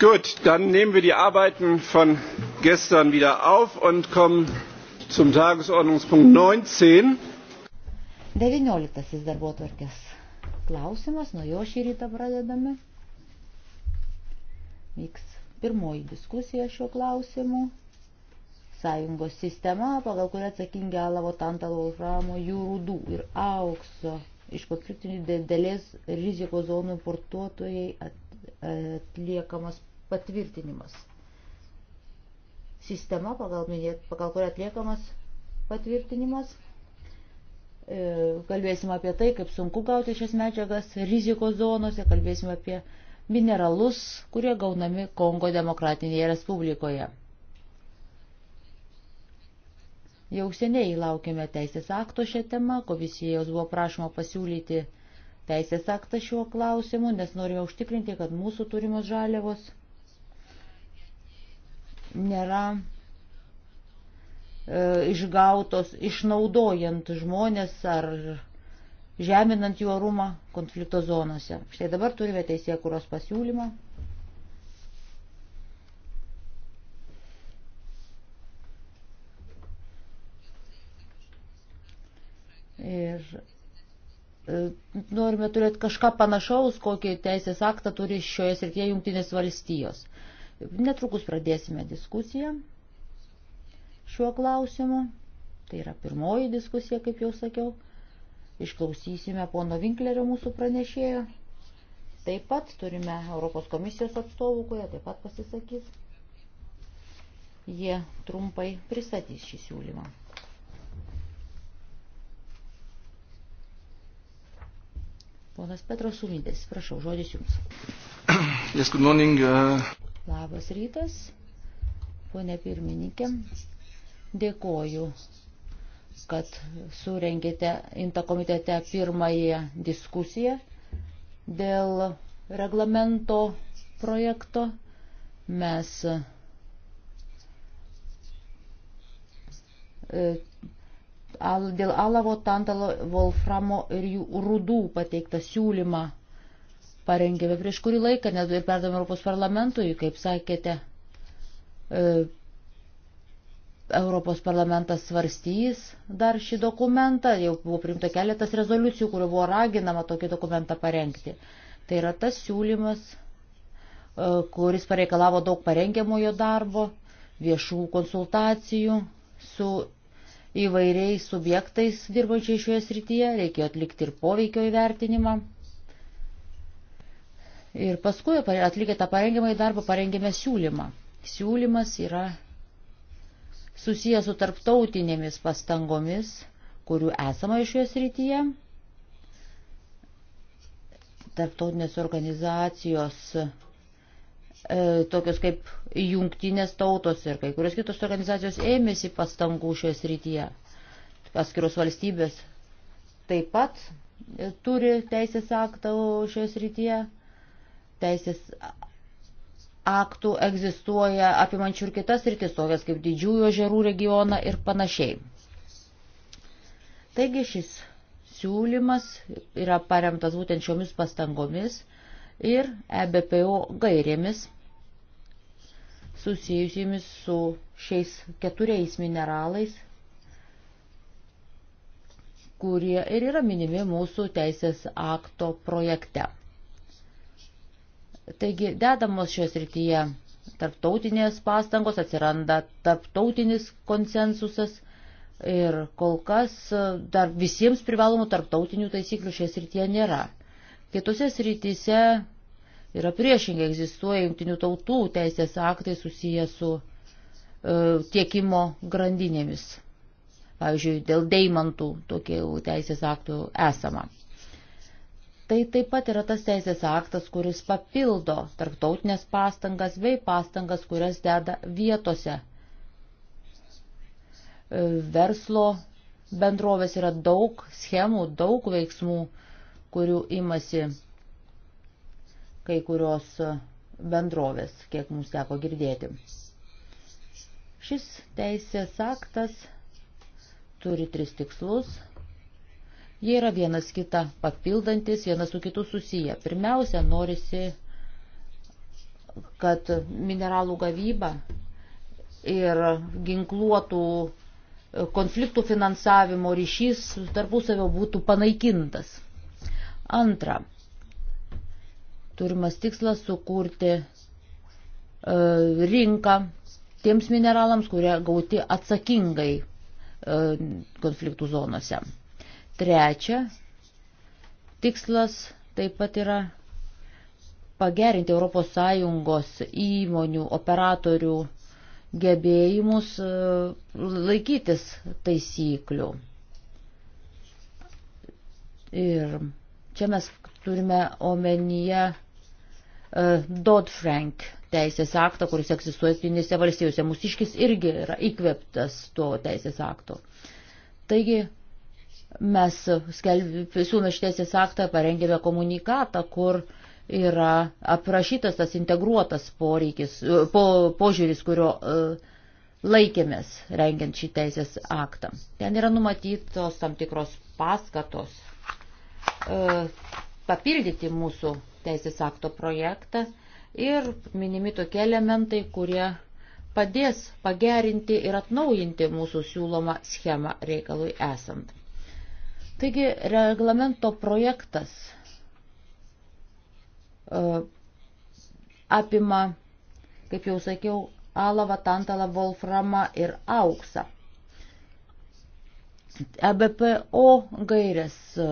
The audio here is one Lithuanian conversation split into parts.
Gut, dann nehmen wir die Arbeiten von gestern wieder auf und kommen zum Tagesordnungspunkt 19. 19. darbotvarkės klausimas, nuo jo šį rytą pradedame. Vyks pirmoji diskusija šiuo klausimu. Sąjungos sistema, pagal kurią atsakingi Alavo Tantalo Ulframo jūrų ir aukso iš konfliktinių didelės rizikos zonų importuotojai at, atliekamas patvirtinimas. Sistema, pagal, minėt, pagal kurią atliekamas patvirtinimas. E, kalbėsime apie tai, kaip sunku gauti šias medžiagas rizikos zonose, kalbėsime apie mineralus, kurie gaunami Kongo demokratinėje respublikoje. Jau seniai laukiame teisės akto šią temą, komisijos buvo prašoma pasiūlyti teisės aktą šiuo klausimu, nes norime užtikrinti, kad mūsų turimos žaliavos nėra e, išgautos išnaudojant žmonės ar žeminant jų orumą konflikto zonose. Štai dabar turime teisė kuros pasiūlymą. Ir e, norime turėti kažką panašaus, kokį teisės aktą turi šioje srityje jungtinės valstijos. Netrukus pradėsime diskusiją šiuo klausimu. Tai yra pirmoji diskusija, kaip jau sakiau. Išklausysime pono Vinklerio mūsų pranešėjo. Taip pat turime Europos komisijos atstovų, kurie taip pat pasisakys. Jie trumpai pristatys šį siūlymą. Ponas Petras Sumidės, prašau, žodis jums. Yes, good morning. Uh... Labas rytas, ponė pirmininkė. Dėkoju, kad surengėte INTA komitete pirmąją diskusiją dėl reglamento projekto. Mes e, dėl alavo, tantalo, volframo ir jų rudų pateiktą siūlymą parengėme prieš kurį laiką nes ir perdavėme Europos parlamentui, kaip sakėte, e, Europos parlamentas svarstys dar šį dokumentą, jau buvo priimta keletas rezoliucijų, kurio buvo raginama tokį dokumentą parengti. Tai yra tas siūlymas, e, kuris pareikalavo daug parengiamojo darbo, viešų konsultacijų su įvairiais subjektais dirbančiai šioje srityje, reikėjo atlikti ir poveikio įvertinimą. Ir paskui atlikę tą parengiamą į darbą parengėme siūlymą. Siūlymas yra susijęs su tarptautinėmis pastangomis, kurių esama iš jos rytyje. Tarptautinės organizacijos, e, tokios kaip jungtinės tautos ir kai kurios kitos organizacijos ėmėsi pastangų šios rytyje. Atskiros valstybės taip pat e, turi teisės aktą šios rytyje teisės aktų egzistuoja apimančių ir kitas rytis, tokias kaip didžiųjų žerų regioną ir panašiai. Taigi šis siūlymas yra paremtas būtent šiomis pastangomis ir EBPO gairėmis susijusimis su šiais keturiais mineralais, kurie ir yra minimi mūsų teisės akto projekte. Taigi dedamos šios rytyje tarptautinės pastangos, atsiranda tarptautinis konsensusas ir kol kas dar visiems privalomų tarptautinių taisyklių šios rytyje nėra. Kitose srityse yra priešingai egzistuoja jungtinių tautų teisės aktai susiję su e, tiekimo grandinėmis. Pavyzdžiui, dėl deimantų tokių teisės aktų esama. Tai taip pat yra tas teisės aktas, kuris papildo tarptautinės pastangas bei pastangas, kurias deda vietose. E, verslo bendrovės yra daug schemų, daug veiksmų, kurių imasi kai kurios bendrovės, kiek mums teko girdėti. Šis teisės aktas turi tris tikslus Jie yra vienas kita papildantis, vienas su kitu susiję. Pirmiausia, norisi, kad mineralų gavyba ir ginkluotų e, konfliktų finansavimo ryšys tarpusavio būtų panaikintas. Antra, turimas tikslas sukurti e, rinką tiems mineralams, kurie gauti atsakingai e, konfliktų zonose. Trečia, tikslas taip pat yra pagerinti ES įmonių operatorių gebėjimus e, laikytis taisyklių. Ir čia mes turime omenyje e, Dodd-Frank teisės aktą, kuris egzistuoja Junktinėse valstijose. Mūsiškis irgi yra įkveptas tuo teisės akto. Taigi Mes siūlome šitėsis aktą, parengėme komunikatą, kur yra aprašytas tas integruotas poreikis, po, požiūris, kurio e, laikėmės rengiant šį teisės aktą. Ten yra numatytos tam tikros paskatos e, papildyti mūsų teisės akto projektą ir minimi tokie elementai, kurie padės pagerinti ir atnaujinti mūsų siūlomą schemą reikalui esant. Taigi reglamento projektas e, apima, kaip jau sakiau, alavą, tantalą, volframą ir auksą. EBPO gairės e,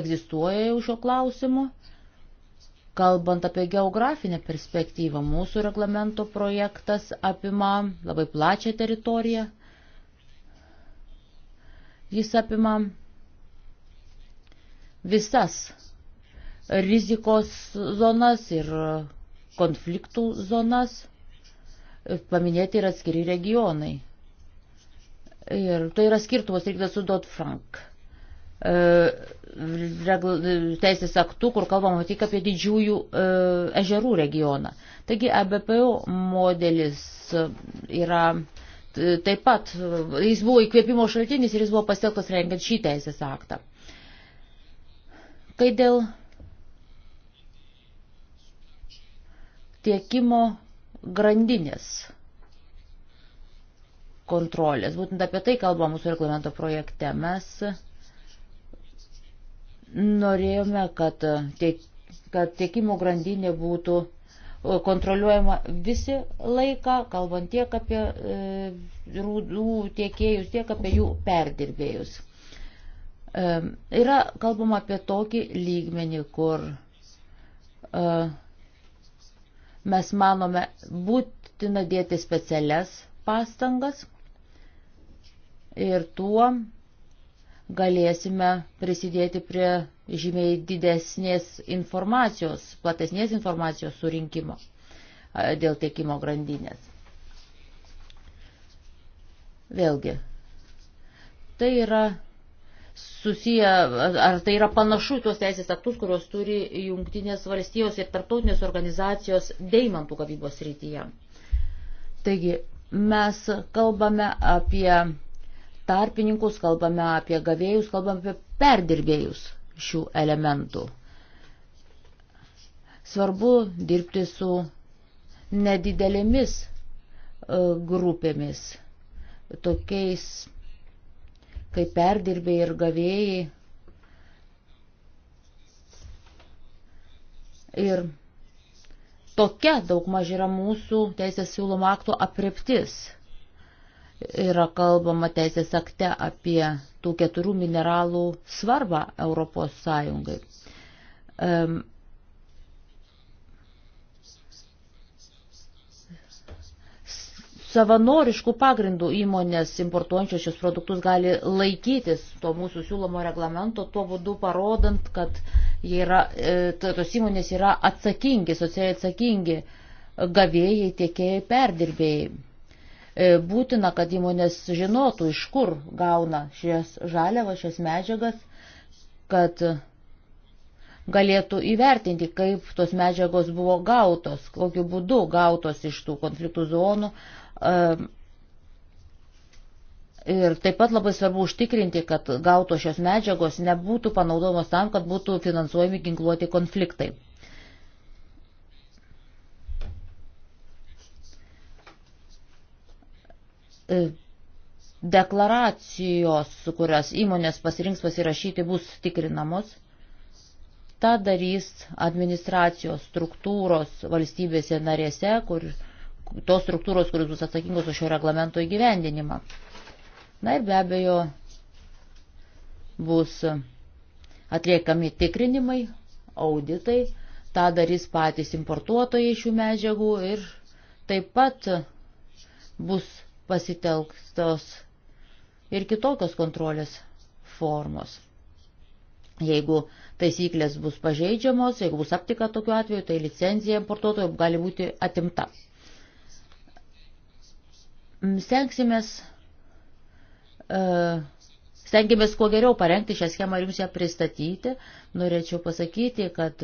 egzistuoja jau šio klausimu. Kalbant apie geografinę perspektyvą, mūsų reglamento projektas apima labai plačią teritoriją. Jis apima visas rizikos zonas ir konfliktų zonas, paminėti ir atskiri regionai. Ir tai yra skirtumas reikia su Dodd-Frank e, teisės aktų, kur kalbama tik apie didžiųjų e, ežerų regioną. Taigi ABPO modelis yra taip pat, jis buvo įkvėpimo šaltinis ir jis buvo pasiektas rengiant šį teisės aktą. Kai dėl tiekimo grandinės kontrolės, būtent apie tai kalba mūsų reglamento projekte, mes norėjome, kad, tiek, kad tiekimo grandinė būtų e, kontroliuojama visi laiką, kalbant tiek apie e, rūdų tiekėjus, tiek apie jų perdirbėjus. Yra kalbama apie tokį lygmenį, kur e, mes manome būtina dėti specialias pastangas ir tuo galėsime prisidėti prie žymiai didesnės informacijos, platesnės informacijos surinkimo e, dėl tiekimo grandinės. Vėlgi, tai yra susiję, ar tai yra panašu tuos teisės aktus, kuriuos turi jungtinės valstijos ir tarptautinės organizacijos deimantų gavybos rytyje. Taigi mes kalbame apie tarpininkus, kalbame apie gavėjus, kalbame apie perdirbėjus šių elementų. Svarbu dirbti su nedidelėmis e, grupėmis, tokiais kaip perdirbėjai ir gavėjai. Ir tokia daugmaž yra mūsų teisės siūloma akto apreptis. Yra kalbama teisės akte apie tų keturių mineralų svarbą Europos Sąjungai. Um, savanoriškų pagrindų įmonės importuojančios šios produktus gali laikytis to mūsų siūlomo reglamento, tuo būdu parodant, kad yra, e, tos įmonės yra atsakingi, socialiai atsakingi gavėjai, tiekėjai, perdirbėjai. E, būtina, kad įmonės žinotų, iš kur gauna šias žaliavas, šias medžiagas, kad galėtų įvertinti, kaip tos medžiagos buvo gautos, kokiu būdu gautos iš tų konfliktų zonų, Ir taip pat labai svarbu užtikrinti, kad gautos šios medžiagos nebūtų panaudojamos tam, kad būtų finansuojami ginkluoti konfliktai. E, deklaracijos, kurias įmonės pasirinks pasirašyti, bus tikrinamos. Ta darys administracijos struktūros valstybėse narėse, kur tos struktūros, kuris bus atsakingos už šio reglamento įgyvendinimą. Na ir be abejo bus atliekami tikrinimai, auditai, tą darys patys importuotojai šių medžiagų ir taip pat bus pasitelktos ir kitokios kontrolės formos. Jeigu taisyklės bus pažeidžiamos, jeigu bus aptika tokiu atveju, tai licencija importuotojų gali būti atimta. Mm, stengsimės, e, stengsimės kuo geriau parengti šią schemą ir jums ją pristatyti. Norėčiau pasakyti, kad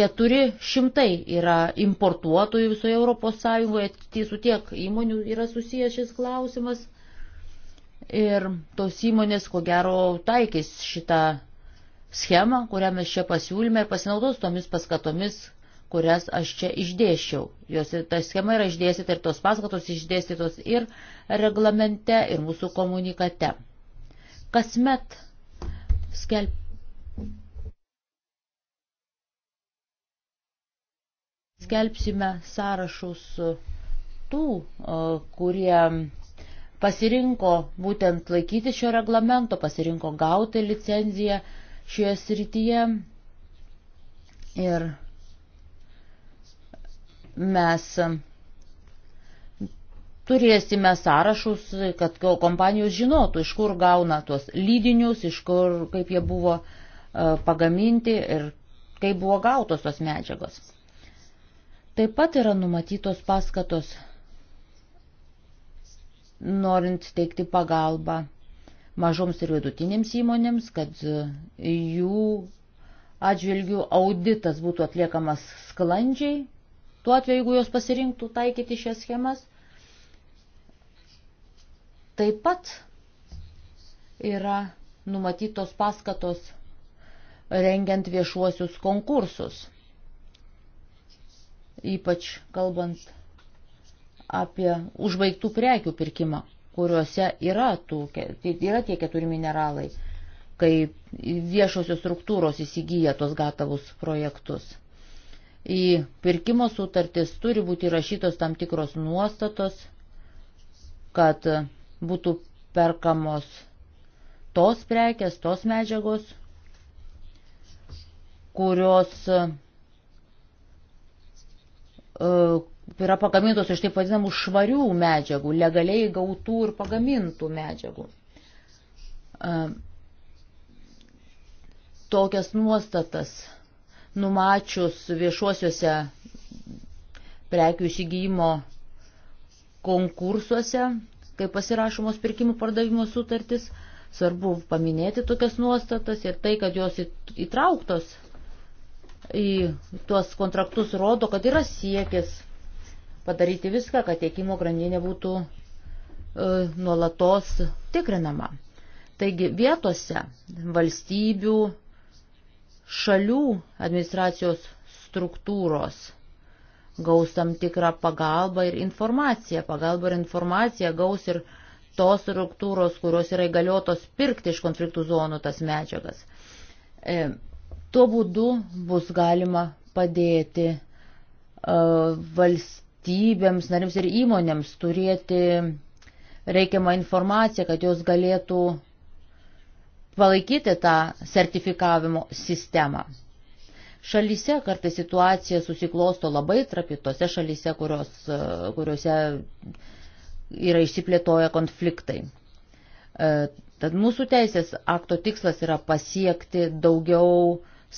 400 yra importuotojų visoje Europos Sąjungoje, tai su tiek įmonių yra susijęs šis klausimas. Ir tos įmonės, ko gero, taikys šitą schemą, kurią mes čia pasiūlyme ir pasinaudos tomis paskatomis, kurias aš čia išdėščiau. Jos, ta schema yra išdėstyta ir tos paskatos išdėstytos ir reglamente, ir mūsų komunikate. Kasmet skelb. Skelbsime sąrašus tų, kurie pasirinko būtent laikyti šio reglamento, pasirinko gauti licenciją šioje srityje. Ir mes turėsime sąrašus, kad kompanijos žinotų, iš kur gauna tuos lydinius, iš kur, kaip jie buvo e, pagaminti ir kaip buvo gautos tos medžiagos. Taip pat yra numatytos paskatos, norint teikti pagalbą mažoms ir vidutinėms įmonėms, kad jų atžvilgių auditas būtų atliekamas sklandžiai tuo atveju, jeigu jos pasirinktų taikyti šias schemas. Taip pat yra numatytos paskatos rengiant viešuosius konkursus, ypač kalbant apie užbaigtų prekių pirkimą, kuriuose yra, tų, yra tie keturi mineralai, kai viešosios struktūros įsigyja tos gatavus projektus į pirkimo sutartis turi būti rašytos tam tikros nuostatos, kad būtų perkamos tos prekes, tos medžiagos, kurios e, yra pagamintos iš taip vadinamų švarių medžiagų, legaliai gautų ir pagamintų medžiagų. E, tokias nuostatas numačius viešuosiuose prekių įsigijimo konkursuose, kai pasirašomos pirkimų pardavimo sutartis, svarbu paminėti tokias nuostatas ir tai, kad jos įtrauktos į tuos kontraktus rodo, kad yra siekis padaryti viską, kad tiekimo grandinė būtų e, nuolatos tikrinama. Taigi vietose valstybių šalių administracijos struktūros gaus tam tikrą pagalbą ir informaciją. Pagalbą ir informaciją gaus ir tos struktūros, kurios yra įgaliotos pirkti iš konfliktų zonų tas medžiagas. E, tuo būdu bus galima padėti e, valstybėms, narims ir įmonėms turėti reikiamą informaciją, kad jos galėtų palaikyti tą sertifikavimo sistemą. Šalyse kartais situacija susiklosto labai trapi, tose šalyse, kurios, e, kuriuose yra išsiplėtoję konfliktai. E, tad mūsų teisės akto tikslas yra pasiekti daugiau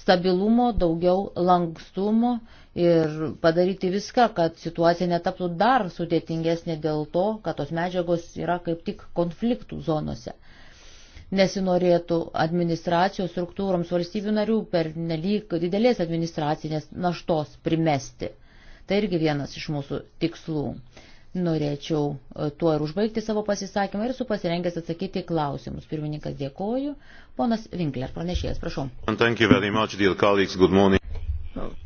stabilumo, daugiau lankstumo ir padaryti viską, kad situacija netaptų dar sudėtingesnė dėl to, kad tos medžiagos yra kaip tik konfliktų zonose nesinorėtų administracijos struktūroms valstybių narių per nelik didelės administracinės naštos primesti. Tai irgi vienas iš mūsų tikslų. Norėčiau e, tuo ir užbaigti savo pasisakymą ir su pasirengęs atsakyti klausimus. Pirmininkas dėkoju. Ponas Vinkler, pranešėjas, prašau.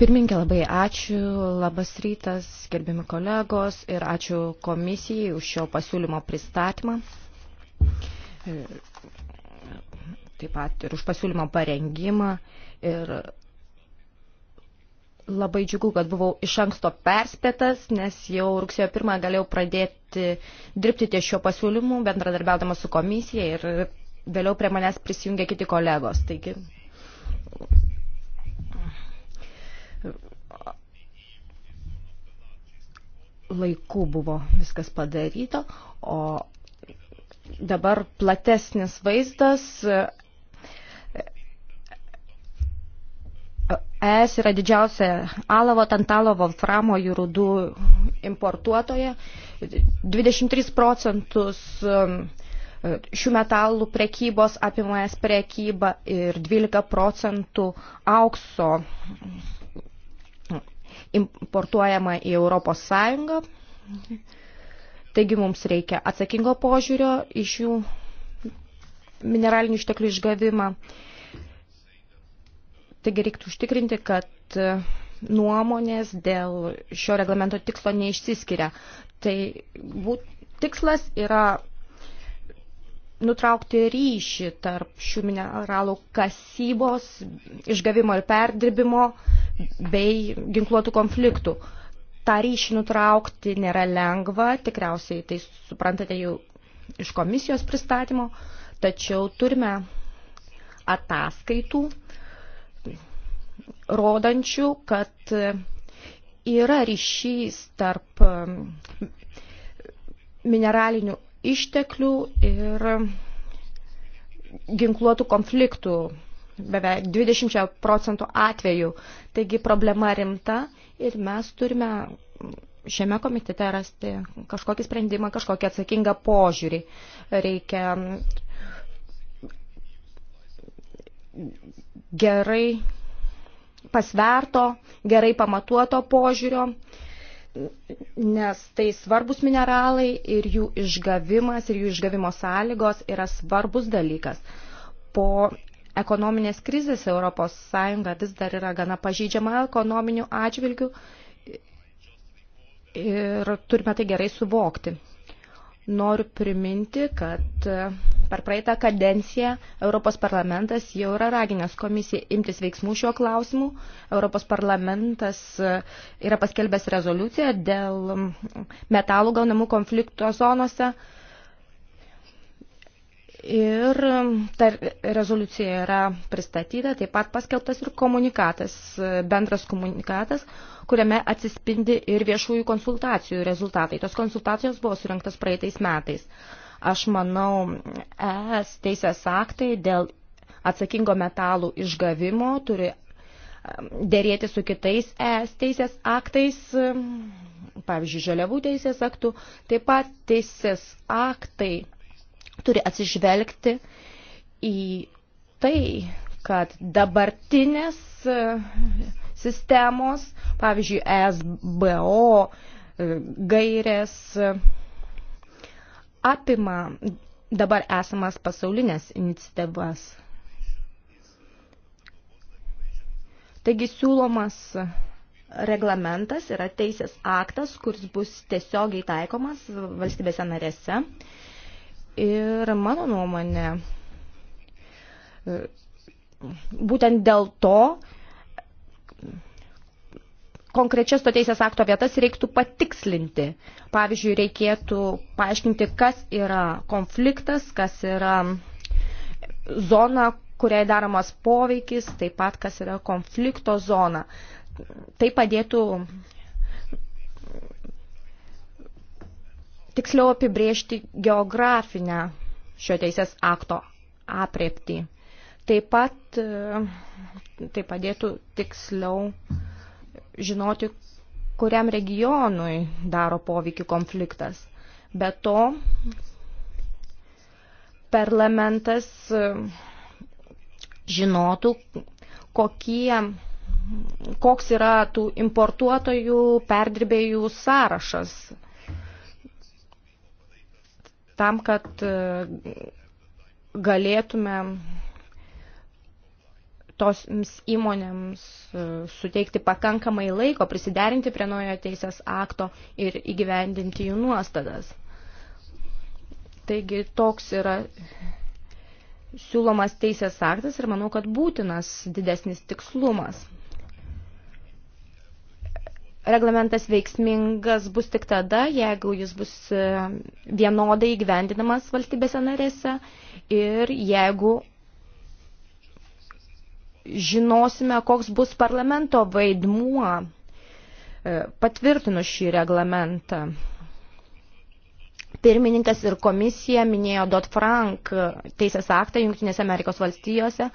Pirmininkė, labai ačiū, labas rytas, gerbiami kolegos ir ačiū komisijai už šio pasiūlymo pristatymą taip pat ir už pasiūlymą parengimą. Ir labai džiugu, kad buvau iš anksto perspėtas, nes jau rugsėjo pirmą galėjau pradėti dirbti ties šiuo pasiūlymu, bendradarbiaudama su komisija ir vėliau prie manęs prisijungė kiti kolegos. Taigi, laiku buvo viskas padaryta, o dabar platesnis vaizdas ES yra didžiausia alavo, tantalovo, framo jūrų importuotoja. 23 procentus um, šių metalų prekybos apima ES prekyba ir 12 procentų aukso importuojama į Europos Sąjungą. Taigi mums reikia atsakingo požiūrio iš jų mineralinių išteklių išgavimą. Uh, Taigi reiktų užtikrinti, kad e, nuomonės dėl šio reglamento tikslo neišsiskiria. Tai būt, tikslas yra nutraukti ryšį tarp šių mineralų kasybos, išgavimo ir perdirbimo bei ginkluotų konfliktų. Ta ryšį nutraukti nėra lengva, tikriausiai tai suprantate jau iš komisijos pristatymo, tačiau turime ataskaitų rodančių, kad e, yra ryšys tarp e, mineralinių išteklių ir ginkluotų konfliktų beveik 20 procentų atvejų. Taigi problema rimta ir mes turime šiame komitete rasti kažkokį sprendimą, kažkokį atsakingą požiūrį. Reikia gerai pasverto, gerai pamatuoto požiūrio, nes tai svarbus mineralai ir jų išgavimas ir jų išgavimo sąlygos yra svarbus dalykas. Po ekonominės krizės ES vis dar yra gana pažydžiama ekonominių atžvilgių ir turime tai gerai suvokti. Noriu priminti, kad Per praeitą kadenciją Europos parlamentas jau yra raginęs komisiją imtis veiksmų šiuo klausimu. Europos parlamentas e, yra paskelbęs rezoliuciją dėl metalų gaunamų konflikto zonose. Ir ta rezoliucija yra pristatyta, taip pat paskelbtas ir komunikatas, e, bendras komunikatas, kuriame atsispindi ir viešųjų konsultacijų rezultatai. Tos konsultacijos buvo surinktas praeitais metais. Aš manau, ES teisės aktai dėl atsakingo metalų išgavimo turi dėrėti su kitais ES teisės aktais, pavyzdžiui, žaliavų teisės aktų. Taip pat teisės aktai turi atsižvelgti į tai, kad dabartinės sistemos, pavyzdžiui, SBO gairės apima dabar esamas pasaulinės iniciatyvas. Taigi siūlomas reglamentas yra teisės aktas, kuris bus tiesiogiai taikomas valstybėse narėse. Ir mano nuomonė, būtent dėl to konkrečias to teisės akto vietas reiktų patikslinti. Pavyzdžiui, reikėtų paaiškinti, kas yra konfliktas, kas yra zona, kuriai daromas poveikis, taip pat kas yra konflikto zona. Tai padėtų tiksliau apibriežti geografinę šio teisės akto aprepti. Taip pat e, tai padėtų tiksliau uh, žinoti, kuriam regionui daro poveikį konfliktas. Be to, parlamentas e, žinotų, kokie, koks yra tų importuotojų, perdirbėjų sąrašas. Tam, kad e, galėtume tos įmonėms e, suteikti pakankamai laiko prisiderinti prie naujo teisės akto ir įgyvendinti jų nuostadas. Taigi toks yra siūlomas teisės aktas ir manau, kad būtinas didesnis tikslumas. Reglamentas veiksmingas bus tik tada, jeigu jis bus e, vienodai gyvendinamas valstybėse narėse ir jeigu žinosime, koks bus parlamento vaidmuo e, patvirtinus šį reglamentą. Pirmininkas ir komisija minėjo Dodd-Frank e, teisės aktą Junktinėse Amerikos valstijose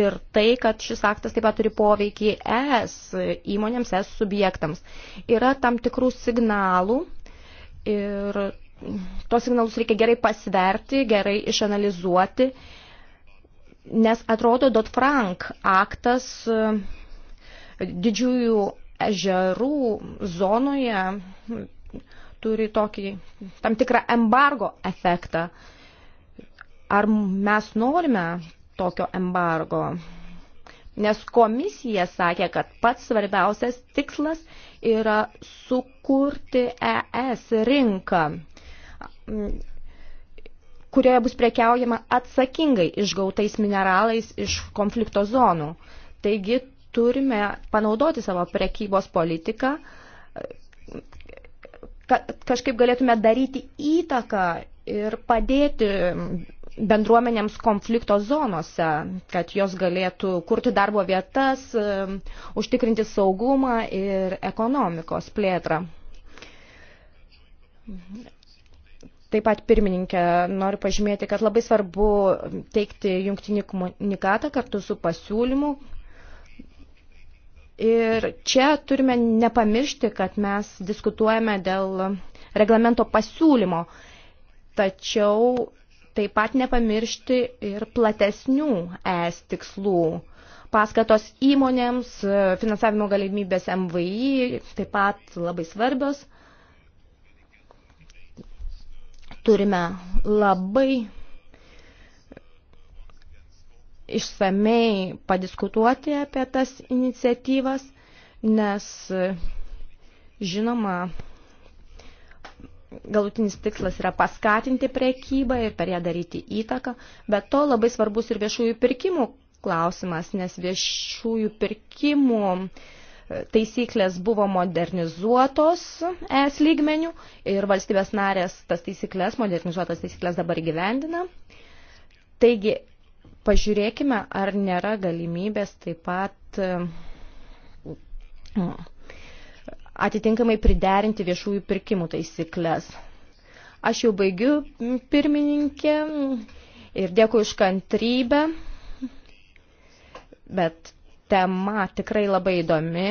ir tai, kad šis aktas taip pat turi poveikį ES e, įmonėms, ES subjektams. Yra tam tikrų signalų ir tos signalus reikia gerai pasverti, gerai išanalizuoti nes atrodo Dodd-Frank aktas e, didžiųjų ežerų zonoje turi tokį tam tikrą embargo efektą. Ar mes norime tokio embargo? Nes komisija sakė, kad pats svarbiausias tikslas yra sukurti ES rinką kurioje bus prekiaujama atsakingai išgautais mineralais iš konflikto zonų. Taigi turime panaudoti savo prekybos politiką, kad kažkaip galėtume daryti įtaką ir padėti bendruomenėms konflikto zonose, kad jos galėtų kurti darbo vietas, užtikrinti saugumą ir ekonomikos plėtrą. Taip pat pirmininkė noriu pažymėti, kad labai svarbu teikti jungtinį komunikatą kartu su pasiūlymu. Ir čia turime nepamiršti, kad mes diskutuojame dėl reglamento pasiūlymo, tačiau taip pat nepamiršti ir platesnių ES tikslų. Paskatos įmonėms, finansavimo galimybės MVI taip pat labai svarbios. Turime labai išsamei padiskutuoti apie tas iniciatyvas, nes žinoma, galutinis tikslas yra paskatinti prekybą ir per ją daryti įtaką, bet to labai svarbus ir viešųjų pirkimų klausimas, nes viešųjų pirkimų uh, taisyklės buvo modernizuotos ES lygmenių ir valstybės narės tas taisyklės, modernizuotas taisyklės dabar gyvendina. Taigi, pažiūrėkime, ar nėra galimybės taip pat mm, atitinkamai priderinti viešųjų pirkimų taisyklės. Aš jau baigiu mm, pirmininkė mm, ir dėkui už kantrybę, bet tema tikrai labai įdomi.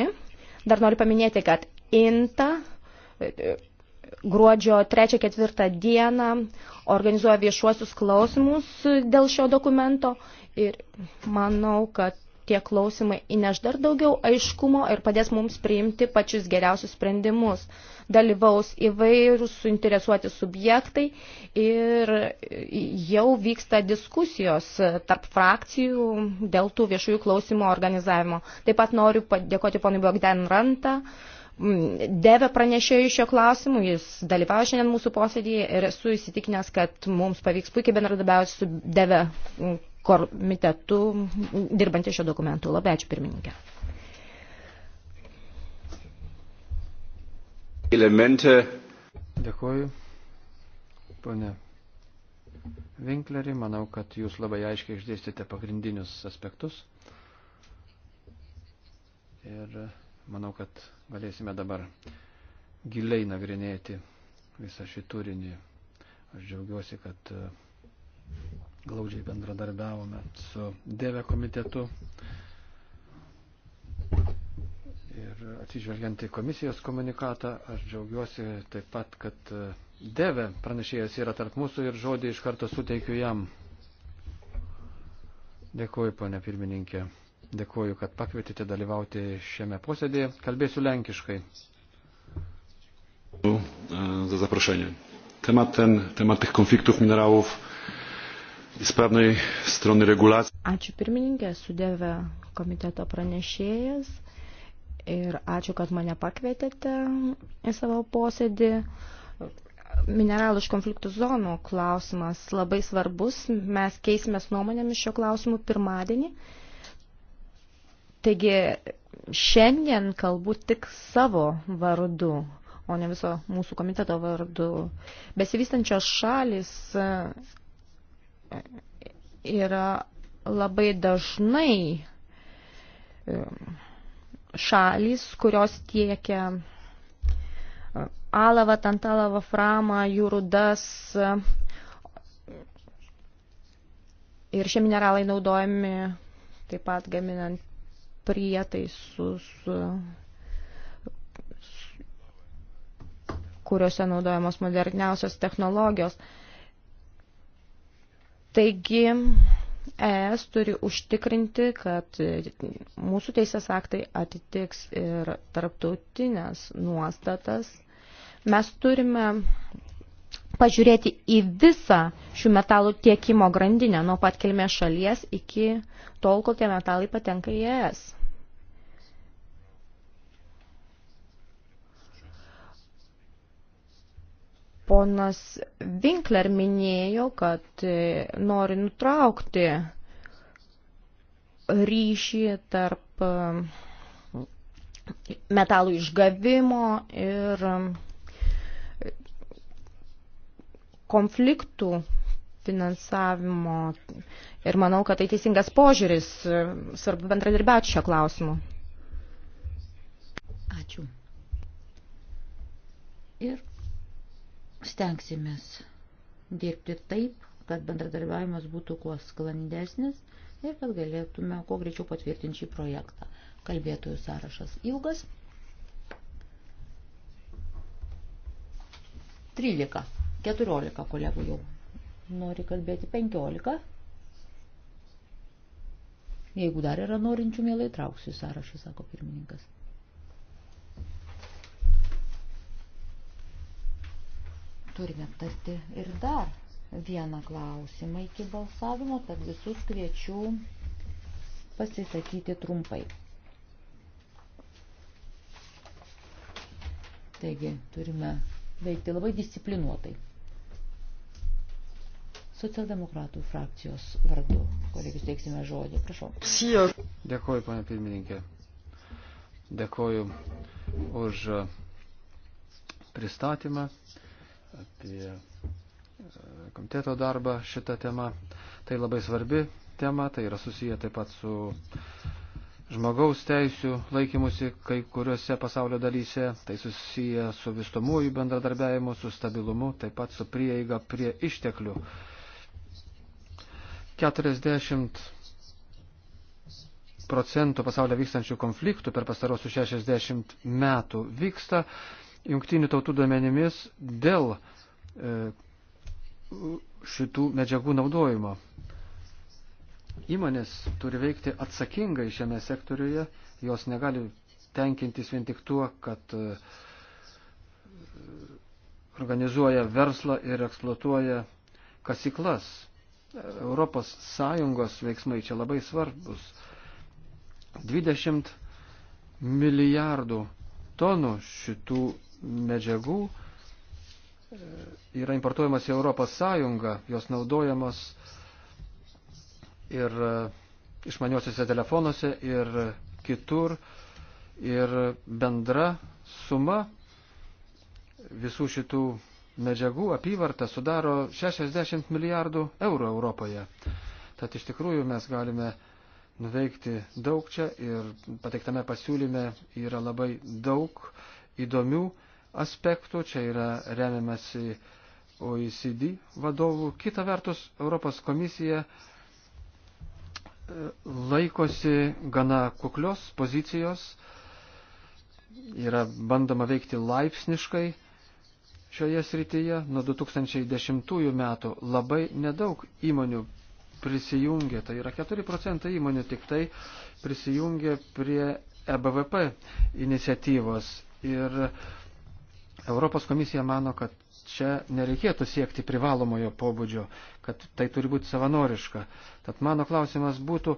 Dar noriu paminėti, kad INTA e, e, gruodžio 3-4 dieną organizuoja viešuosius klausimus dėl šio dokumento ir manau, kad tie klausimai įneš dar daugiau aiškumo ir padės mums priimti pačius geriausius sprendimus. Dalyvaus įvairūs suinteresuoti subjektai ir jau vyksta diskusijos tarp frakcijų dėl tų viešųjų klausimų organizavimo. Taip pat noriu padėkoti ponui Bogdan Ranta. Mm, Deve pranešėjo iš šio klausimų, jis dalyvavo šiandien mūsų posėdėje ir esu įsitikinęs, kad mums pavyks puikiai bendradabiauti su Deve mm, komitetu dirbantį šio dokumentu. Labai ačiū pirmininkė. Elemente. Dėkuoju. Pane Vinkleri, manau, kad jūs labai aiškiai išdėstėte pagrindinius aspektus. Ir manau, kad galėsime dabar giliai nagrinėti visą šį turinį. Aš džiaugiuosi, kad glaudžiai bendradarbiavome su Dėvė komitetu. Ir atsižvelgiant į komisijos komunikatą, aš džiaugiuosi taip pat, kad Dėvė pranešėjas yra tarp mūsų ir žodį iš karto suteikiu jam. Dėkuoju, ponė pirmininkė. Dėkuoju, kad pakvietėte dalyvauti šiame posėdėje. Kalbėsiu lenkiškai. Za zaproszenie. Temat, ten, temat tych konfliktów minerałów sprawnej strony regulacji. Ačiū pirmininkė, sudėvė komiteto pranešėjas ir ačiū, kad mane pakvietėte į savo posėdį. Mineralų iš konfliktų zonų klausimas labai svarbus. Mes keisimės nuomonėmis šio klausimu pirmadienį. Taigi šiandien kalbu tik savo vardu, o ne viso mūsų komiteto vardu. Besivystančios šalis yra labai dažnai um, šalys, kurios tiekia um, alavą, tantalavą, framą, jūrudas. Um, ir šie mineralai naudojami taip pat gaminant prietaisus, kuriuose naudojamos moderniausios technologijos. Taigi, ES turi užtikrinti, kad mūsų teisės aktai atitiks ir tarptautinės nuostatas. Mes turime pažiūrėti į visą šių metalų tiekimo grandinę nuo pat kilmės šalies iki tol, kokie metalai patenka į ES. Ponas Winkler minėjo, kad e, nori nutraukti ryšį tarp e, metalų išgavimo ir e, konfliktų finansavimo. Ir manau, kad tai teisingas požiūris. Svarbu bendradarbiauti šio klausimu. Ačiū. Ir Stengsimės dirbti taip, kad bendradarbiavimas būtų kuo sklandesnis ir kad galėtume kuo greičiau patvirtinti šį projektą. Kalbėtojų sąrašas ilgas. 13, 14 kolegų jau nori kalbėti, 15. Jeigu dar yra norinčių, mielai trauksiu į sąrašą, sako pirmininkas. turime aptarti ir dar vieną klausimą iki balsavimo, tad visus kviečiu pasisakyti trumpai. Taigi turime veikti labai disciplinuotai. Socialdemokratų frakcijos vardu, kolegius teiksime žodį, prašau. Dėkuoju, pane pirmininkė. Dėkuoju už pristatymą. Uh, apie e, komiteto darbą šitą temą. Tai labai svarbi tema, tai yra susiję taip pat su žmogaus teisių laikymusi kai kuriuose pasaulio dalyse, tai susiję su vystomųjų bendradarbiavimu, su stabilumu, taip pat su prieiga prie išteklių. 40 procentų pasaulio vykstančių konfliktų per pastarosius 60 metų vyksta jungtinių tautų duomenimis dėl e, šitų medžiagų naudojimo. Įmonės turi veikti atsakingai šiame sektoriuje, jos negali tenkintis vien tik tuo, kad e, organizuoja verslą ir eksploatuoja kasiklas. Europos Sąjungos veiksmai čia labai svarbus. 20 milijardų tonų šitų medžiagų yra importuojamas į Europos Sąjungą, jos naudojamos ir e, išmaniosiuose telefonuose ir kitur. Ir bendra suma visų šitų medžiagų apyvarta sudaro 60 milijardų eurų Europoje. Tad iš tikrųjų mes galime nuveikti daug čia ir pateiktame pasiūlyme yra labai daug įdomių aspektų, čia yra remiamasi OECD vadovų. Kita vertus, Europos komisija e, laikosi gana kuklios pozicijos, yra bandoma veikti laipsniškai šioje srityje. Nuo 2010 metų labai nedaug įmonių prisijungė, tai yra 4 procentai įmonių tik tai prisijungė prie EBVP iniciatyvos. Ir uh, Europos komisija mano, kad čia nereikėtų siekti privalomojo pobūdžio, kad tai turi būti savanoriška. Tad mano klausimas būtų,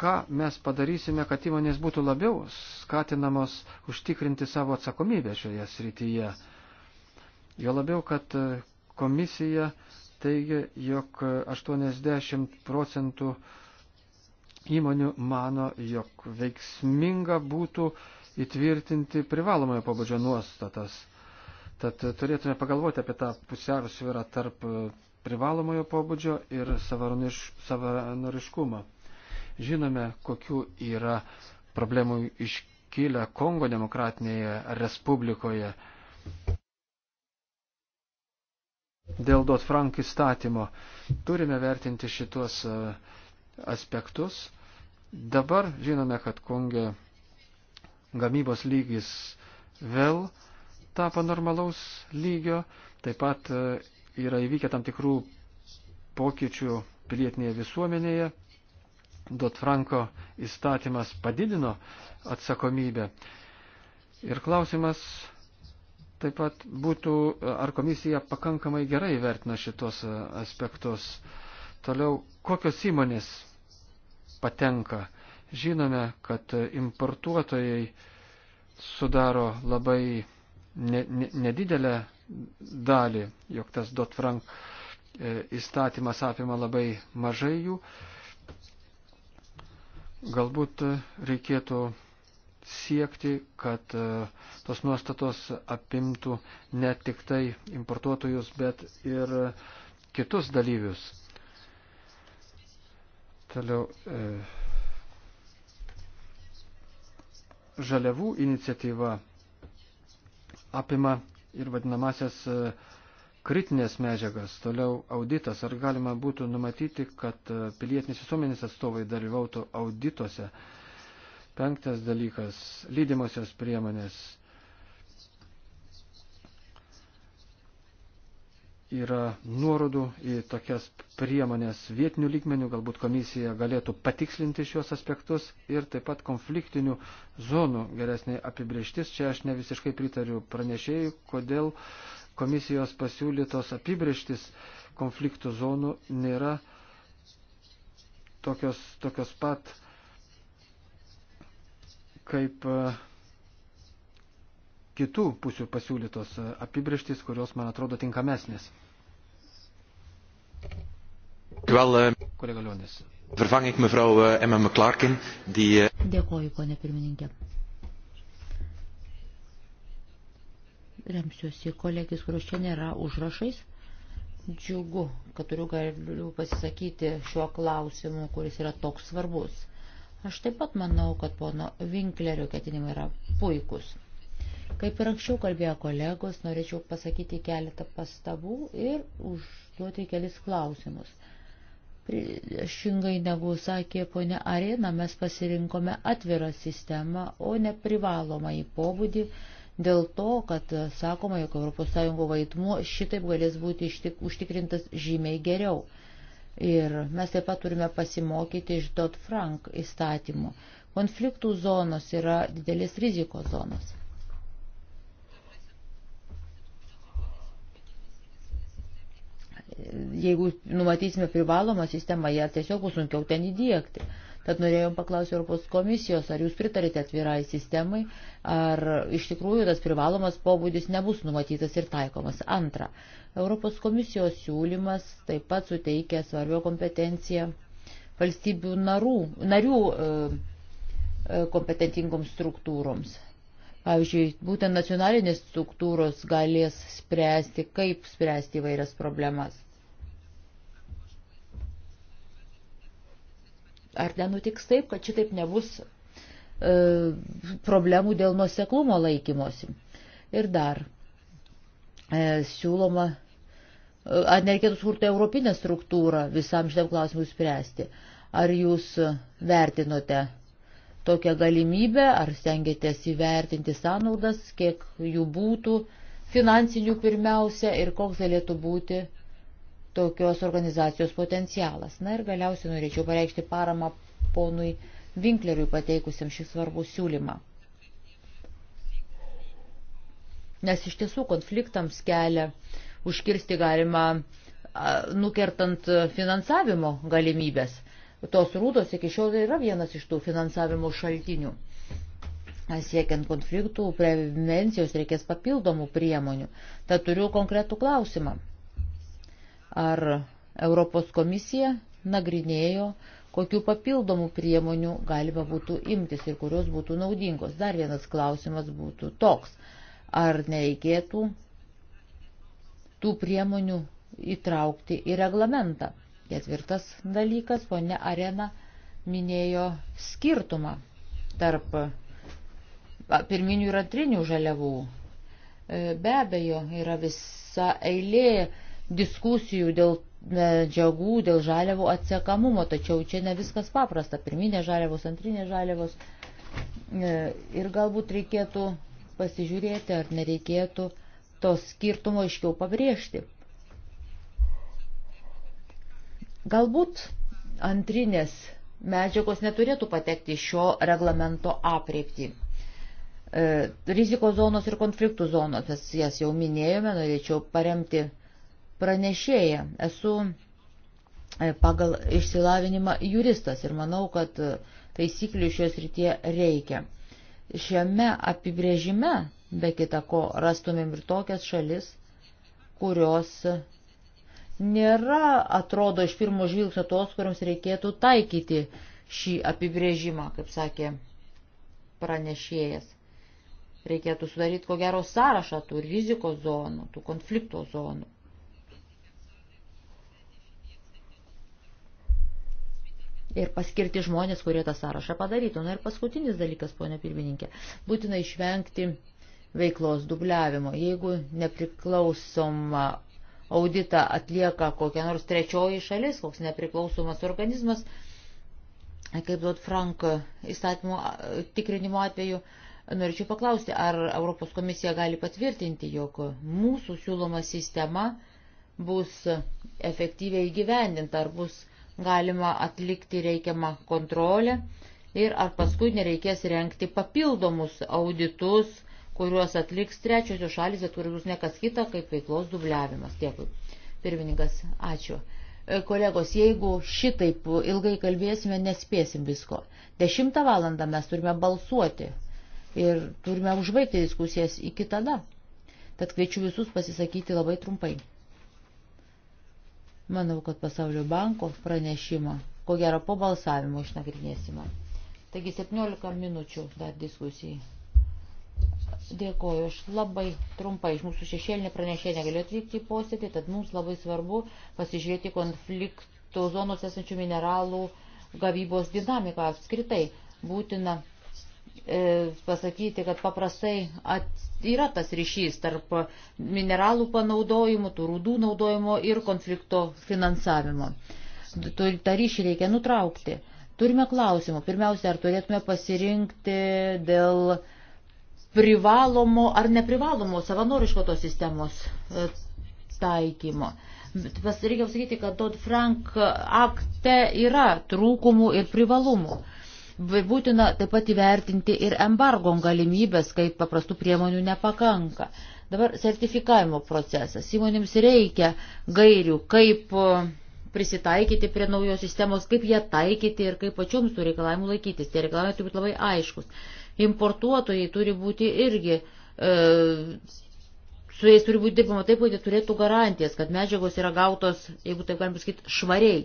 ką mes padarysime, kad įmonės būtų labiau skatinamos užtikrinti savo atsakomybę šioje srityje. Jo labiau, kad komisija teigia, jog 80 procentų įmonių mano, jog veiksminga būtų uh, įtvirtinti privalomojo pabudžio nuostatas. Tad turėtume pagalvoti apie tą pusiausvyrą tarp privalomojo pobūdžio ir savanoriškumą. Žinome, kokiu yra problemų iškilę Kongo demokratinėje respublikoje dėl Dot Frank įstatymo. Turime vertinti šitos e, aspektus. Dabar žinome, kad Konge gamybos lygis vėl tapo normalaus lygio, taip pat e, yra įvykę tam tikrų pokyčių pilietinėje visuomenėje. Dot Franko įstatymas padidino atsakomybę. Ir klausimas taip pat būtų, e, ar komisija pakankamai gerai vertina šitos e, aspektus. Toliau, kokios įmonės patenka Žinome, kad importuotojai sudaro labai ne, ne, nedidelę dalį, jog tas Dotfrank e, įstatymas apima labai mažai jų. Galbūt e, reikėtų siekti, kad e, tos nuostatos apimtų ne tik tai importuotojus, bet ir kitus dalyvius. Toliau. E, žaliavų iniciatyva apima ir vadinamasias e, kritinės medžiagas, toliau auditas. Ar galima būtų numatyti, kad e, pilietinės visuomenės atstovai dalyvautų audituose? Penktas dalykas - lydimosios priemonės. yra nuorodų į tokias priemonės vietinių lygmenių, galbūt komisija galėtų patikslinti šios aspektus ir taip pat konfliktinių zonų geresnė apibrieštis. Čia aš ne visiškai pritariu pranešėjai, kodėl komisijos pasiūlytos apibrieštis konfliktų zonų nėra tokios, tokios pat kaip uh, kitų pusių pasiūlytos e, apibrieštis, kurios, man atrodo, tinkamesnės. E, Kolega Lionis. Vervang ik mevrouw e, Emma McClarkin, die... Dėkoju, ponė pirmininkė. Remsiuosi kolegis, kurios čia nėra užrašais. Džiugu, kad turiu galiu pasisakyti šiuo klausimu, kuris yra toks svarbus. Aš taip pat manau, kad pono Winklerio ketinimai yra puikus. Kaip ir anksčiau kalbėjo kolegos, norėčiau pasakyti keletą pastabų ir užduoti kelis klausimus. Priešingai negu sakė ponia Arena, mes pasirinkome atvirą sistemą, o ne privalomą į pobūdį, dėl to, kad sakoma, jog ES vaidmuo šitaip galės būti ištik, užtikrintas žymiai geriau. Ir mes taip pat turime pasimokyti iš Dodd Frank įstatymų. Konfliktų zonos yra didelės rizikos zonos. jeigu numatysime privalomą sistemą, ją tiesiog bus sunkiau ten įdėkti. Tad norėjom paklausti Europos komisijos, ar jūs pritarite atvirai sistemai, ar iš tikrųjų tas privalomas pobūdis nebus numatytas ir taikomas. Antra, Europos komisijos siūlymas taip pat suteikia svarbio kompetenciją valstybių narų, narių e, e, kompetentingoms struktūroms. Pavyzdžiui, būtent nacionalinės struktūros galės spręsti, kaip spręsti įvairias problemas. Ar nenutiks taip, kad šitaip nebus e, problemų dėl nuseklumo laikymosi? Ir dar e, siūloma, e, ar nereikėtų sukurti europinę struktūrą visam šitam klausimui spręsti? Ar jūs vertinote tokią galimybę, ar stengiatės įvertinti sąnaudas, kiek jų būtų, finansinių pirmiausia, ir koks galėtų būti tokios organizacijos potencialas. Na ir galiausiai norėčiau pareikšti paramą ponui Vinkleriui pateikusiam šį svarbų siūlymą. Nes iš tiesų konfliktams kelia užkirsti galima nukertant finansavimo galimybės. Tos rūdos iki šiol yra vienas iš tų finansavimo šaltinių. Siekiant konfliktų prevencijos reikės papildomų priemonių. Tad turiu konkretų klausimą. Ar Europos komisija nagrinėjo, kokiu papildomų priemonių galima būtų imtis ir kurios būtų naudingos. Dar vienas klausimas būtų toks. Ar nereikėtų tų priemonių įtraukti į reglamentą? Ketvirtas dalykas, ponė Arena minėjo skirtumą tarp pirminių ir antrinių žaliavų. E, be abejo, yra visa eilė diskusijų dėl medžiagų, dėl žaliavų atsiekamumo, tačiau čia ne viskas paprasta. Pirminė žaliavos, antrinė žaliavos. E, ir galbūt reikėtų pasižiūrėti, ar nereikėtų to skirtumo iškiau pabrėžti. Galbūt antrinės medžiagos neturėtų patekti šio reglamento apreipti. E, rizikos zonos ir konfliktų zonos, mes jas jau minėjome, norėčiau paremti pranešėja. Esu e, pagal išsilavinimą juristas ir manau, kad e, taisyklių šios rytie reikia. Šiame apibrėžime, be kita ko, rastumėm ir tokias šalis, kurios nėra, atrodo, iš pirmo žvilgsnio tos, kuriams reikėtų taikyti šį apibrėžimą, kaip sakė pranešėjas. Reikėtų sudaryti ko gero sąrašą tų rizikos zonų, tų konflikto zonų. ir paskirti žmonės, kurie tą sąrašą padarytų. Na ir paskutinis dalykas, ponia pirmininkė, būtina išvengti veiklos dubliavimo. Jeigu nepriklausoma audita atlieka kokia nors trečioji šalis, koks nepriklausomas organizmas, kaip Dot Frank įstatymų tikrinimo atveju, norėčiau paklausti, ar Europos komisija gali patvirtinti, jog mūsų siūloma sistema bus efektyviai įgyvendinta, ar bus galima atlikti reikiamą kontrolę ir ar paskui nereikės renkti papildomus auditus, kuriuos atliks trečiosios šalis, bet kuriuos nekas kita, kaip veiklos dubliavimas. Dėkui. Pirmininkas, ačiū. E, kolegos, jeigu šitaip ilgai kalbėsime, nespėsim visko. Dešimtą valandą mes turime balsuoti ir turime užbaigti diskusijas iki tada. Tad kviečiu visus pasisakyti labai trumpai. Manau, kad pasaulio banko pranešimą, ko gero po balsavimo išnagrinėsime. Taigi 17 minučių dar diskusijai. Dėkoju, aš labai trumpai iš mūsų šešėlinį pranešėją negaliu atvykti į posėdį, tad mums labai svarbu pasižiūrėti konfliktų zonos esančių mineralų gavybos dinamiką apskritai. Būtina E, pasakyti, kad paprastai at, yra tas ryšys tarp mineralų panaudojimo, tų rūdų naudojimo ir konflikto finansavimo. Ta ryšį reikia nutraukti. Turime klausimų. Pirmiausia, ar turėtume pasirinkti dėl privalomo ar neprivalomo savanoriško tos sistemos e, taikymo. Reikia pasakyti, kad Dodd Frank akte yra trūkumų ir privalumų Būtina taip pat įvertinti ir embargo galimybės, kai paprastų priemonių nepakanka. Dabar sertifikavimo procesas. Įmonėms reikia gairių, kaip e, prisitaikyti prie naujos sistemos, kaip ją taikyti ir kaip pačioms tų reikalavimų laikytis. Tie reikalavimai turi būti labai aiškus. Importuotojai turi būti irgi, e, su jais turi būti dirbama taip, kad jie turėtų garantijas, kad medžiagos yra gautos, jeigu taip galima sakyti, švariai.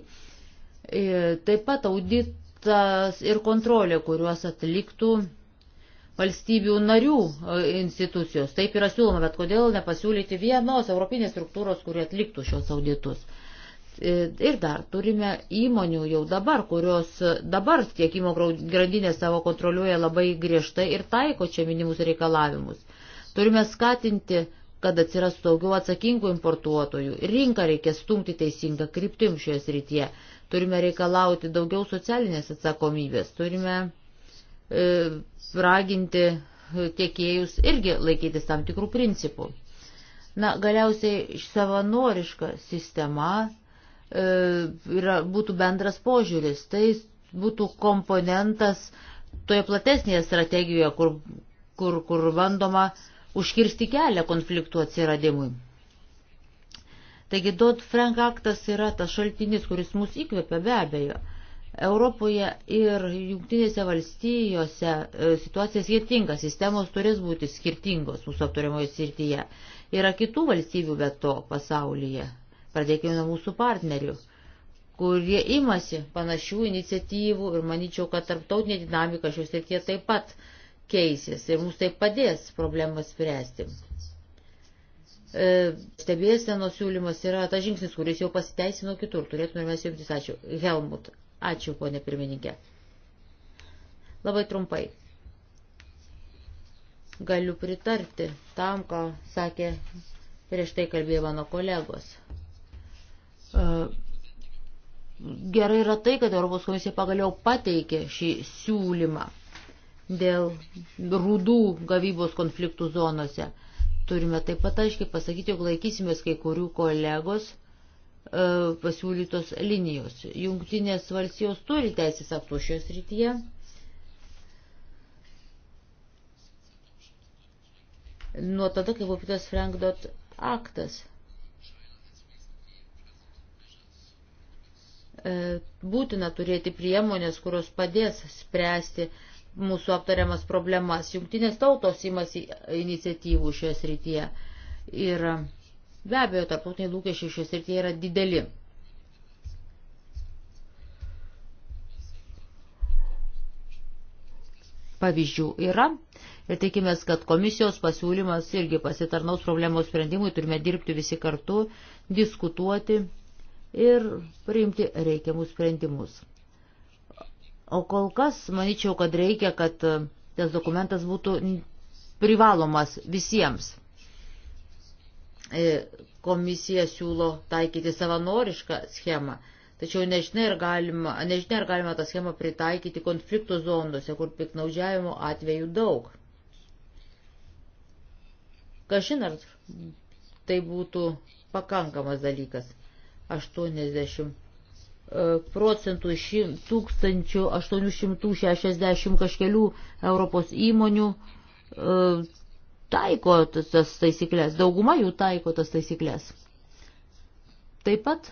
E, taip pat audit mandatas ir kontrolė, kuriuos atliktų valstybių narių e, institucijos. Taip yra siūloma, bet kodėl nepasiūlyti vienos europinės struktūros, kuri atliktų šios auditus. E, ir dar turime įmonių jau dabar, kurios dabar tiekimo grandinę savo kontroliuoja labai griežtai ir taiko čia minimus reikalavimus. Turime skatinti, kad atsirastų daugiau atsakingų importuotojų. Rinką reikia stumti teisingą kryptim šioje srityje turime reikalauti daugiau socialinės atsakomybės, turime e, raginti tiekėjus irgi laikytis tam tikrų principų. Na, galiausiai savanoriška sistema e, yra, būtų bendras požiūris, tai būtų komponentas toje platesnėje strategijoje, kur, kur, kur bandoma užkirsti kelią konfliktų atsiradimui. Taigi Dodd Frank aktas yra tas šaltinis, kuris mus įkvepia be abejo. Europoje ir jungtinėse valstijose e, situacija skirtinga, sistemos turės būti skirtingos mūsų aptariamoje srityje. Yra kitų valstybių be to pasaulyje, pradėkime nuo mūsų partnerių, kurie imasi panašių iniciatyvų ir manyčiau, kad tarptautinė dinamika šios srityje taip pat keisis ir mums tai padės problemas spręsti. E, stebėsenos siūlymas yra tas žingsnis, kuris jau pasiteisino kitur. Turėtume mes jums ačiū. Helmut, ačiū, ponė pirmininkė. Labai trumpai. Galiu pritarti tam, ką sakė prieš tai kalbėjo mano kolegos. E, gerai yra tai, kad Europos komisija pagaliau pateikė šį siūlymą dėl rūdų gavybos konfliktų zonose. Turime taip pat aiškiai pasakyti, jog laikysimės kai kurių kolegos e, pasiūlytos linijos. Jungtinės valstijos turi teisės aktų šios rytyje. Nuo tada, kai buvo kitas Frankdot aktas. E, būtina turėti priemonės, kurios padės spręsti mūsų aptariamas problemas. Jungtinės tautos imasi iniciatyvų šioje srityje. Ir be abejo, tarptautiniai lūkesčiai šioje srityje yra dideli. Pavyzdžių yra ir tikimės, kad komisijos pasiūlymas irgi pasitarnaus problemos sprendimui, turime dirbti visi kartu, diskutuoti ir priimti reikiamus sprendimus. O kol kas manyčiau, kad reikia, kad e, tas dokumentas būtų privalomas visiems. E, komisija siūlo taikyti savanorišką schemą, tačiau nežinia ar galima, nežinia, ar galima tą schemą pritaikyti konfliktų zonose, kur piknaudžiavimo atvejų daug. Kažin ar tai būtų pakankamas dalykas. 80 procentų iš 1860 kažkelių Europos įmonių e, taiko tas taisyklės, dauguma jų taiko tas taisyklės. Taip pat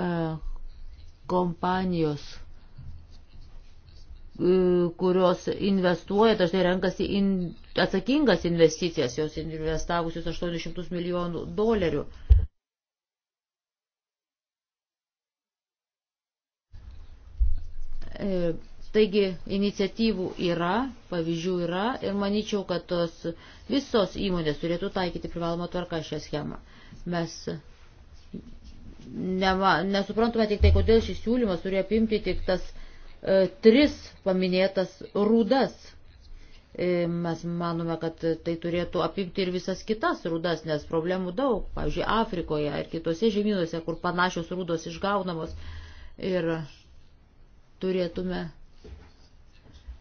e, kompanijos, e, kurios investuoja, dažnai renkasi in, atsakingas investicijas, jos investavusius 800 milijonų dolerių E, taigi iniciatyvų yra, pavyzdžių yra ir manyčiau, kad tos visos įmonės turėtų taikyti privalomą tvarką šią schemą. Mes nema, nesuprantame tik tai, kodėl šis siūlymas turėjo apimti tik tas e, tris paminėtas rūdas. E, mes manome, kad tai turėtų apimti ir visas kitas rūdas, nes problemų daug, pavyzdžiui, Afrikoje ir kitose žemynuose, kur panašios rūdos išgaunamos. Ir turėtume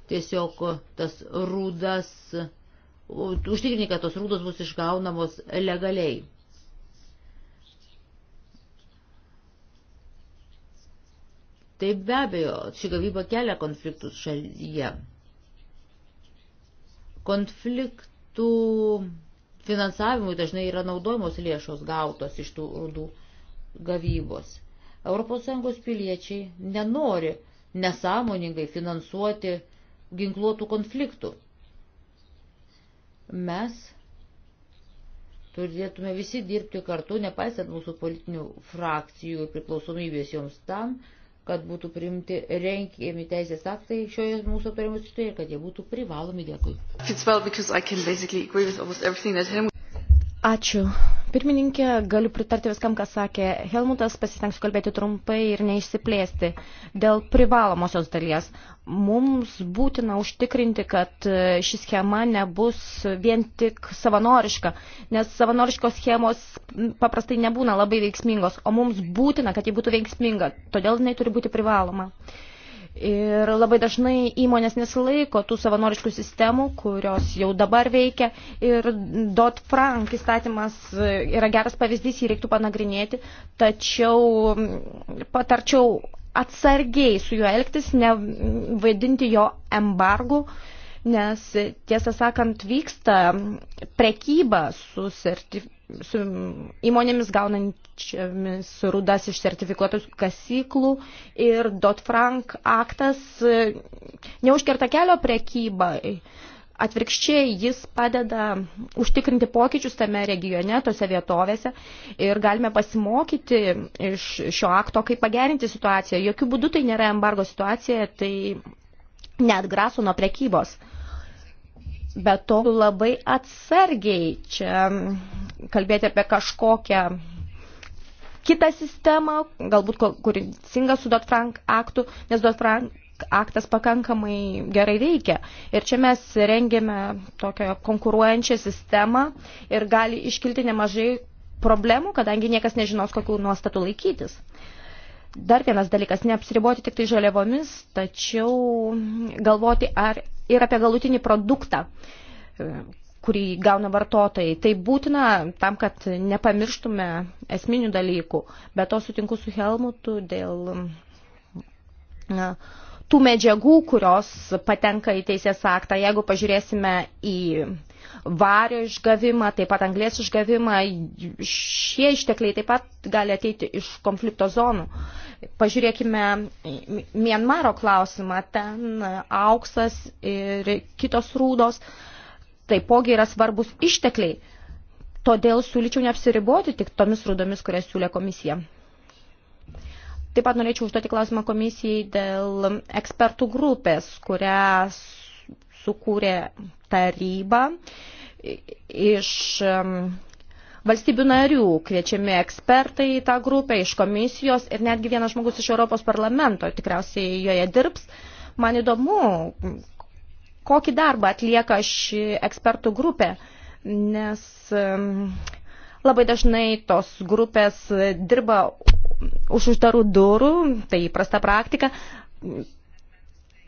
tiesiog tas rūdas, užtikrinti, kad tos rūdos bus išgaunamos legaliai. Taip be abejo, ši gavyba kelia konfliktus šalyje. Konfliktų finansavimui dažnai yra naudojamos lėšos gautos iš tų rūdų gavybos. ES piliečiai nenori nesąmoningai finansuoti ginkluotų konfliktų. Mes turėtume visi dirbti kartu, nepaisant mūsų politinių frakcijų ir priklausomybės joms tam, kad būtų priimti renkiami teisės aktai šioje mūsų aptariamoje situacijoje ir kad jie būtų privalomi. Dėkui. Ačiū. Pirmininkė, galiu pritarti viskam, ką sakė Helmutas, pasistengsiu kalbėti trumpai ir neišsiplėsti. Dėl privalomosios dalies mums būtina užtikrinti, kad ši schema nebus vien tik savanoriška, nes savanoriškos schemos paprastai nebūna labai veiksmingos, o mums būtina, kad ji būtų veiksminga, todėl jinai turi būti privaloma. Uh, Ir labai dažnai įmonės nesilaiko tų savanoriškų sistemų, kurios jau dabar veikia. Ir Dot Frank įstatymas e, yra geras pavyzdys, jį reiktų panagrinėti, tačiau mm, patarčiau atsargiai su juo elgtis, nevaidinti jo embargu, nes tiesą sakant vyksta prekyba su sertif su įmonėmis gaunančiamis rudas iš sertifikuotus kasyklų ir Dodd-Frank aktas e, neužkerta kelio prekybai. Atvirkščiai jis padeda užtikrinti pokyčius tame regione, tose vietovėse ir galime pasimokyti iš šio akto, kaip pagerinti situaciją. Jokių būdų tai nėra embargo situacija, tai neatgraso nuo prekybos. Uh, Bet to labai atsargiai čia kalbėti apie kažkokią kitą sistemą, galbūt konkurencinga su Dodd-Frank aktu, nes Dodd-Frank aktas pakankamai gerai veikia. Ir čia mes rengėme tokią konkuruojančią sistemą ir gali iškilti nemažai problemų, kadangi niekas nežinos, kokių nuostatų laikytis. Uh, Dar vienas dalykas, neapsiriboti tik tai žaliavomis, tačiau galvoti ar ir apie galutinį produktą, e, kurį gauna vartotojai. Tai būtina tam, kad nepamirštume esminių dalykų. Be to sutinku su Helmutu dėl tų medžiagų, kurios patenka į teisės aktą. Jeigu pažiūrėsime į vario išgavimą, taip pat anglės išgavimą. Šie ištekliai taip pat gali ateiti iš konflikto zonų. Pažiūrėkime Mienmaro klausimą. Ten auksas ir kitos rūdos taipogi yra svarbus ištekliai. Todėl siūlyčiau neapsiriboti tik tomis rūdomis, kurias siūlė komisija. Taip pat norėčiau užduoti klausimą komisijai dėl ekspertų grupės, kurią sukūrė taryba iš valstybių narių, kviečiami ekspertai į tą grupę, iš komisijos ir netgi vienas žmogus iš Europos parlamento tikriausiai joje dirbs. Man įdomu, kokį darbą atlieka ši ekspertų grupė, nes labai dažnai tos grupės dirba už uždarų durų, tai įprasta praktika,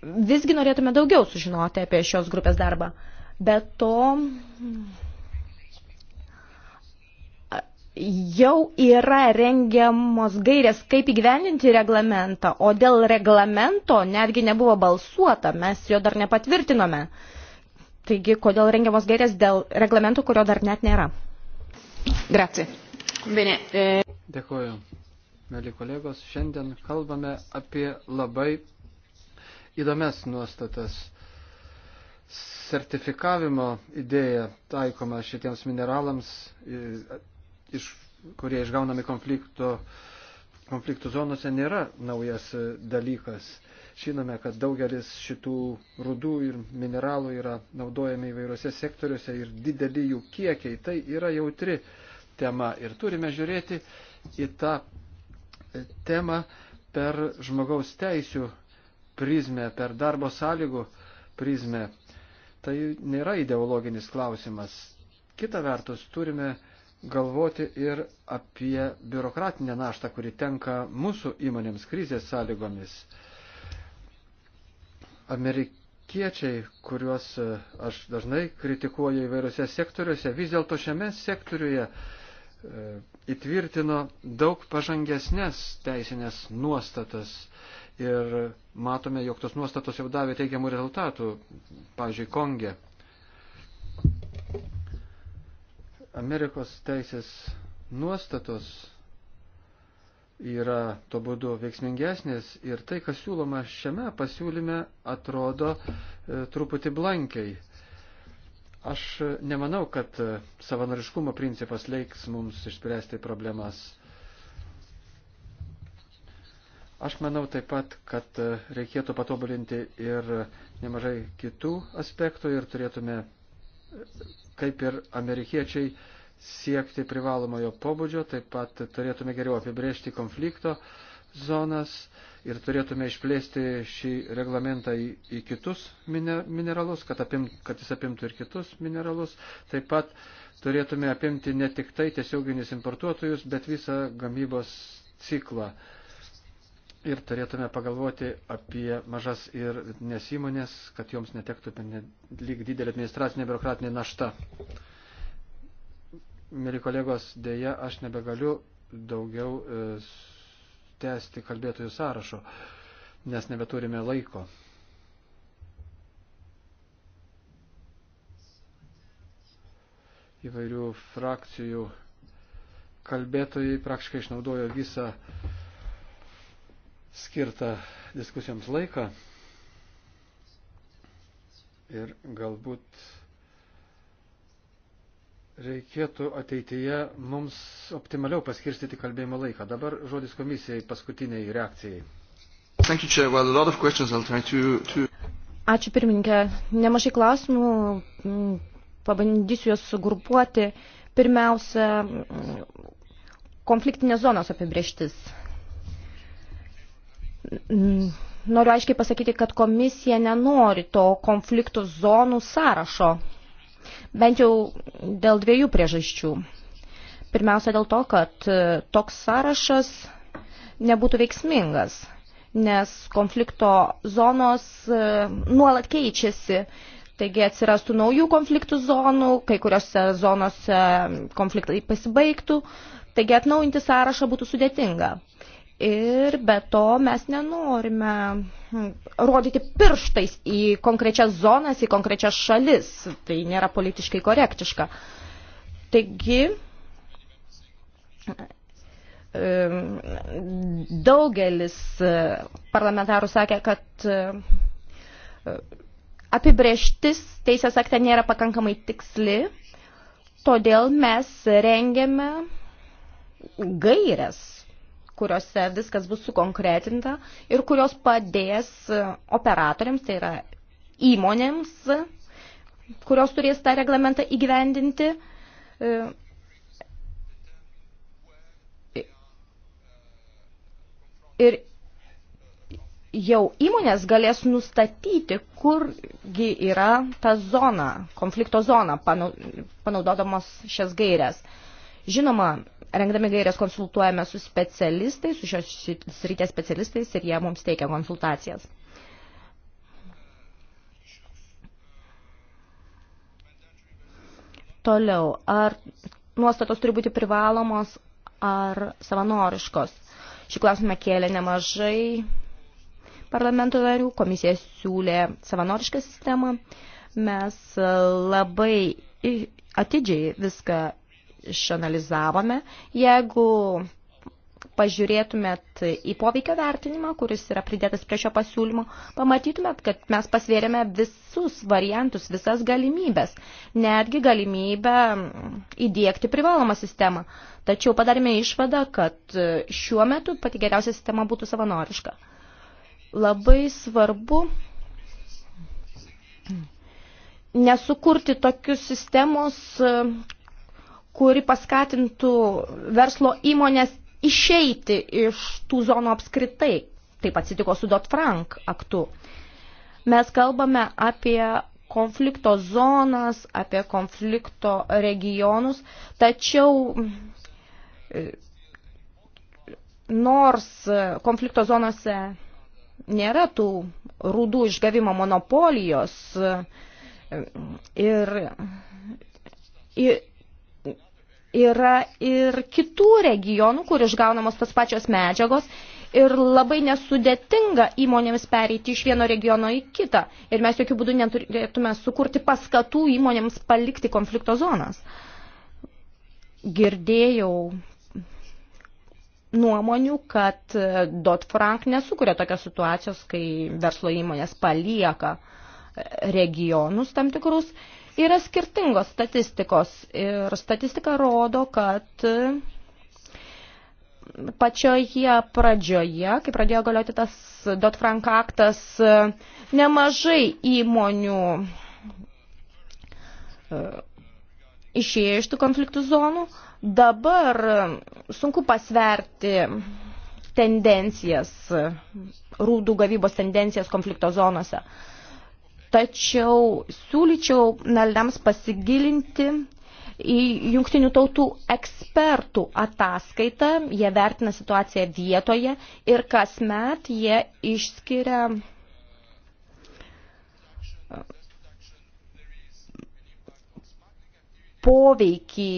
visgi norėtume daugiau sužinoti apie šios grupės darbą. Be to, jau yra rengiamos gairės, kaip įgyvendinti reglamentą, o dėl reglamento netgi nebuvo balsuota, mes jo dar nepatvirtinome. Taigi, kodėl rengiamos gairės dėl reglamento, kurio dar net nėra? Grazie. Bene. E... Dėkuoju, mėly kolegos. Šiandien kalbame apie labai įdomias nuostatas. Sertifikavimo idėja taikoma šitiems mineralams, iš, kurie išgaunami konflikto, konfliktų zonose, nėra naujas dalykas. Žinome, kad daugelis šitų rudų ir mineralų yra naudojami įvairiose sektoriuose ir dideli jų kiekiai. Tai yra jautri tema ir turime žiūrėti į tą temą per žmogaus teisų prizmę, per darbo sąlygų prizmę. Tai nėra ideologinis klausimas. Kita vertus, turime galvoti ir apie biurokratinę naštą, kuri tenka mūsų įmonėms krizės sąlygomis. Amerikiečiai, kuriuos e, aš dažnai kritikuoju įvairiose sektoriuose, vis dėlto šiame sektoriuje e, įtvirtino daug pažangesnės teisinės nuostatas ir matome, jog tos nuostatos jau davė teigiamų rezultatų, pavyzdžiui, Kongė. Amerikos teisės nuostatos yra to būdu veiksmingesnės ir tai, kas siūloma šiame pasiūlyme, atrodo e, truputį blankiai. Aš nemanau, kad savanoriškumo principas leiks mums išspręsti problemas. E, Aš manau taip pat, kad e, reikėtų patobulinti ir nemažai kitų aspektų ir turėtume, e, kaip ir amerikiečiai, siekti privalomojo pobūdžio, taip pat turėtume geriau apibrėžti konflikto zonas ir turėtume išplėsti šį reglamentą į, į kitus mineralus, kad, apim, kad jis apimtų ir kitus mineralus. Taip pat turėtume apimti ne tik tai tiesioginius importuotojus, bet visą gamybos ciklą. Uh, Ir turėtume pagalvoti apie mažas ir vidutinės įmonės, kad joms netektų lyg didelė administracinė biurokratinė našta. Mėly kolegos, dėja, aš nebegaliu daugiau e, tęsti kalbėtojų sąrašo, nes nebeturime laiko. Įvairių frakcijų kalbėtojai praktiškai išnaudojo visą skirtą diskusijoms laiką ir galbūt reikėtų ateityje mums optimaliau paskirstyti kalbėjimo laiką. Dabar žodis komisijai paskutiniai reakcijai. Ačiū pirmininkė. Nemažai klausimų, pabandysiu juos sugrupuoti. Pirmiausia, konfliktinės zonos apibrieštis noriu aiškiai pasakyti, kad komisija nenori to konfliktų zonų sąrašo. Bent jau dėl dviejų priežasčių. Pirmiausia dėl to, kad e, toks sąrašas nebūtų veiksmingas, nes konflikto zonos e, nuolat keičiasi. Taigi atsirastų naujų konfliktų zonų, kai kuriuose zonose konfliktai pasibaigtų, taigi atnaujinti sąrašą būtų sudėtinga. Ir be to mes nenorime hm, rodyti pirštais į konkrečias zonas, į konkrečias šalis. Tai nėra politiškai korektiška. Taigi, hm, daugelis e, parlamentarų sakė, kad e, apibrieštis teisės akte nėra pakankamai tiksli, todėl mes rengiame gairias kuriuose viskas bus sukonkretinta ir kurios padės e, operatoriams, tai yra įmonėms, kurios turės tą reglamentą įgyvendinti. E, ir jau įmonės galės nustatyti, kurgi yra ta zona, konflikto zona, panaudodamos šias gairias. Žinoma, Rengdami gairias konsultuojame su specialistais, su šios srities specialistais ir jie mums teikia konsultacijas. Toliau, ar nuostatos turi būti privalomos ar savanoriškos? Šį klausimą kėlė nemažai parlamento narių, komisija siūlė savanorišką sistemą. Mes labai atidžiai viską išanalizavome. Jeigu pažiūrėtumėt į poveikio vertinimą, kuris yra pridėtas prie šio pasiūlymo, pamatytumėt, kad mes pasvėrėme visus variantus, visas galimybės, netgi galimybę įdėkti privalomą sistemą. Tačiau padarėme išvadą, kad šiuo metu pati geriausia sistema būtų savanoriška. Labai svarbu nesukurti tokius sistemos, kuri paskatintų verslo įmonės išeiti iš tų zonų apskritai. Taip atsitiko su Dot Frank aktu. Mes kalbame apie konflikto zonas, apie konflikto regionus, tačiau nors konflikto zonose nėra tų rūdų išgavimo monopolijos ir, ir yra ir kitų regionų, kur išgaunamos tas pačios medžiagos ir labai nesudėtinga įmonėms pereiti iš vieno regiono į kitą. Ir mes jokių būdų neturėtume sukurti paskatų įmonėms palikti konflikto zonas. Girdėjau nuomonių, kad Dodd-Frank nesukuria tokios situacijos, kai verslo įmonės palieka regionus tam tikrus yra skirtingos statistikos ir statistika rodo, kad pačioje pradžioje, kai pradėjo galioti tas Dodd-Frank aktas, nemažai įmonių e, išėjo iš tų konfliktų zonų. Dabar sunku pasverti tendencijas, rūdų gavybos tendencijas konflikto zonose. Uh, Tačiau siūlyčiau nariams pasigilinti į jungtinių tautų ekspertų ataskaitą, jie vertina situaciją vietoje ir kasmet jie išskiria uh, poveikį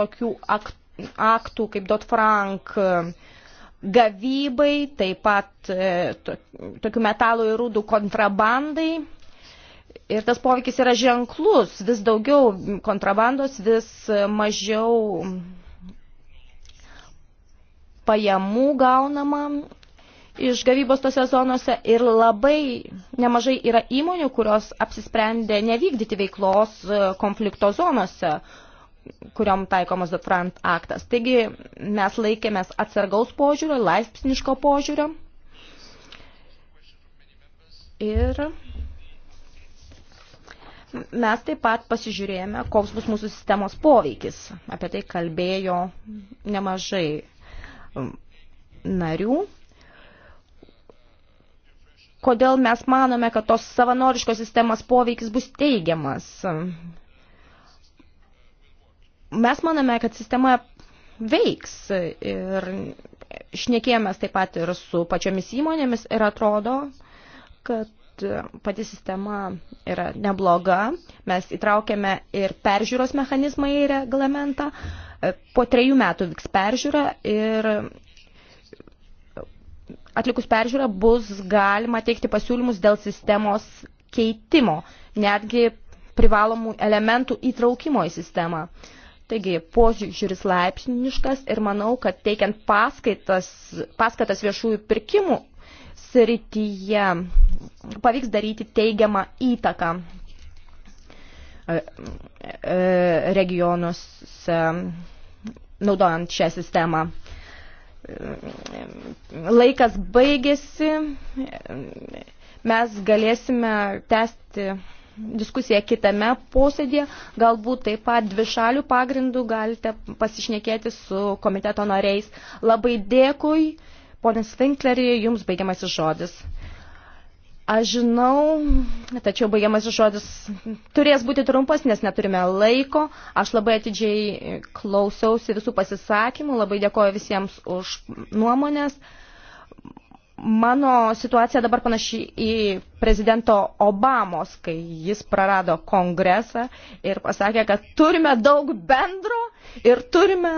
tokių aktų kaip Dot Frank uh, gavybai, taip pat e, tokių metalų ir rūdų kontrabandai. Ir tas poveikis yra ženklus, vis daugiau kontrabandos, vis mažiau pajamų gaunama iš gavybos tose zonose ir labai nemažai yra įmonių, kurios apsisprendė nevykdyti veiklos e, konflikto zonose, kuriom taikomas Dotrant aktas. Taigi mes laikėmės atsargaus požiūrio, laipsniško požiūrio. Ir mes taip pat pasižiūrėjome, koks bus mūsų sistemos poveikis. Apie tai kalbėjo nemažai um, narių. Kodėl mes manome, kad tos savanoriškos sistemos poveikis bus teigiamas? Mes maname, kad sistema veiks ir šnekėjomės taip pat ir su pačiomis įmonėmis ir atrodo, kad pati sistema yra nebloga. Mes įtraukėme ir peržiūros mechanizmą į reglamentą. Po trejų metų vyks peržiūra ir atlikus peržiūrą bus galima teikti pasiūlymus dėl sistemos keitimo, netgi privalomų elementų įtraukimo į sistemą. Taigi požiūris laipsniškas ir manau, kad teikiant paskaitas, paskatas viešųjų pirkimų srityje pavyks daryti teigiamą įtaką e, e, regionus naudojant šią sistemą. Laikas baigėsi, mes galėsime tęsti diskusiją kitame posėdėje. Galbūt taip pat dvišalių pagrindų galite pasišnekėti su komiteto nariais. Labai dėkui, ponas Finklerį, jums baigiamasis žodis. Aš žinau, tačiau baigiamasis žodis turės būti trumpas, nes neturime laiko. Aš labai atidžiai klausiausi visų pasisakymų, labai dėkoju visiems už nuomonės. Mano situacija dabar panaši į prezidento Obamos, kai jis prarado kongresą ir pasakė, kad turime daug bendro ir turime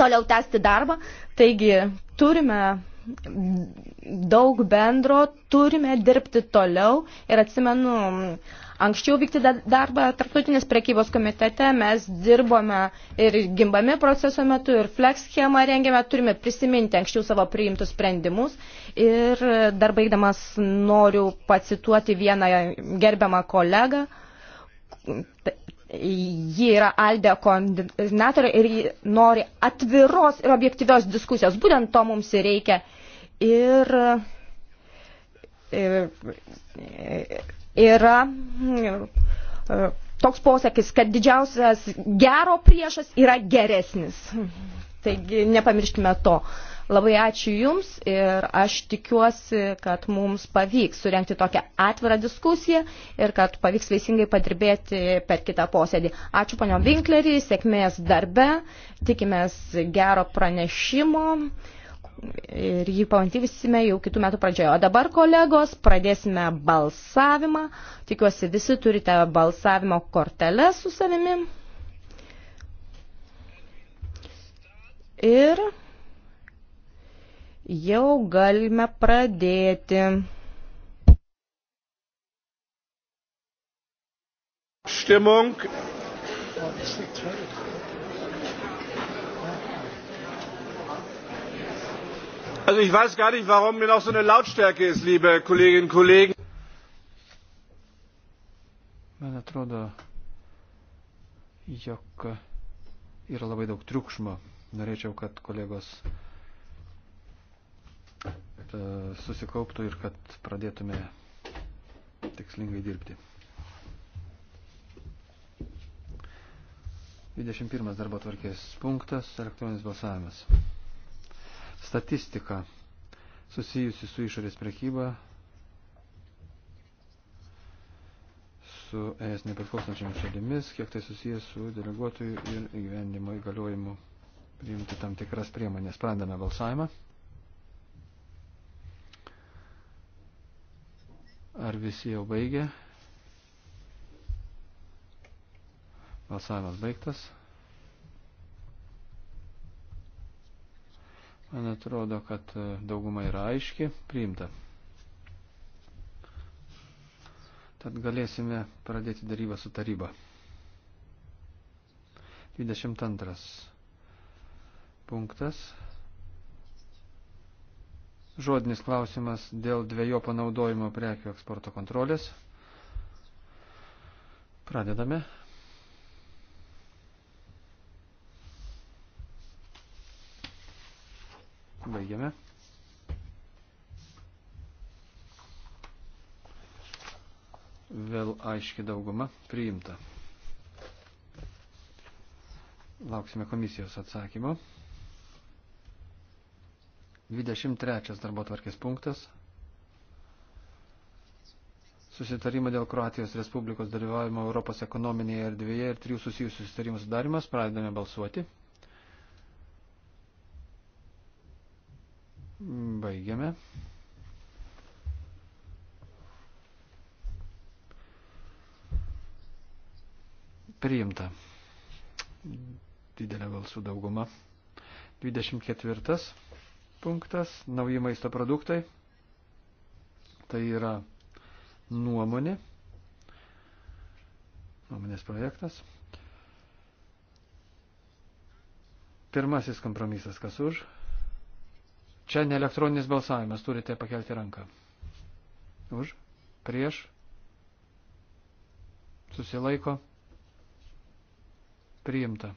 toliau tęsti darbą. Taigi turime daug bendro, turime dirbti toliau ir atsimenu, anksčiau vykti darbą tarptautinės prekybos komitete, mes dirbome ir gimbami proceso metu, ir flex schemą rengėme, turime prisiminti anksčiau savo priimtus sprendimus. Ir dar baigdamas noriu pacituoti vieną gerbiamą kolegą. Ji yra Alde koordinatorė ir ji nori atviros ir objektyvios diskusijos. Būtent to mums ir reikia. Ir, ir, ir yra e, toks posakis, kad didžiausias gero priešas yra geresnis. Taigi nepamirškime to. Labai ačiū Jums ir aš tikiuosi, kad mums pavyks surenkti tokią atvirą diskusiją ir kad pavyks veisingai padirbėti per kitą posėdį. Ačiū panio Vinklerį, sėkmės darbe, tikimės gero pranešimo ir jį pamatysime jau kitų metų pradžioje. O dabar, kolegos, pradėsime balsavimą. Tikiuosi, visi turite balsavimo kortelę su savimi. Ir jau galime pradėti. Stimmung. Oh, Also ich weiß gar nicht, warum mir noch so eine Lautstärke ist, liebe Kolleginnen und Kollegen. Man atrodo, jog yra labai daug triukšmo. Norėčiau, kad kolegos e, susikauptų ir kad pradėtume tikslingai dirbti. 21 darbo tvarkės punktas - elektroninis balsavimas statistiką susijusi su išorės prekyba, su ES nepriklausančiamis šalimis, kiek tai susijęs su deleguotojų ir įgyvendimo įgaliojimu priimti tam tikras priemonės. Pradame balsavimą. Ar visi jau baigė? Balsavimas baigtas. Man atrodo, kad e, dauguma yra aiški, priimta. Tad galėsime pradėti darybą su taryba. 22. Punktas. Žodinis klausimas dėl dviejo panaudojimo prekių eksporto kontrolės. Pradedame. Baigiame. Vėl aiški dauguma priimta. Lauksime komisijos atsakymo. 23 darbo tvarkės punktas. Susitarimą dėl Kroatijos Respublikos dalyvavimo Europos ekonominėje erdvėje ir trijų susijusių susitarimų sudarimas. Pradedame balsuoti. Baigiame. Priimta. Didelė balsų dauguma. 24 punktas. Nauji maisto produktai. Tai yra nuomonė. Nuomonės projektas. Pirmasis kompromisas, kas už. Čia ne elektroninis balsavimas, turite pakelti ranką. Už, prieš, susilaiko, priimta.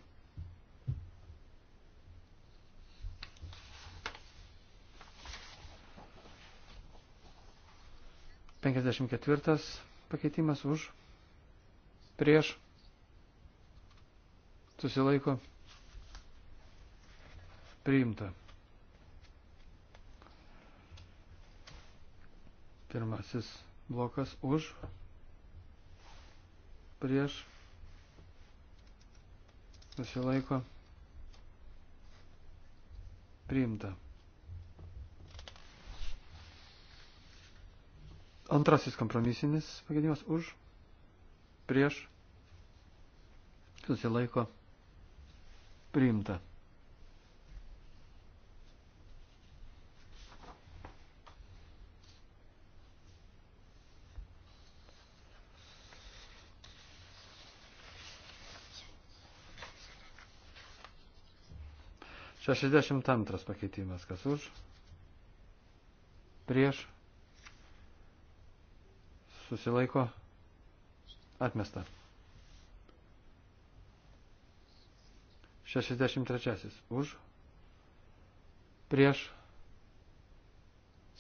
Penkiasdešimt ketvirtas pakeitimas už, prieš, susilaiko, priimta. Pirmasis blokas už, prieš, susilaiko, priimta. Antrasis kompromisinis pagėdimas už, prieš, susilaiko, priimta. 62 pakeitimas, kas už, prieš, susilaiko, atmesta. 63 už, prieš,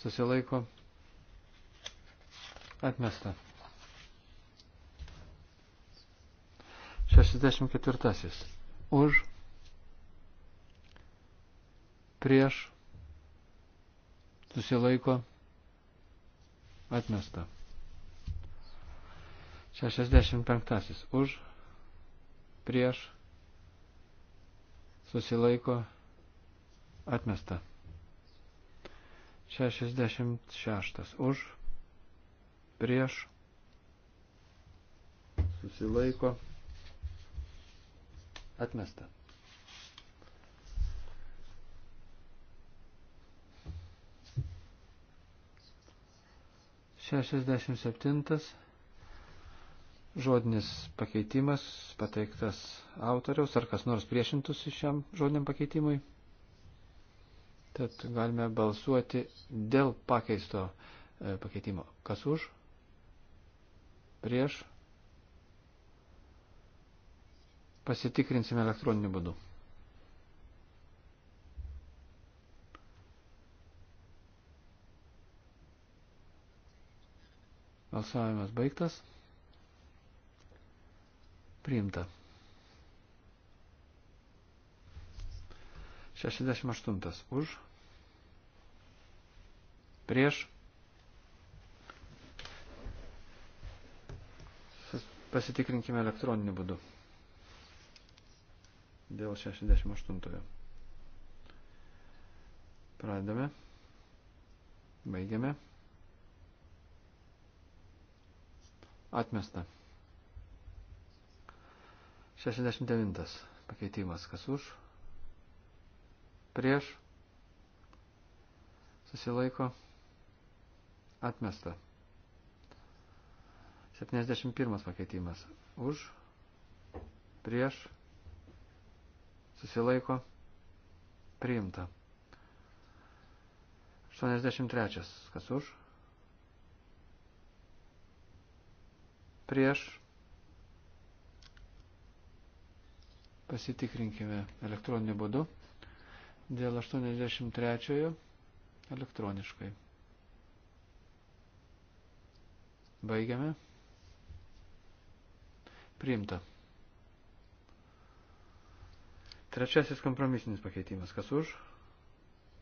susilaiko, atmesta. 64 už, prieš susilaiko atmesta. 65. Už prieš susilaiko atmesta. 66. Už prieš susilaiko atmesta. 67. Žodinis pakeitimas pateiktas autoriaus. Ar kas nors priešintųsi šiam žodiniam pakeitimui? Tad galime balsuoti dėl pakeisto e, pakeitimo. Kas už? Prieš? Pasitikrinsime elektroniniu būdu. Balsavimas baigtas. Priimta. 68 už. Prieš. Pasitikrinkime elektroninį būdu. Dėl 68. Pradame. Baigiame. Atmesta. 69 pakeitimas. Kas už? Prieš. Susilaiko. Atmesta. 71 pakeitimas. Už. Prieš. Susilaiko. Priimta. 83. Kas už? prieš. Pasitikrinkime elektroniniu būdu dėl 83 elektroniškai. Baigiame. Priimta. Trečiasis kompromisinis pakeitimas. Kas už?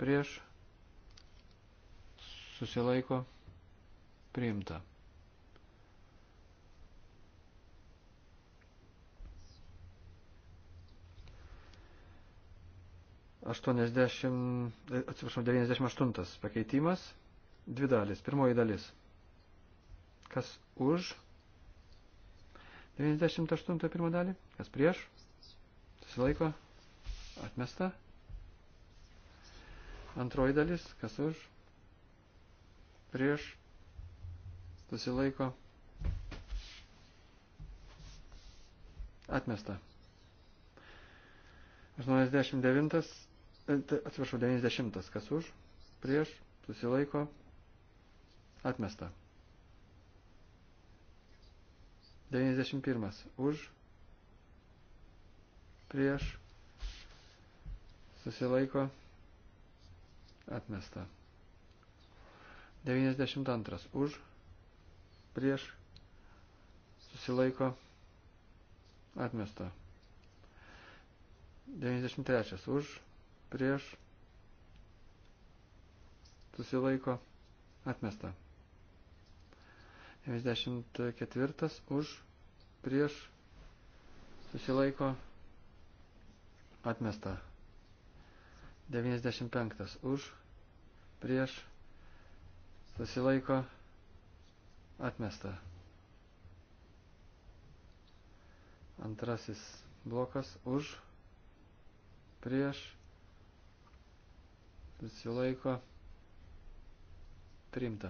Prieš? Susilaiko? Priimta. 80, e, atsiprašau, 98 pakeitimas, dvi dalis, pirmoji dalis. Kas už 98 pirmą dalį, kas prieš, susilaiko, atmesta. Antroji dalis, kas už, prieš, susilaiko, atmesta. 89 atsiprašau, 90, kas už, prieš, susilaiko, atmesta. 91, už, prieš, susilaiko, atmesta. 92, už, prieš, susilaiko, atmesta. 93, už, prieš, susilaiko, atmesta. 94 už, prieš, susilaiko, atmesta. 95 už, prieš, susilaiko, atmesta. Antrasis blokas už, prieš, visi laiko priimta.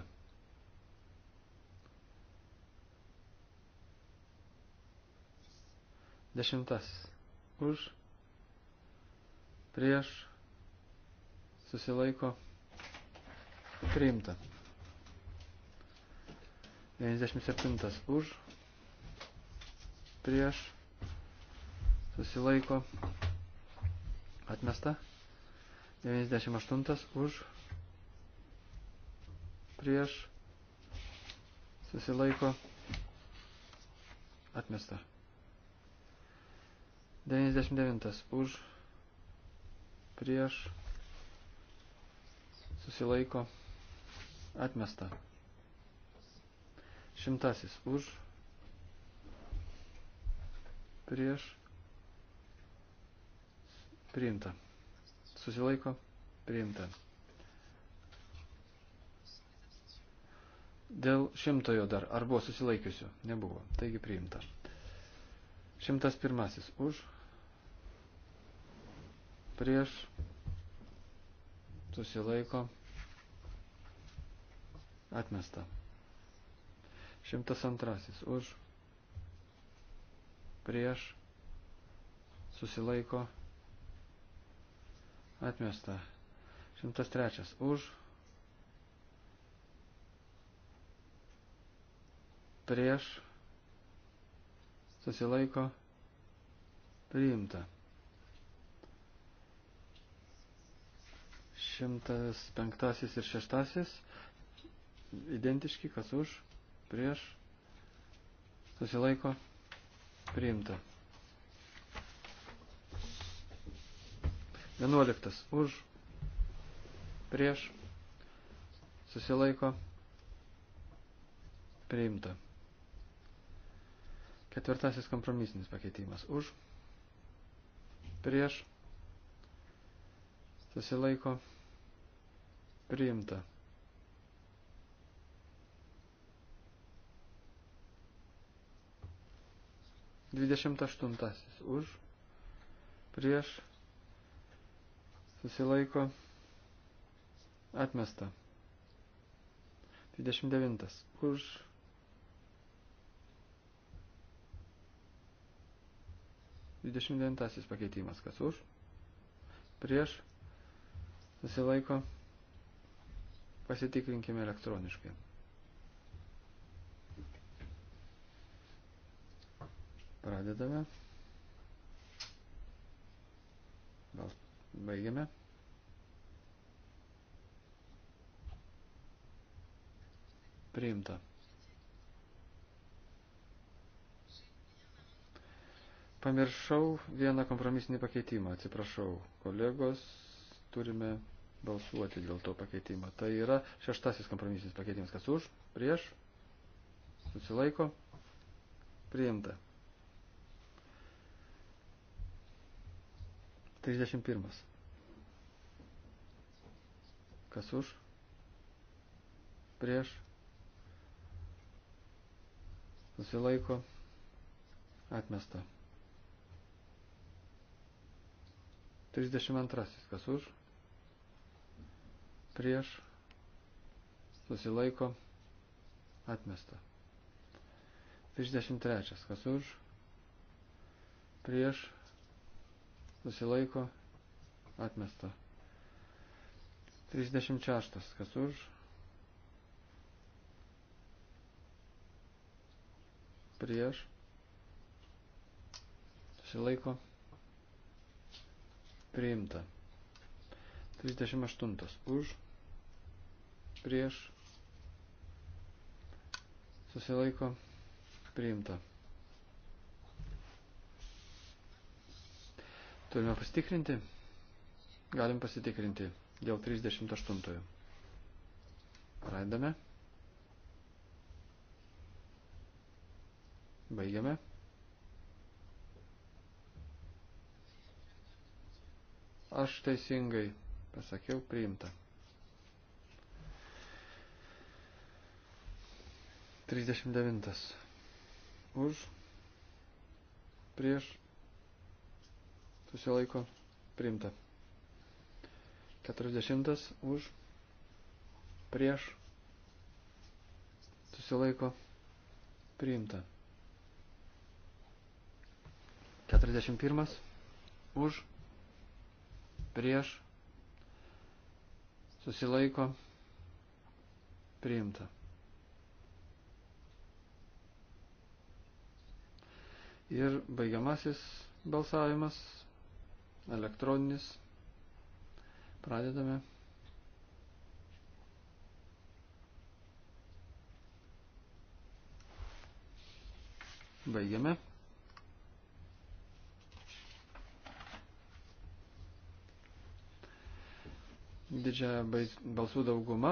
Dešimtas. Už, prieš, susilaiko, priimta. 97. Už, prieš, susilaiko, atmesta. 98 už prieš susilaiko atmesta. 99 už prieš susilaiko atmesta. Šimtasis už prieš priimta susilaiko priimta. Dėl šimtojo dar, ar buvo susilaikiusių? Nebuvo, taigi priimta. Šimtas pirmasis už, prieš, susilaiko, atmesta. Šimtas antrasis už, prieš, susilaiko, atmesta Atmesta. 103. Už. Prieš. Susilaiko. Priimta. 105 ir 6 identiški, kas už, prieš, susilaiko, priimta. 11 už, prieš, susilaiko, priimta. Ketvirtasis kompromisinis pakeitimas už, prieš, susilaiko, priimta. Dvidešimt aštuntasis už, prieš, susilaiko atmesta. 29. Už Dvidešimt devintasis pakeitimas, kas už, prieš, susilaiko, pasitikrinkime elektroniškai. Pradedame. Baigiame. Priimta. Pamiršau vieną kompromisinį pakeitimą, atsiprašau, kolegos, turime balsuoti dėl to pakeitimo. Tai yra šeštasis kompromisinis pakeitimas, kas už, prieš, susilaiko, priimta. 31. Kas už? Prieš? Susilaiko? Atmesta. 32. Kas už? Prieš? Susilaiko? Atmesta. 33. Kas už? Prieš? Susilaiko? Atmesta. 36. Kas už? Prieš. Silaiko. Priimta. 38. Už. Prieš. Susilaiko. Priimta. Turime pasitikrinti. Galim pasitikrinti dėl 38. Pradedame. Baigiame. Aš teisingai pasakiau, priimta. 39. Už, prieš, susilaiko, priimta. 40 už, prieš, susilaiko, priimta. 41 už, prieš, susilaiko, priimta. Ir baigiamasis balsavimas elektroninis Pradedame. Baigiame. Didžiąją balsų daugumą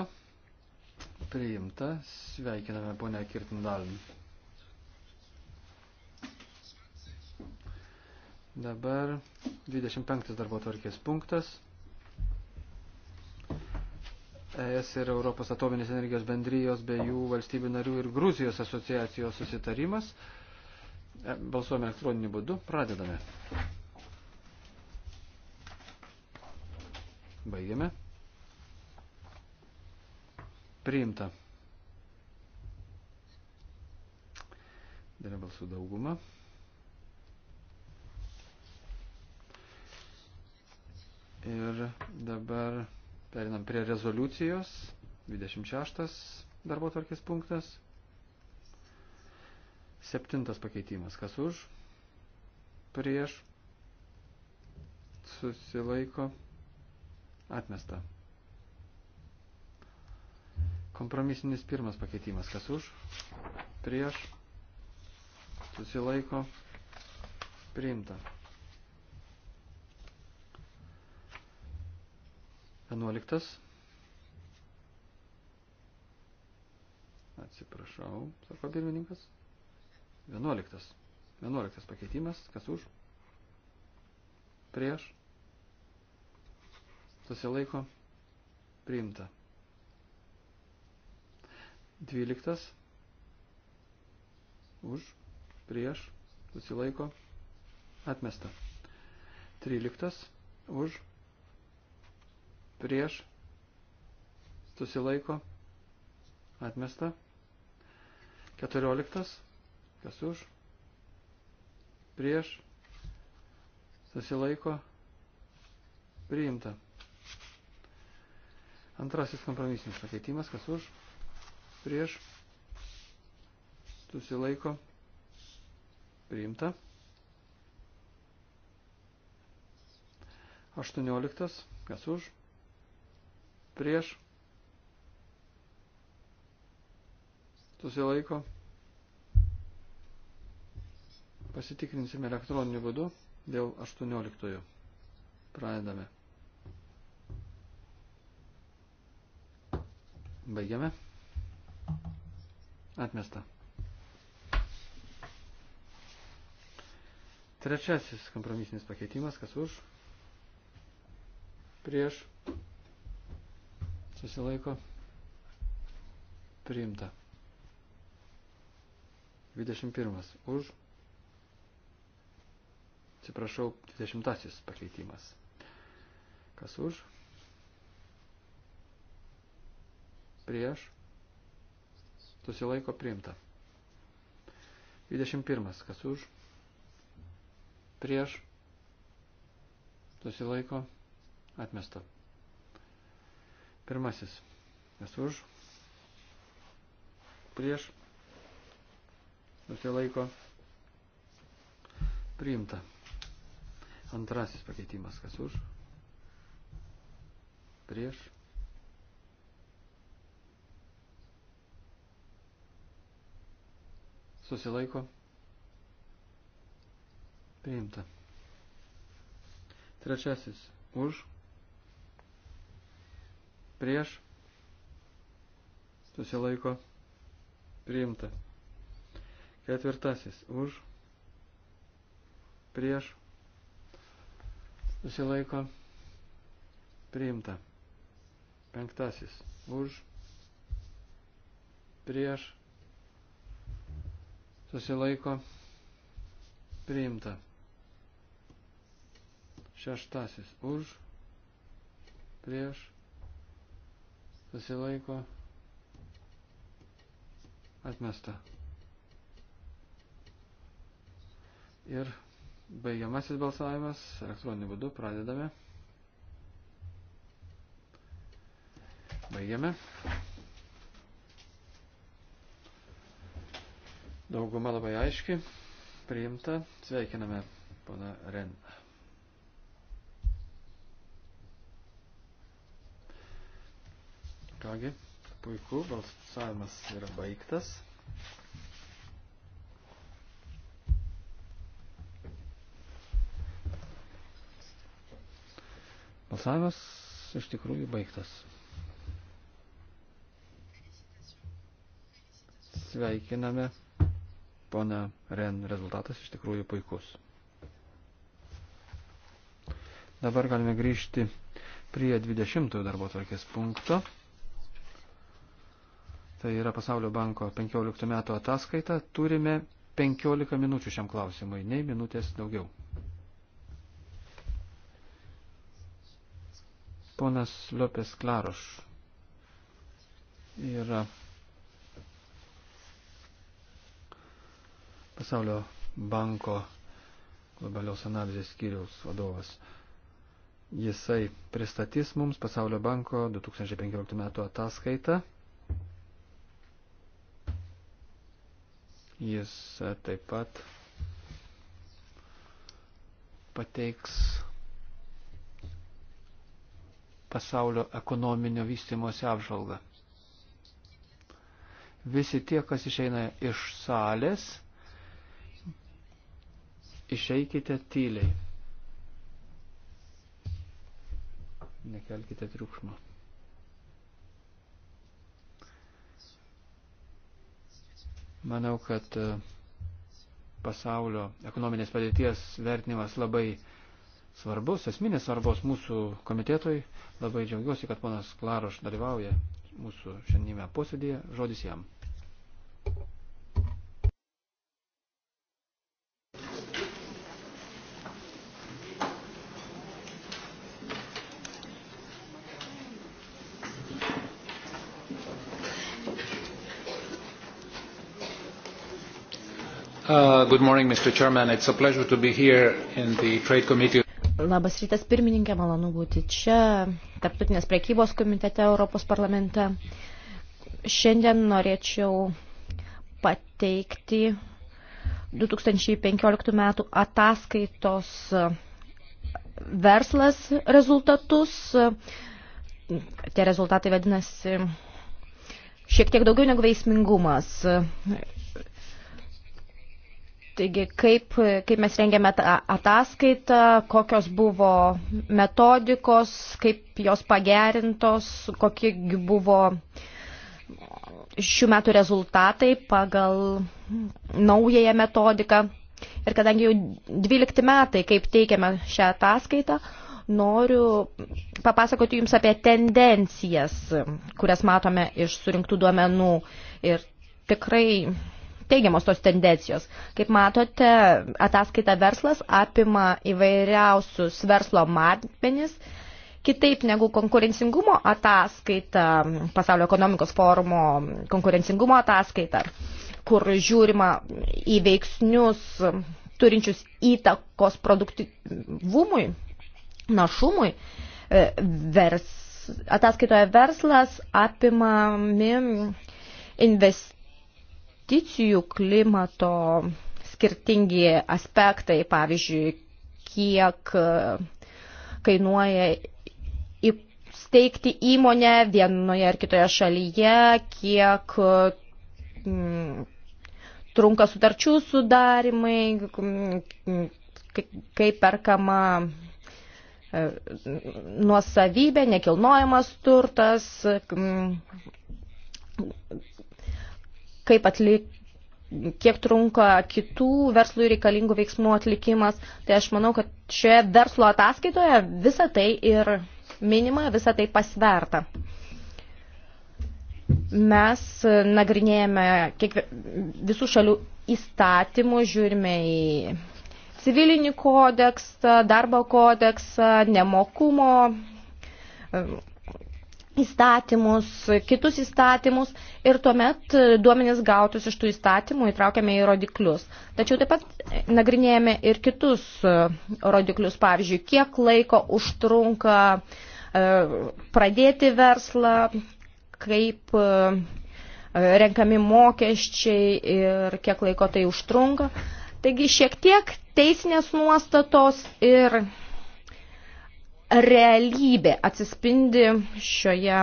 priimta. Sveikiname ponę Kirtindalin. Dabar 25 darbo tvarkės punktas. ES ir Europos atominės energijos bendrijos bei jų valstybių narių ir Gruzijos asociacijos susitarimas. E, balsuojame elektroniniu būdu. Pradedame. Baigiame. Priimta. Dėlė balsų dauguma. Ir dabar Perinam prie rezoliucijos. 26 darbo tvarkės punktas. Septintas pakeitimas. Kas už? Prieš. Susilaiko. Atmesta. Kompromisinis pirmas pakeitimas. Kas už? Prieš. Susilaiko. Priimta. Vienuoliktas. Atsiprašau, sako pirmininkas. Vienuoliktas. Vienuoliktas pakeitimas. Kas už? Prieš. Susilaiko. Priimta. Dvyliktas. Už. Prieš. Susilaiko. Atmesta. Tryliktas. Už prieš, susilaiko, atmesta. Keturioliktas, kas už, prieš, susilaiko, priimta. Antrasis kompromisinis pakeitimas, kas už, prieš, susilaiko, priimta. Aštuonioliktas, kas už, prieš, susilaiko, pasitikrinsime elektroniniu būdu dėl 18. Pradedame. Baigiame. Atmesta. Trečiasis kompromisinis pakeitimas, kas už, prieš, susilaiko priimta. 21. Už. Atsiprašau, 20. pakeitimas. Kas už? Prieš. Susilaiko priimta. 21. Kas už? Prieš. Susilaiko atmesta. Pirmasis. Kas už? Prieš. Nusilaiko. Priimta. Antrasis pakeitimas. Kas už? Prieš. Susilaiko. Priimta. Trečiasis. Už prieš, susilaiko, priimta. Ketvirtasis, už, prieš, susilaiko, priimta. Penktasis, už, prieš, susilaiko, priimta. Šeštasis, už, prieš, susilaiko, atmesta. Ir baigiamasis balsavimas elektroniniu būdu pradedame. Baigiame. Dauguma labai aiški. Priimta. Sveikiname pana Ren. Kągi, puiku, balsavimas yra baigtas. Balsavimas iš tikrųjų baigtas. Sveikiname, pona Ren, rezultatas iš tikrųjų puikus. Dabar galime grįžti prie 20 darbo tvarkės punkto tai yra Pasaulio banko 15 metų ataskaita, turime 15 minučių šiam klausimui, nei minutės daugiau. Ponas Lopes Klaroš yra Pasaulio banko globalios analizės skyriaus vadovas. Jisai pristatys mums Pasaulio banko 2015 metų ataskaitą Jis e, taip pat pateiks pasaulio ekonominio vystimuose apžvalgą. Visi tie, kas išeina iš salės, išeikite tyliai. Nekelkite triukšmo. Manau, kad e, pasaulio ekonominės padėties vertinimas labai svarbus, esminės svarbos mūsų komitetui. Labai džiaugiuosi, kad ponas Klaroš dalyvauja mūsų šiandienime posėdėje. Žodis jam. Uh, good morning, Mr. Chairman. It's a pleasure to be here in the Trade Committee. Labas rytas, pirmininkė, malonu būti čia, Tarptautinės prekybos komitete Europos parlamente. Šiandien norėčiau pateikti 2015 metų ataskaitos verslas rezultatus. Tie rezultatai vadinasi šiek tiek daugiau negu veiksmingumas. Taigi, kaip, kaip mes rengėme tą ataskaitą, kokios buvo metodikos, kaip jos pagerintos, kokie buvo šių metų rezultatai pagal naująją metodiką. Ir kadangi jau 12 metai, kaip teikiame šią ataskaitą, noriu papasakoti Jums apie tendencijas, kurias matome iš surinktų duomenų. Ir tikrai teigiamos tos tendencijos. Kaip matote, ataskaita verslas apima įvairiausius verslo matmenis. Kitaip negu konkurencingumo ataskaita, pasaulio ekonomikos forumo konkurencingumo ataskaita, kur žiūrima į veiksnius turinčius įtakos produktivumui, našumui, e, vers, ataskaitoje verslas apimami invest, investicijų klimato skirtingi aspektai, pavyzdžiui, kiek e, kainuoja įsteigti įmonę vienoje ar kitoje šalyje, kiek e, trunka sutarčių sudarimai, kaip perkama e, nuosavybė, nekilnojamas turtas, kaip atlikti kiek trunka kitų verslui reikalingų veiksmų atlikimas. Tai aš manau, kad šioje verslo ataskaitoje visa tai ir minima, visa tai pasverta. Mes nagrinėjame kiek, visų šalių įstatymų, žiūrime į civilinį kodeksą, darbo kodeksą, nemokumo įstatymus, kitus įstatymus ir tuomet e, duomenis gautus iš tų įstatymų įtraukiame į rodiklius. Tačiau taip pat nagrinėjame ir kitus e, rodiklius, pavyzdžiui, kiek laiko užtrunka e, pradėti verslą, kaip renkami mokesčiai ir kiek laiko tai užtrunka. Taigi šiek tiek teisinės nuostatos ir realybė atsispindi šioje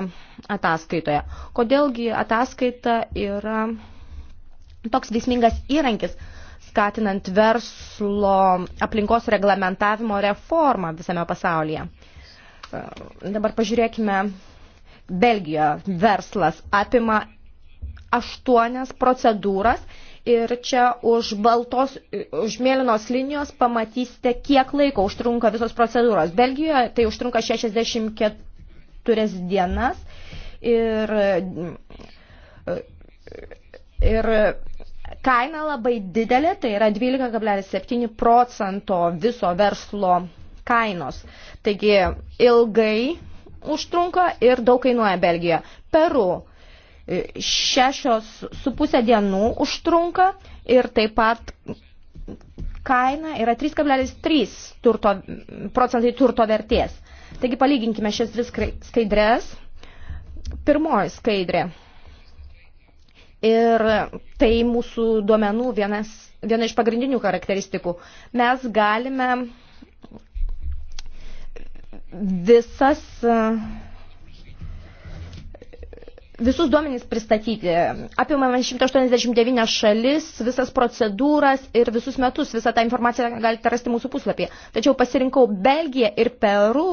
ataskaitoje. Kodėlgi ataskaita yra toks veiksmingas įrankis skatinant verslo aplinkos reglamentavimo reformą visame pasaulyje. E, dabar pažiūrėkime, Belgijoje verslas apima aštuonias procedūras ir čia už, baltos, už mėlynos linijos pamatysite, kiek laiko užtrunka visos procedūros. Belgijoje tai užtrunka 64 dienas ir, ir kaina labai didelė, tai yra 12,7 procento viso verslo kainos. Taigi ilgai užtrunka ir daug kainuoja Belgijoje. Peru E, šešios su pusė dienų užtrunka ir taip pat kaina yra 3,3 turto, procentai turto vertės. Taigi palyginkime šias dvi skaidrės. Pirmoji skaidrė. Ir tai mūsų duomenų vienas, viena iš pagrindinių charakteristikų. Mes galime visas uh, visus duomenys pristatyti. Apimame 189 šalis, visas procedūras ir visus metus. Visą tą informaciją galite rasti mūsų puslapyje. Tačiau pasirinkau Belgiją ir Peru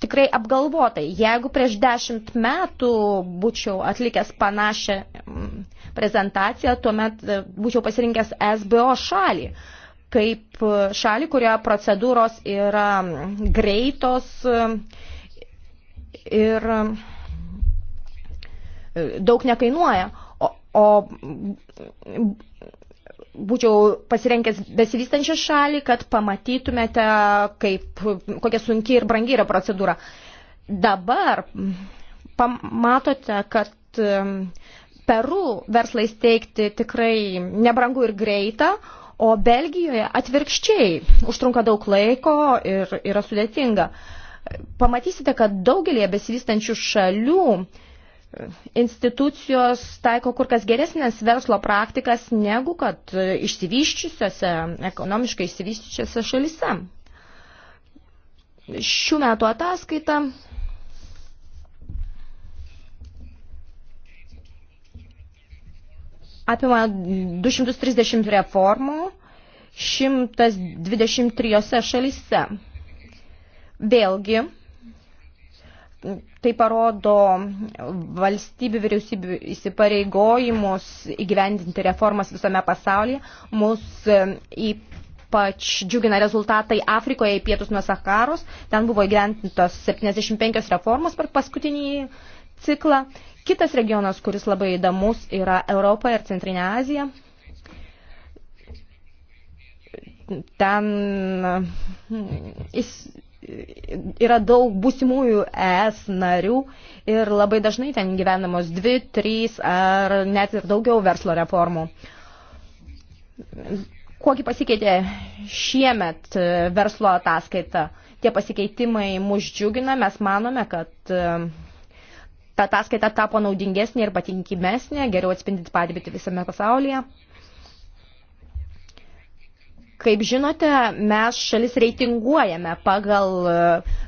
tikrai apgalvotai. Jeigu prieš dešimt metų būčiau atlikęs panašią mm, prezentaciją, tuomet e, būčiau pasirinkęs SBO šalį kaip e, šalį, kurioje procedūros yra mm, greitos, e, ir e, daug nekainuoja. O, o būčiau pasirenkęs besivystančią šalį, kad pamatytumėte, kaip, kokia sunki ir brangi yra procedūra. Dabar pamatote, kad e, Peru verslai steigti tikrai nebrangu ir greita, o Belgijoje atvirkščiai užtrunka daug laiko ir yra sudėtinga. Uh, pamatysite, kad daugelie besivystančių šalių e, institucijos taiko kur kas geresnės verslo praktikas negu kad e, išsivyščiusiose, ekonomiškai išsivyščiusiose šalise. Šių metų ataskaita apima 230 reformų 123 šalyse. Vėlgi, tai parodo valstybių vyriausybių įsipareigojimus įgyvendinti reformas visame pasaulyje. Mus e, ypač džiugina rezultatai Afrikoje į pietus nuo Sakaros. Ten buvo įgyvendintos 75 reformos per paskutinį ciklą. Kitas regionas, kuris labai įdomus, yra Europa ir Centrinė Azija. Ten jis mm, yra daug būsimųjų ES narių ir labai dažnai ten gyvenamos dvi, trys ar net ir daugiau verslo reformų. Kuogi pasikeitė šiemet e, verslo ataskaita? Tie pasikeitimai mus džiugina, mes manome, kad e, ta ataskaita tapo naudingesnė ir patinkimesnė, geriau atspindinti padėtį visame pasaulyje. Kaip žinote, mes šalis reitinguojame pagal e,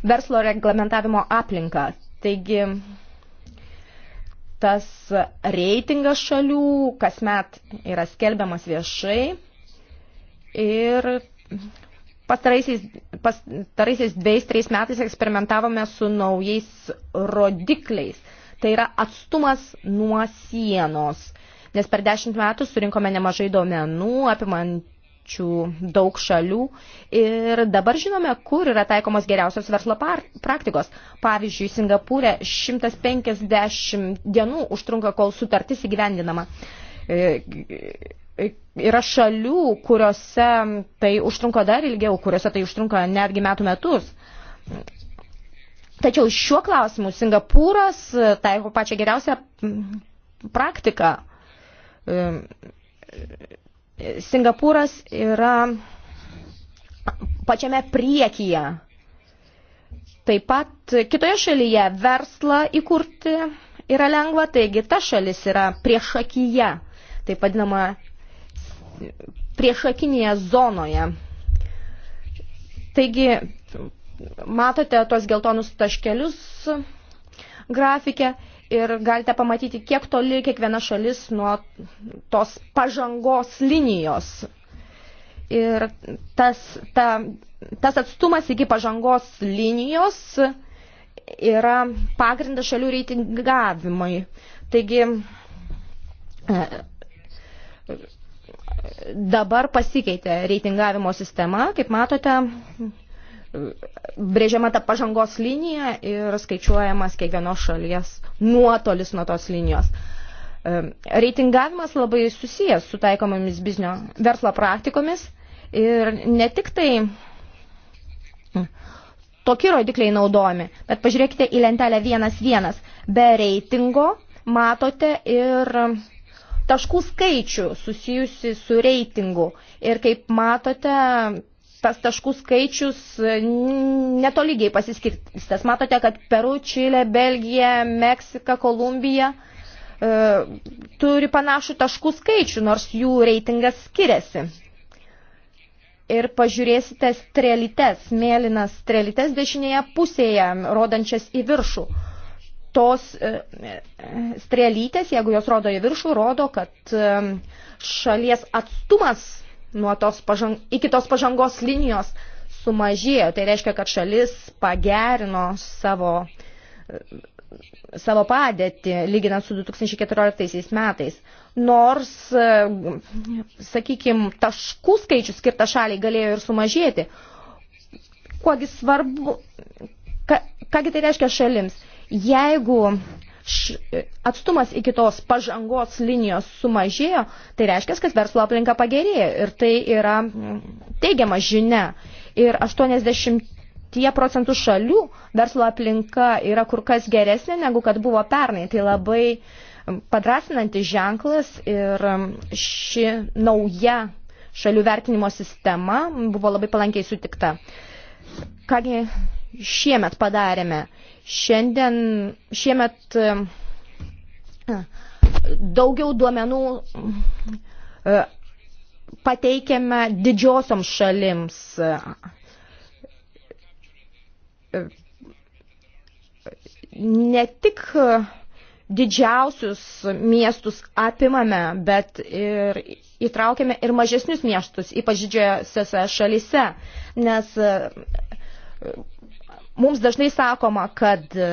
verslo reglamentavimo aplinką. Taigi tas reitingas šalių kasmet yra skelbiamas viešai ir pastaraisiais, pastaraisiais dviejais, trejais metais eksperimentavome su naujais rodikliais. Tai yra atstumas nuo sienos, nes per dešimt metų surinkome nemažai duomenų apimant turinčių daug šalių. Ir dabar žinome, kur yra taikomos geriausios verslo praktikos. Pavyzdžiui, Singapūrė 150 dienų užtrunka, kol sutartis įgyvendinama. E, e, yra šalių, kuriuose tai užtrunka dar ilgiau, kuriuose tai užtrunka netgi metų metus. Tačiau šiuo klausimu Singapūras taiko pačią geriausią praktiką e, Singapūras yra pačiame priekyje. Taip pat kitoje šalyje verslą įkurti yra lengva, taigi ta šalis yra priešakyje, taip vadinama priešakinėje zonoje. Taigi, matote tos geltonus taškelius grafikę ir galite pamatyti, kiek toli kiekviena šalis nuo tos pažangos linijos. Ir tas, ta, tas atstumas iki pažangos linijos yra pagrindas šalių reitingavimui. Taigi e, dabar pasikeitė reitingavimo sistema, kaip matote, brėžiama ta pažangos linija ir skaičiuojamas kiekvienos šalies nuotolis nuo tos linijos. Reitingavimas labai susijęs su taikomomis biznio verslo praktikomis ir ne tik tai tokie rodikliai naudojami, bet pažiūrėkite į lentelę 1.1. Be reitingo matote ir taškų skaičių susijusi su reitingu. Ir kaip matote, tas taškų skaičius e, netolygiai pasiskirtis. Matote, kad Peru, Čilė, Belgija, Meksika, Kolumbija e, turi panašų taškų skaičių, nors jų reitingas skiriasi. Ir pažiūrėsite strelytes, mėlynas strelytes dešinėje pusėje, rodančias į viršų. Tos e, strelytės, jeigu jos rodo į viršų, rodo, kad šalies atstumas nuo tos pažang, iki tos pažangos linijos sumažėjo. Tai reiškia, kad šalis pagerino savo, savo padėtį, lyginant su 2014 metais. Nors, sakykime, taškų skaičius skirta šaliai galėjo ir sumažėti. Kuogi svarbu, ka, kągi tai reiškia šalims? Jeigu uh, E, atstumas iki tos pažangos linijos sumažėjo, tai reiškia, kad verslo aplinka pagerėjo ir tai yra teigiama žinia. Ir 80 tie procentų šalių verslo aplinka yra kur kas geresnė negu kad buvo pernai. Tai labai padrasinantis ženklas ir ši nauja šalių vertinimo sistema buvo labai palankiai sutikta. Kągi, šiemet padarėme. Šiandien šiemet e, e, daugiau duomenų e, pateikiame didžiosioms šalims. Ne tik didžiausius miestus apimame, bet ir įtraukiame ir mažesnius miestus, ypač didžiosiose šalyse, nes Mums dažnai sakoma, kad e,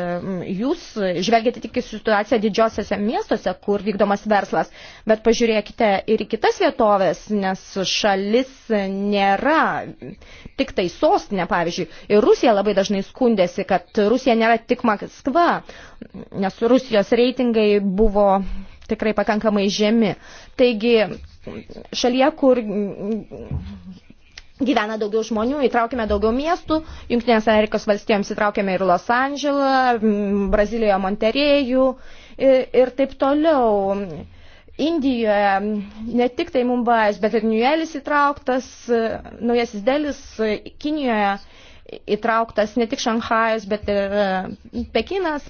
jūs žvelgiate tik į situaciją didžiosiuose miestuose, kur vykdomas verslas, bet pažiūrėkite ir į kitas vietovės, nes šalis nėra tik tai sostinė, pavyzdžiui. Ir Rusija labai dažnai skundėsi, kad Rusija nėra tik Maskva, nes Rusijos reitingai buvo tikrai pakankamai žemi. Taigi šalyje, kur gyvena daugiau žmonių, įtraukime daugiau miestų, Junktinės Amerikos valstijoms įtraukime ir Los Andželą, Brazilijoje Monterėjų ir, ir taip toliau. Indijoje ne tik tai Mumbajus, bet ir Niuelis įtrauktas, Naujasis Delis Kinijoje įtrauktas ne tik Šanhajus, bet ir Pekinas.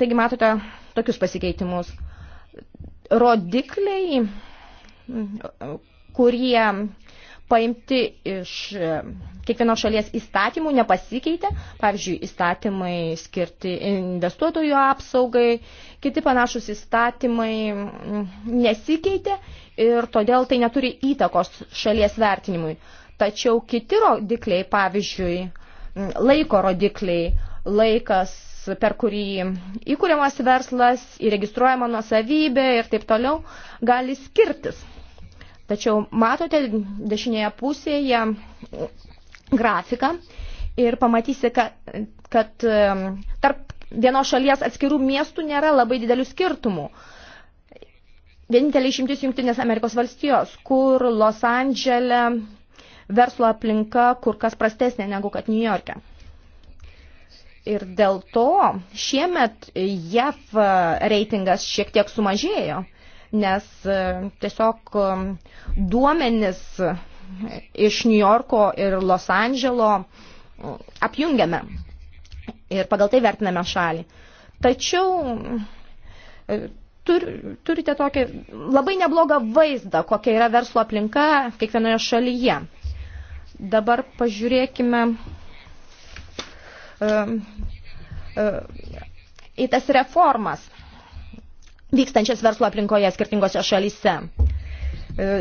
Taigi matote tokius pasikeitimus. Rodikliai, kurie paimti iš e, kiekvienos šalies įstatymų nepasikeitė, pavyzdžiui, įstatymai skirti investuotojų apsaugai, kiti panašus įstatymai mm, nesikeitė ir todėl tai neturi įtakos šalies vertinimui. Tačiau kiti rodikliai, pavyzdžiui, mm, laiko rodikliai, laikas, per kurį įkūriamas verslas, įregistruojama nuosavybė ir taip toliau, gali skirtis. Tačiau matote dešinėje pusėje grafiką ir pamatysite, kad, kad tarp vienos šalies atskirų miestų nėra labai didelių skirtumų. Vienintelė išimtis Junktinės Amerikos valstijos, kur Los Andželė verslo aplinka kur kas prastesnė negu kad New York'e. Ir dėl to šiemet JAF e reitingas šiek tiek sumažėjo nes e, tiesiog e, duomenis iš New Yorko ir Los Andželo e, apjungiame ir pagal tai vertiname šalį. Tačiau tur, turite tokį labai neblogą vaizdą, kokia yra verslo aplinka kiekvienoje šalyje. Dabar pažiūrėkime uh, uh, į tas reformas vykstančias verslo aplinkoje skirtingose šalyse. E,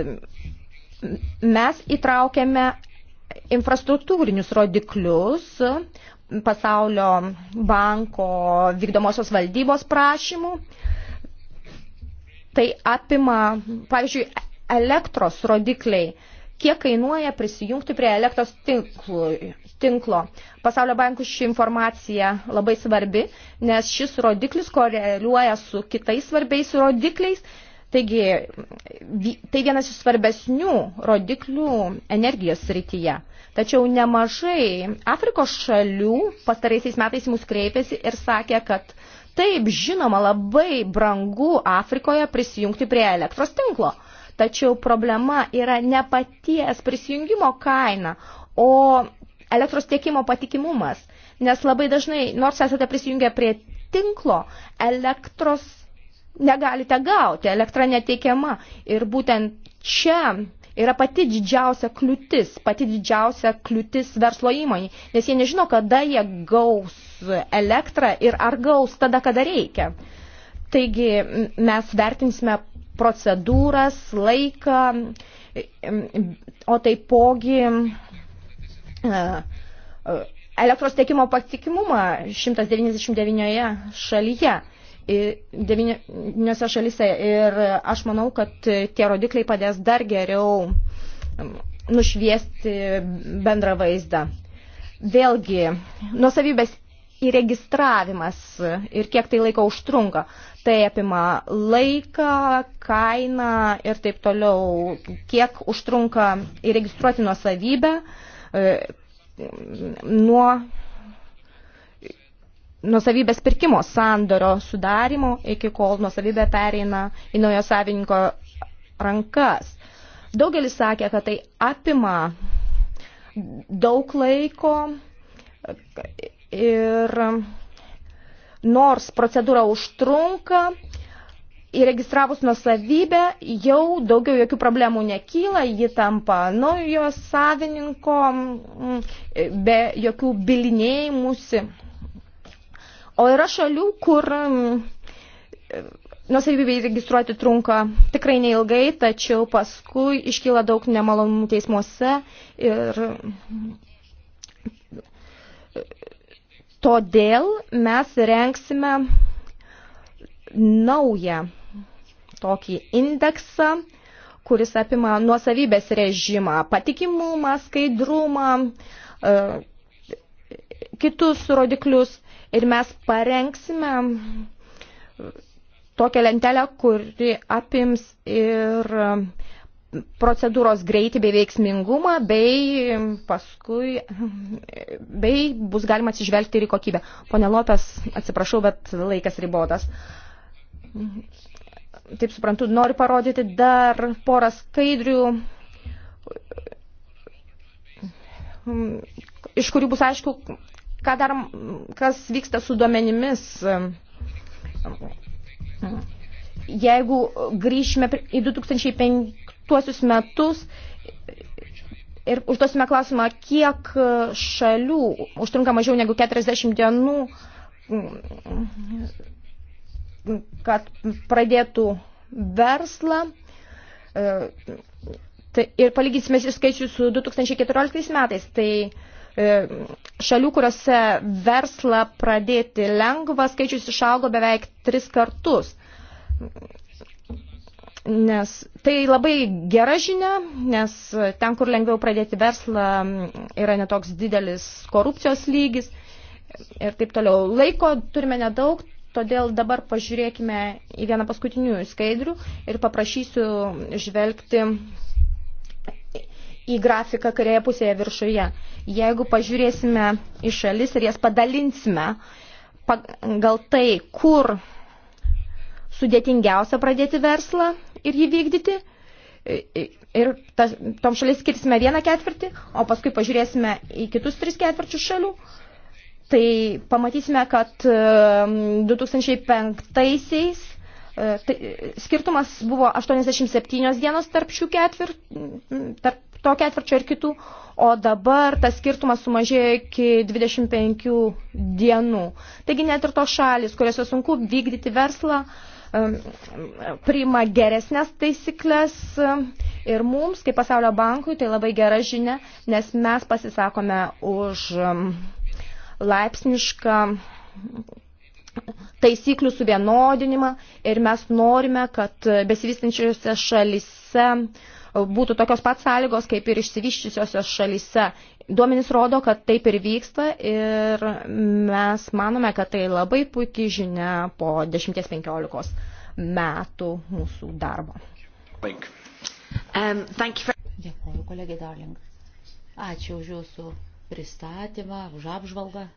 mes įtraukėme infrastruktūrinius rodiklius pasaulio banko vykdomosios valdybos prašymų. Tai apima, pavyzdžiui, elektros rodikliai kiek kainuoja prisijungti prie elektros tinklų, tinklo. Pasaulio bankų ši informacija labai svarbi, nes šis rodiklis koreliuoja su kitais svarbiais rodikliais. Taigi, tai vienas iš svarbesnių rodiklių energijos srityje. Tačiau nemažai Afrikos šalių pastaraisiais metais mus kreipėsi ir sakė, kad taip, žinoma, labai brangu Afrikoje prisijungti prie elektros tinklo. Tačiau problema yra ne paties prisijungimo kaina, o elektros tiekimo patikimumas. Nes labai dažnai, nors esate prisijungę prie tinklo, elektros negalite gauti, elektra neteikiama. Ir būtent čia yra pati didžiausia kliūtis, pati didžiausia kliūtis verslo įmonė, nes jie nežino, kada jie gaus elektrą ir ar gaus tada, kada reikia. Taigi mes vertinsime procedūras, laiką, o taipogi e, elektros tiekimo patikimumą 199 šalyje. 9 šalyse ir aš manau, kad tie rodikliai padės dar geriau nušviesti bendrą vaizdą. Vėlgi, nuosavybės įregistravimas ir kiek tai laiko užtrunka. Tai apima laiką, kainą ir taip toliau, kiek užtrunka įregistruoti nuosavybę e, nuo nuosavybės pirkimo sandorio sudarimo iki kol nuosavybė pereina į naujo savininko rankas. Daugelis sakė, kad tai apima daug laiko Ir nors procedūra užtrunka, įregistravus nusavybę jau daugiau jokių problemų nekyla, ji tampa naujo savininko mm, be jokių bilinėjimusi. O yra šalių, kur mm, nusavybė įregistruoti trunka tikrai neilgai, tačiau paskui iškyla daug nemalonumų teismuose ir mm, Todėl mes renksime naują tokį indeksą, kuris apima nuosavybės režimą, patikimumą, skaidrumą, e, kitus rodiklius ir mes parengsime tokią lentelę, kuri apims ir procedūros greitį bei veiksmingumą, bei paskui, bei bus galima atsižvelgti ir į kokybę. Pone Lopes, atsiprašau, bet laikas ribotas. Taip suprantu, noriu parodyti dar porą skaidrių, iš kurių bus aišku, ką dar, kas vyksta su duomenimis jeigu grįžime į 2005 tuosius metus ir užduosime klausimą, kiek šalių užtrunka mažiau negu 40 dienų, kad pradėtų verslą. Tai ir palygysime šį skaičių su 2014 metais. Tai e, šalių, kuriuose verslą pradėti lengva, skaičius išaugo beveik tris kartus nes tai labai gera žinia, nes ten, kur lengviau pradėti verslą, yra netoks didelis korupcijos lygis ir taip toliau. Laiko turime nedaug, todėl dabar pažiūrėkime į vieną paskutinių skaidrių ir paprašysiu žvelgti į grafiką kairėje pusėje viršuje. Jeigu pažiūrėsime į šalis ir jas padalinsime, gal tai, kur sudėtingiausia pradėti verslą ir jį vykdyti. E, e, ir tas, tom šalis skirsime vieną ketvirtį, o paskui pažiūrėsime į kitus tris ketvirčius šalių. Tai pamatysime, kad 2005-aisiais e, tai, skirtumas buvo 87 dienos tarp šių ketvirčių, tarp to ketvirčio ir kitų, o dabar tas skirtumas sumažėjo iki 25 dienų. Taigi net ir tos šalis, kuriuose sunku vykdyti verslą, uh, Um, priima geresnės taisyklės um, ir mums, kaip pasaulio bankui, tai labai gera žinia, nes mes pasisakome už um, laipsnišką taisyklių suvienodinimą ir mes norime, kad besivystančiose šalise uh, būtų tokios pat sąlygos kaip ir išsivyščiusiose šalyse. Duomenys rodo, kad taip ir vyksta ir mes manome, kad tai labai puikiai žinia po 10-15 metų mūsų darbo. Um, for... Dėkuoju, kolegė Darling. Ačiū už jūsų pristatymą, už apžvalgą.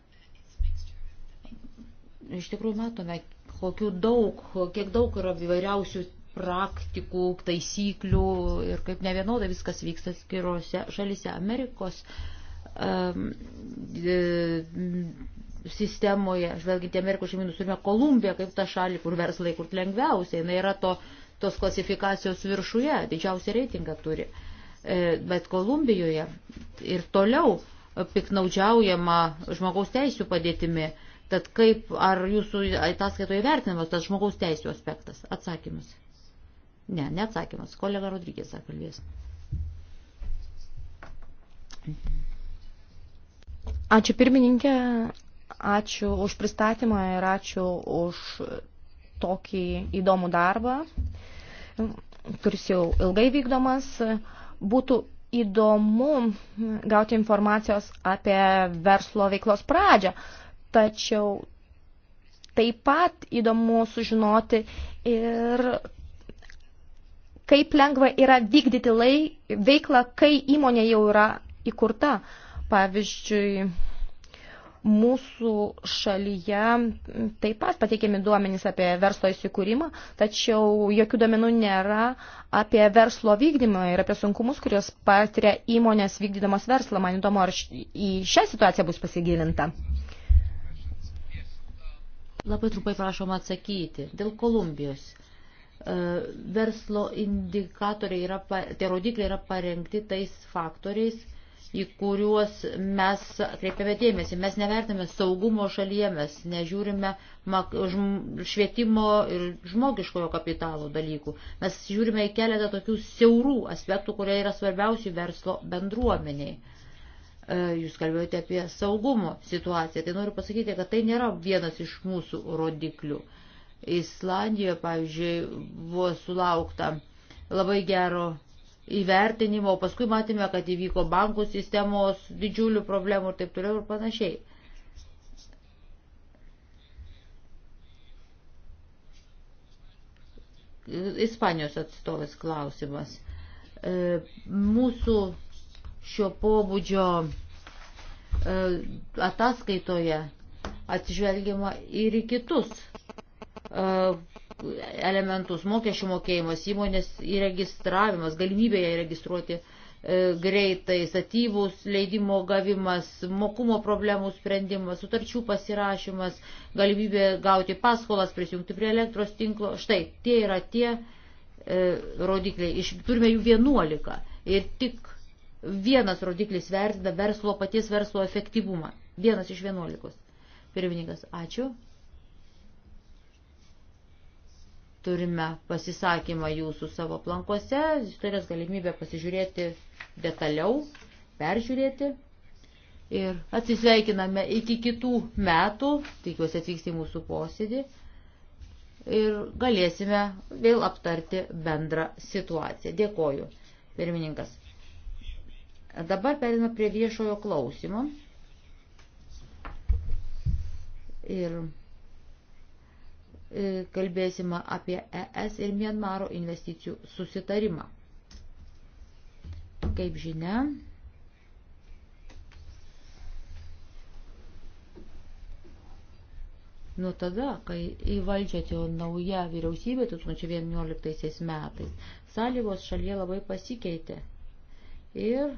Iš tikrųjų matome, kokiu daug, kiek daug yra įvairiausių praktikų, taisyklių ir kaip ne vienodai viskas vyksta skiriuose šalyse. Amerikos um, e, sistemoje, žvelgiant į Amerikos žemynus, turime Kolumbiją kaip tą šalį, kur verslai kur lengviausiai, jinai yra to, tos klasifikacijos viršuje, didžiausią reitingą turi. E, bet Kolumbijoje ir toliau piknaudžiaujama žmogaus teisų padėtimi. Tad kaip, ar jūsų ataskaitoje vertinamas tas žmogaus teisų aspektas? Atsakymas. Ne, neatsakymas. Kolega Rodrygės kalbės. Ačiū pirmininkė, ačiū už pristatymą ir ačiū už tokį įdomų darbą, kuris jau ilgai vykdomas. Būtų įdomu gauti informacijos apie verslo veiklos pradžią, tačiau taip pat įdomu sužinoti ir kaip lengva yra vykdyti lai, veiklą, kai įmonė jau yra įkurta. Pavyzdžiui, mūsų šalyje taip pat pateikiami duomenys apie verslo įsikūrimą, tačiau jokių duomenų nėra apie verslo vykdymą ir apie sunkumus, kurios patiria įmonės vykdydamas verslą. Man įdomu, ar į šią situaciją bus pasigilinta. Labai trumpai prašom atsakyti. Dėl Kolumbijos E, verslo indikatoriai yra, tie rodikliai yra parengti tais faktoriais, į kuriuos mes kreipiame dėmesį. Mes nevertiname saugumo šalyje, mes nežiūrime švietimo ir žmogiškojo kapitalo dalykų. Mes žiūrime į keletą tokių siaurų aspektų, kurie yra svarbiausi verslo bendruomeniai. E, jūs kalbėjote apie saugumo situaciją. Tai noriu pasakyti, kad tai nėra vienas iš mūsų rodiklių. Islandijoje, pavyzdžiui, buvo sulaukta labai gero įvertinimo, paskui matėme, kad įvyko bankų sistemos didžiulių problemų ir taip toliau ir panašiai. Ispanijos atstovės klausimas. E, mūsų šio pobūdžio e, ataskaitoje atsižvelgiama ir į kitus E, elementus, mokesčių mokėjimas, įmonės įregistravimas, galimybė ją įregistruoti e, greitai, statybos leidimo gavimas, mokumo problemų sprendimas, sutarčių pasirašymas, galimybė gauti paskolas, prisijungti prie elektros tinklo. Štai, tie yra tie e, rodikliai. Iš, turime jų 11 ir tik vienas rodiklis vertina verslo, paties verslo efektyvumą. Vienas iš 11. Pirmininkas, ačiū. Turime pasisakymą jūsų savo plankuose, jūs turės galimybę pasižiūrėti detaliau, peržiūrėti. Ir atsisveikiname iki kitų metų, tikiuosi atvyks į mūsų posėdį ir galėsime vėl aptarti bendrą situaciją. Dėkoju, pirmininkas. Dabar perėmė prie viešojo klausimo. Ir E, kalbėsime apie ES ir Mienmaro investicijų susitarimą. Kaip žinia, nuo tada, kai į valdžią atėjo nauja vyriausybė 2011 metais, sąlygos šalyje labai pasikeitė ir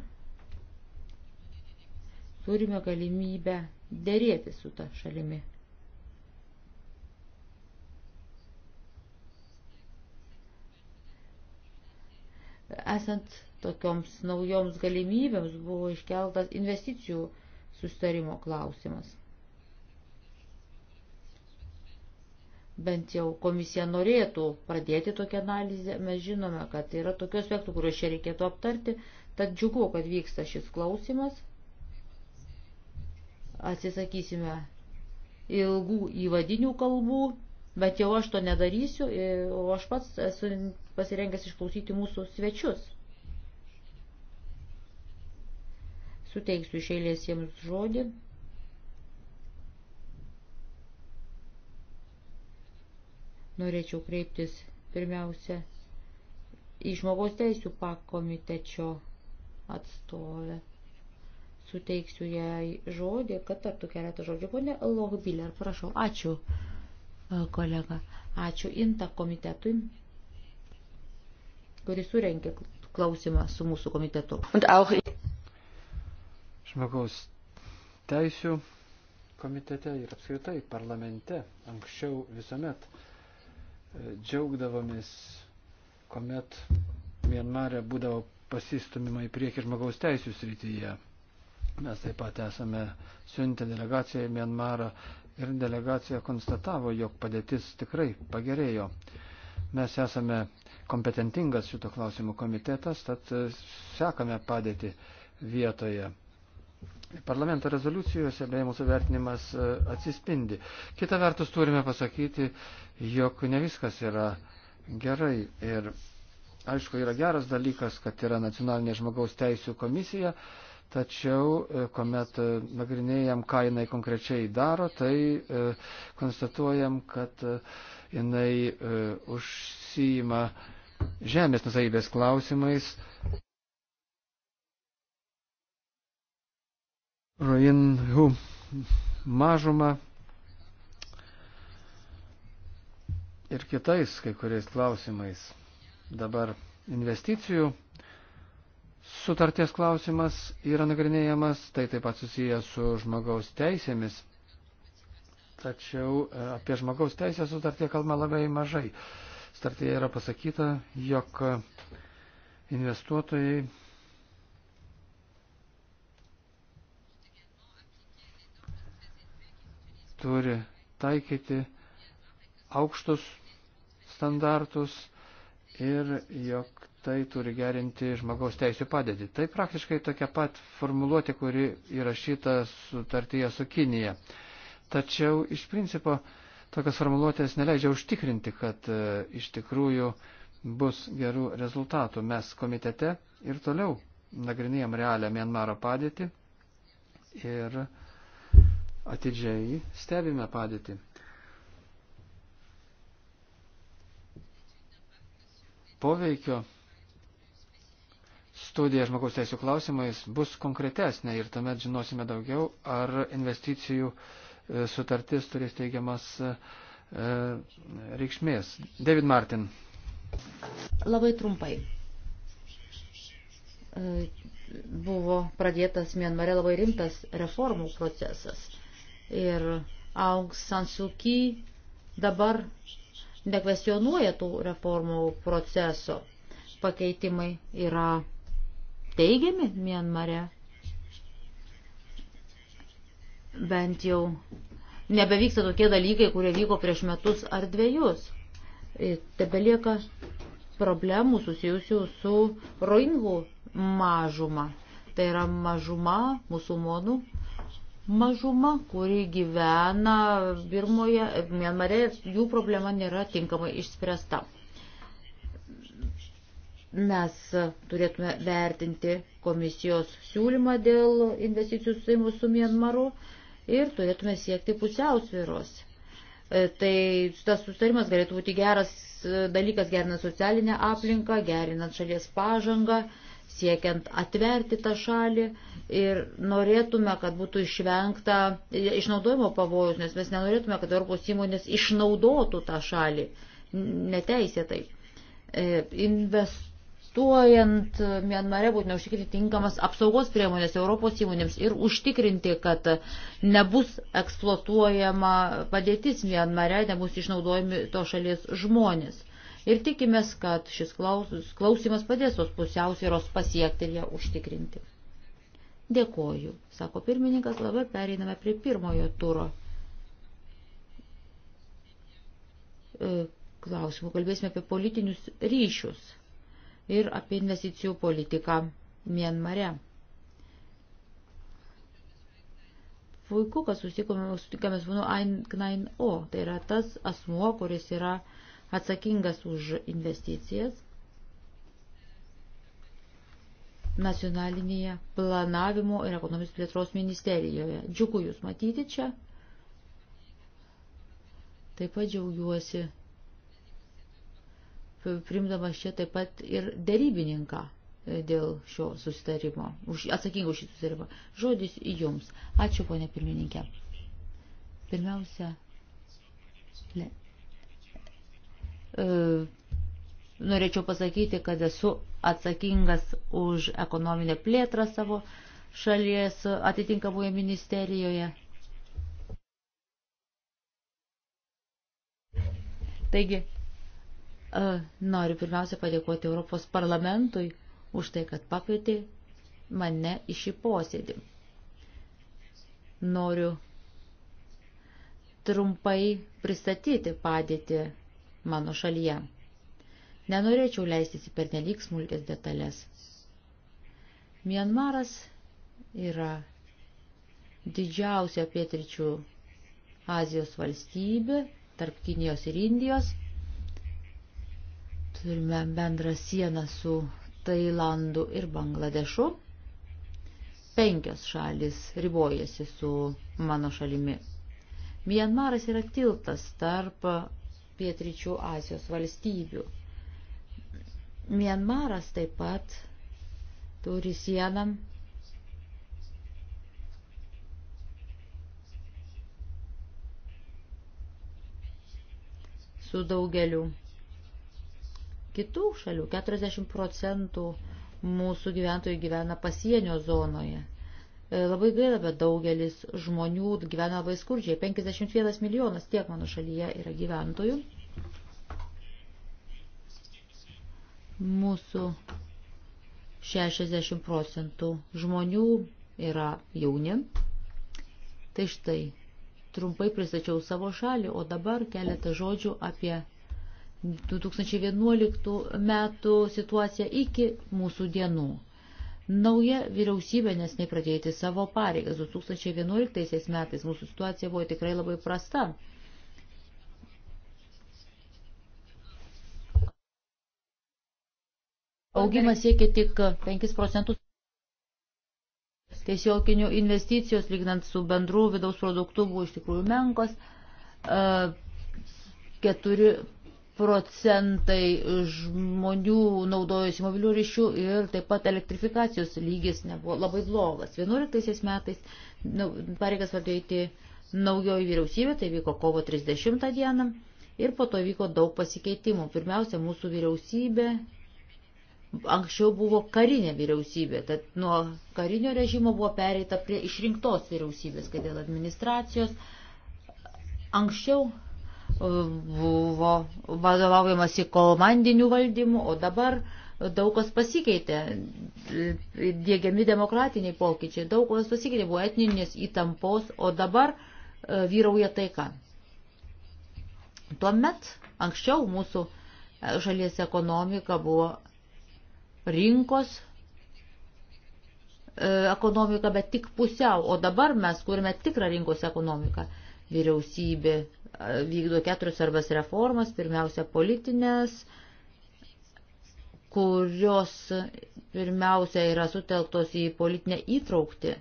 turime galimybę dėrėti su ta šalimi. Esant tokioms naujoms galimybėms buvo iškeltas investicijų sustarimo klausimas. Bent jau komisija norėtų pradėti tokią analizę, mes žinome, kad tai yra tokių aspektų, kuriuos čia reikėtų aptarti, tad džiugu, kad vyksta šis klausimas. Atsisakysime ilgų įvadinių kalbų, bet jau aš to nedarysiu, o aš pats esu pasirengęs išklausyti mūsų svečius. Suteiksiu iš eilės jiems žodį. Norėčiau kreiptis pirmiausia į žmogaus teisų pakomitečio atstovę. Suteiksiu jai žodį, kad tartų keletą žodžių. Pone Lohbiler, prašau, ačiū kolega. Ačiū INTA komitetui, kuris surenkė klausimą su mūsų komitetu. Žmogaus teisių komitete ir apskritai parlamente anksčiau visuomet e, džiaugdavomės, kuomet Mienmarė būdavo pasistumima į priekį žmogaus teisų srityje. Mes taip pat esame siuntę delegaciją į Mienmarą, ir delegacija konstatavo, jog padėtis tikrai pagerėjo. Mes esame kompetentingas šito klausimų komitetas, tad e, sekame padėti vietoje. Parlamento rezoliucijose bei mūsų vertinimas e, atsispindi. Kita vertus turime pasakyti, jog ne viskas yra gerai. Ir aišku, yra geras dalykas, kad yra nacionalinė žmogaus teisų komisija, Tačiau, e, kuomet nagrinėjam, ką jinai konkrečiai daro, tai e, konstatuojam, kad e, jinai užsijima žemės nusaibės klausimais. Roinhu mažumą ir kitais kai kuriais klausimais. Dabar investicijų sutarties klausimas yra nagrinėjamas, tai taip pat susijęs su žmogaus teisėmis. Tačiau e, apie žmogaus teisę sutartie kalba labai mažai. Sutartyje yra pasakyta, jog investuotojai turi taikyti aukštus standartus ir jog tai turi gerinti žmogaus teisų padėtį. Tai praktiškai tokia pat formuluotė, kuri įrašyta sutartyje su Kinija. Tačiau iš principo tokios formuluotės neleidžia užtikrinti, kad e, iš tikrųjų bus gerų rezultatų. Mes komitete ir toliau nagrinėjom realią Mienmaro padėtį ir atidžiai stebime padėtį. Poveikio studija žmogaus teisų klausimais bus konkretesnė ir tuomet žinosime daugiau, ar investicijų e, sutartis turės teigiamas e, e, reikšmės. David Martin. Labai trumpai. Buvo pradėtas Mianmare labai rimtas reformų procesas. Ir Aung San Suu Kyi dabar nekvestionuoja tų reformų proceso. Pakeitimai yra teigiami Mienmare. Bent jau nebevyksta tokie dalykai, kurie vyko prieš metus ar dviejus. E, tebelieka problemų susijusių su roingų mažuma. Tai yra mažuma, musulmonų mažuma, kuri gyvena Birmoje, Mienmare, jų problema nėra tinkamai išspręsta mes turėtume vertinti komisijos siūlymą dėl investicijų susitarimų su Mienmaru ir turėtume siekti pusiausvėros. E, tai tas susitarimas galėtų būti geras e, dalykas gerinant socialinę aplinką, gerinant šalies pažangą, siekiant atverti tą šalį ir norėtume, kad būtų išvengta išnaudojimo pavojus, nes mes nenorėtume, kad Europos įmonės išnaudotų tą šalį neteisėtai. E, Invest investuojant Mianmare būtina užtikrinti tinkamas apsaugos priemonės Europos įmonėms ir užtikrinti, kad nebus eksploatuojama padėtis Mianmare, nebus išnaudojami to šalies žmonės. Ir tikimės, kad šis klausimas padės tos pusiausvėros pasiekti ir ją užtikrinti. Dėkoju, sako pirmininkas, labai pereiname prie pirmojo turo. E, klausimų kalbėsime apie politinius ryšius ir apie investicijų politiką Mienmare. Puiku, kad susitikome su ponu Ain O, tai yra tas asmuo, kuris yra atsakingas už investicijas nacionalinėje planavimo ir ekonomis plėtros ministerijoje. Džiugu Jūs matyti čia. Taip pat džiaugiuosi primdamas čia taip pat ir darybininką e, dėl šio susitarimo, už, atsakingų šį susitarimą. Žodis jums. Ačiū, ponė pirmininkė. Pirmiausia, le, e, norėčiau pasakyti, kad esu atsakingas už ekonominę plėtrą savo šalies atitinkamoje ministerijoje. Taigi, E, noriu pirmiausia padėkoti Europos parlamentui už tai, kad pakvietė mane į šį posėdį. Noriu trumpai pristatyti padėtį mano šalyje. Nenorėčiau leistis į pernelyg smulkės detalės. Mianmaras yra didžiausia pietričių Azijos valstybė tarp Kinijos ir Indijos – Turime bendrą sieną su Tailandu ir Bangladešu. Penkios šalis ribojasi su mano šalimi. Mianmaras yra tiltas tarp pietryčių Azijos valstybių. Mianmaras taip pat turi sieną su daugeliu kitų šalių. 40 procentų mūsų gyventojų gyvena pasienio zonoje. E, labai gaila, bet daugelis žmonių gyvena labai skurdžiai. 51 milijonas tiek mano šalyje yra gyventojų. Mūsų 60 procentų žmonių yra jauni. Tai štai, trumpai pristačiau savo šalį, o dabar keletą žodžių apie 2011 metų situaciją iki mūsų dienų. Nauja vyriausybė nesnei pradėti savo pareigas. 2011 metais mūsų situacija buvo tikrai labai prasta. Augimas siekia tik 5 procentus tiesioginių investicijos, lygnant su bendru vidaus produktu, buvo iš tikrųjų menkos. 4 procentai žmonių naudojosi mobilių ryšių ir taip pat elektrifikacijos lygis nebuvo labai blogas. 11 metais nu, pareigas pradėjo naujoji vyriausybė, tai vyko kovo 30 dieną ir po to vyko daug pasikeitimų. Pirmiausia, mūsų vyriausybė anksčiau buvo karinė vyriausybė, tad nuo karinio režimo buvo pereita prie išrinktos vyriausybės, kai dėl administracijos anksčiau buvo vadovaujamas į komandinių valdymų, o dabar daug kas pasikeitė, dėgiami demokratiniai pokyčiai, daug kas pasikeitė, buvo etninės įtampos, o dabar e, vyrauja taika. Tuomet anksčiau mūsų e, šalies ekonomika buvo rinkos e, ekonomika, bet tik pusiau, o dabar mes kūrime tikrą rinkos ekonomiką. Vyriausybė vykdo keturias svarbas reformas, pirmiausia politinės, kurios pirmiausia yra sutelktos į politinę įtraukti.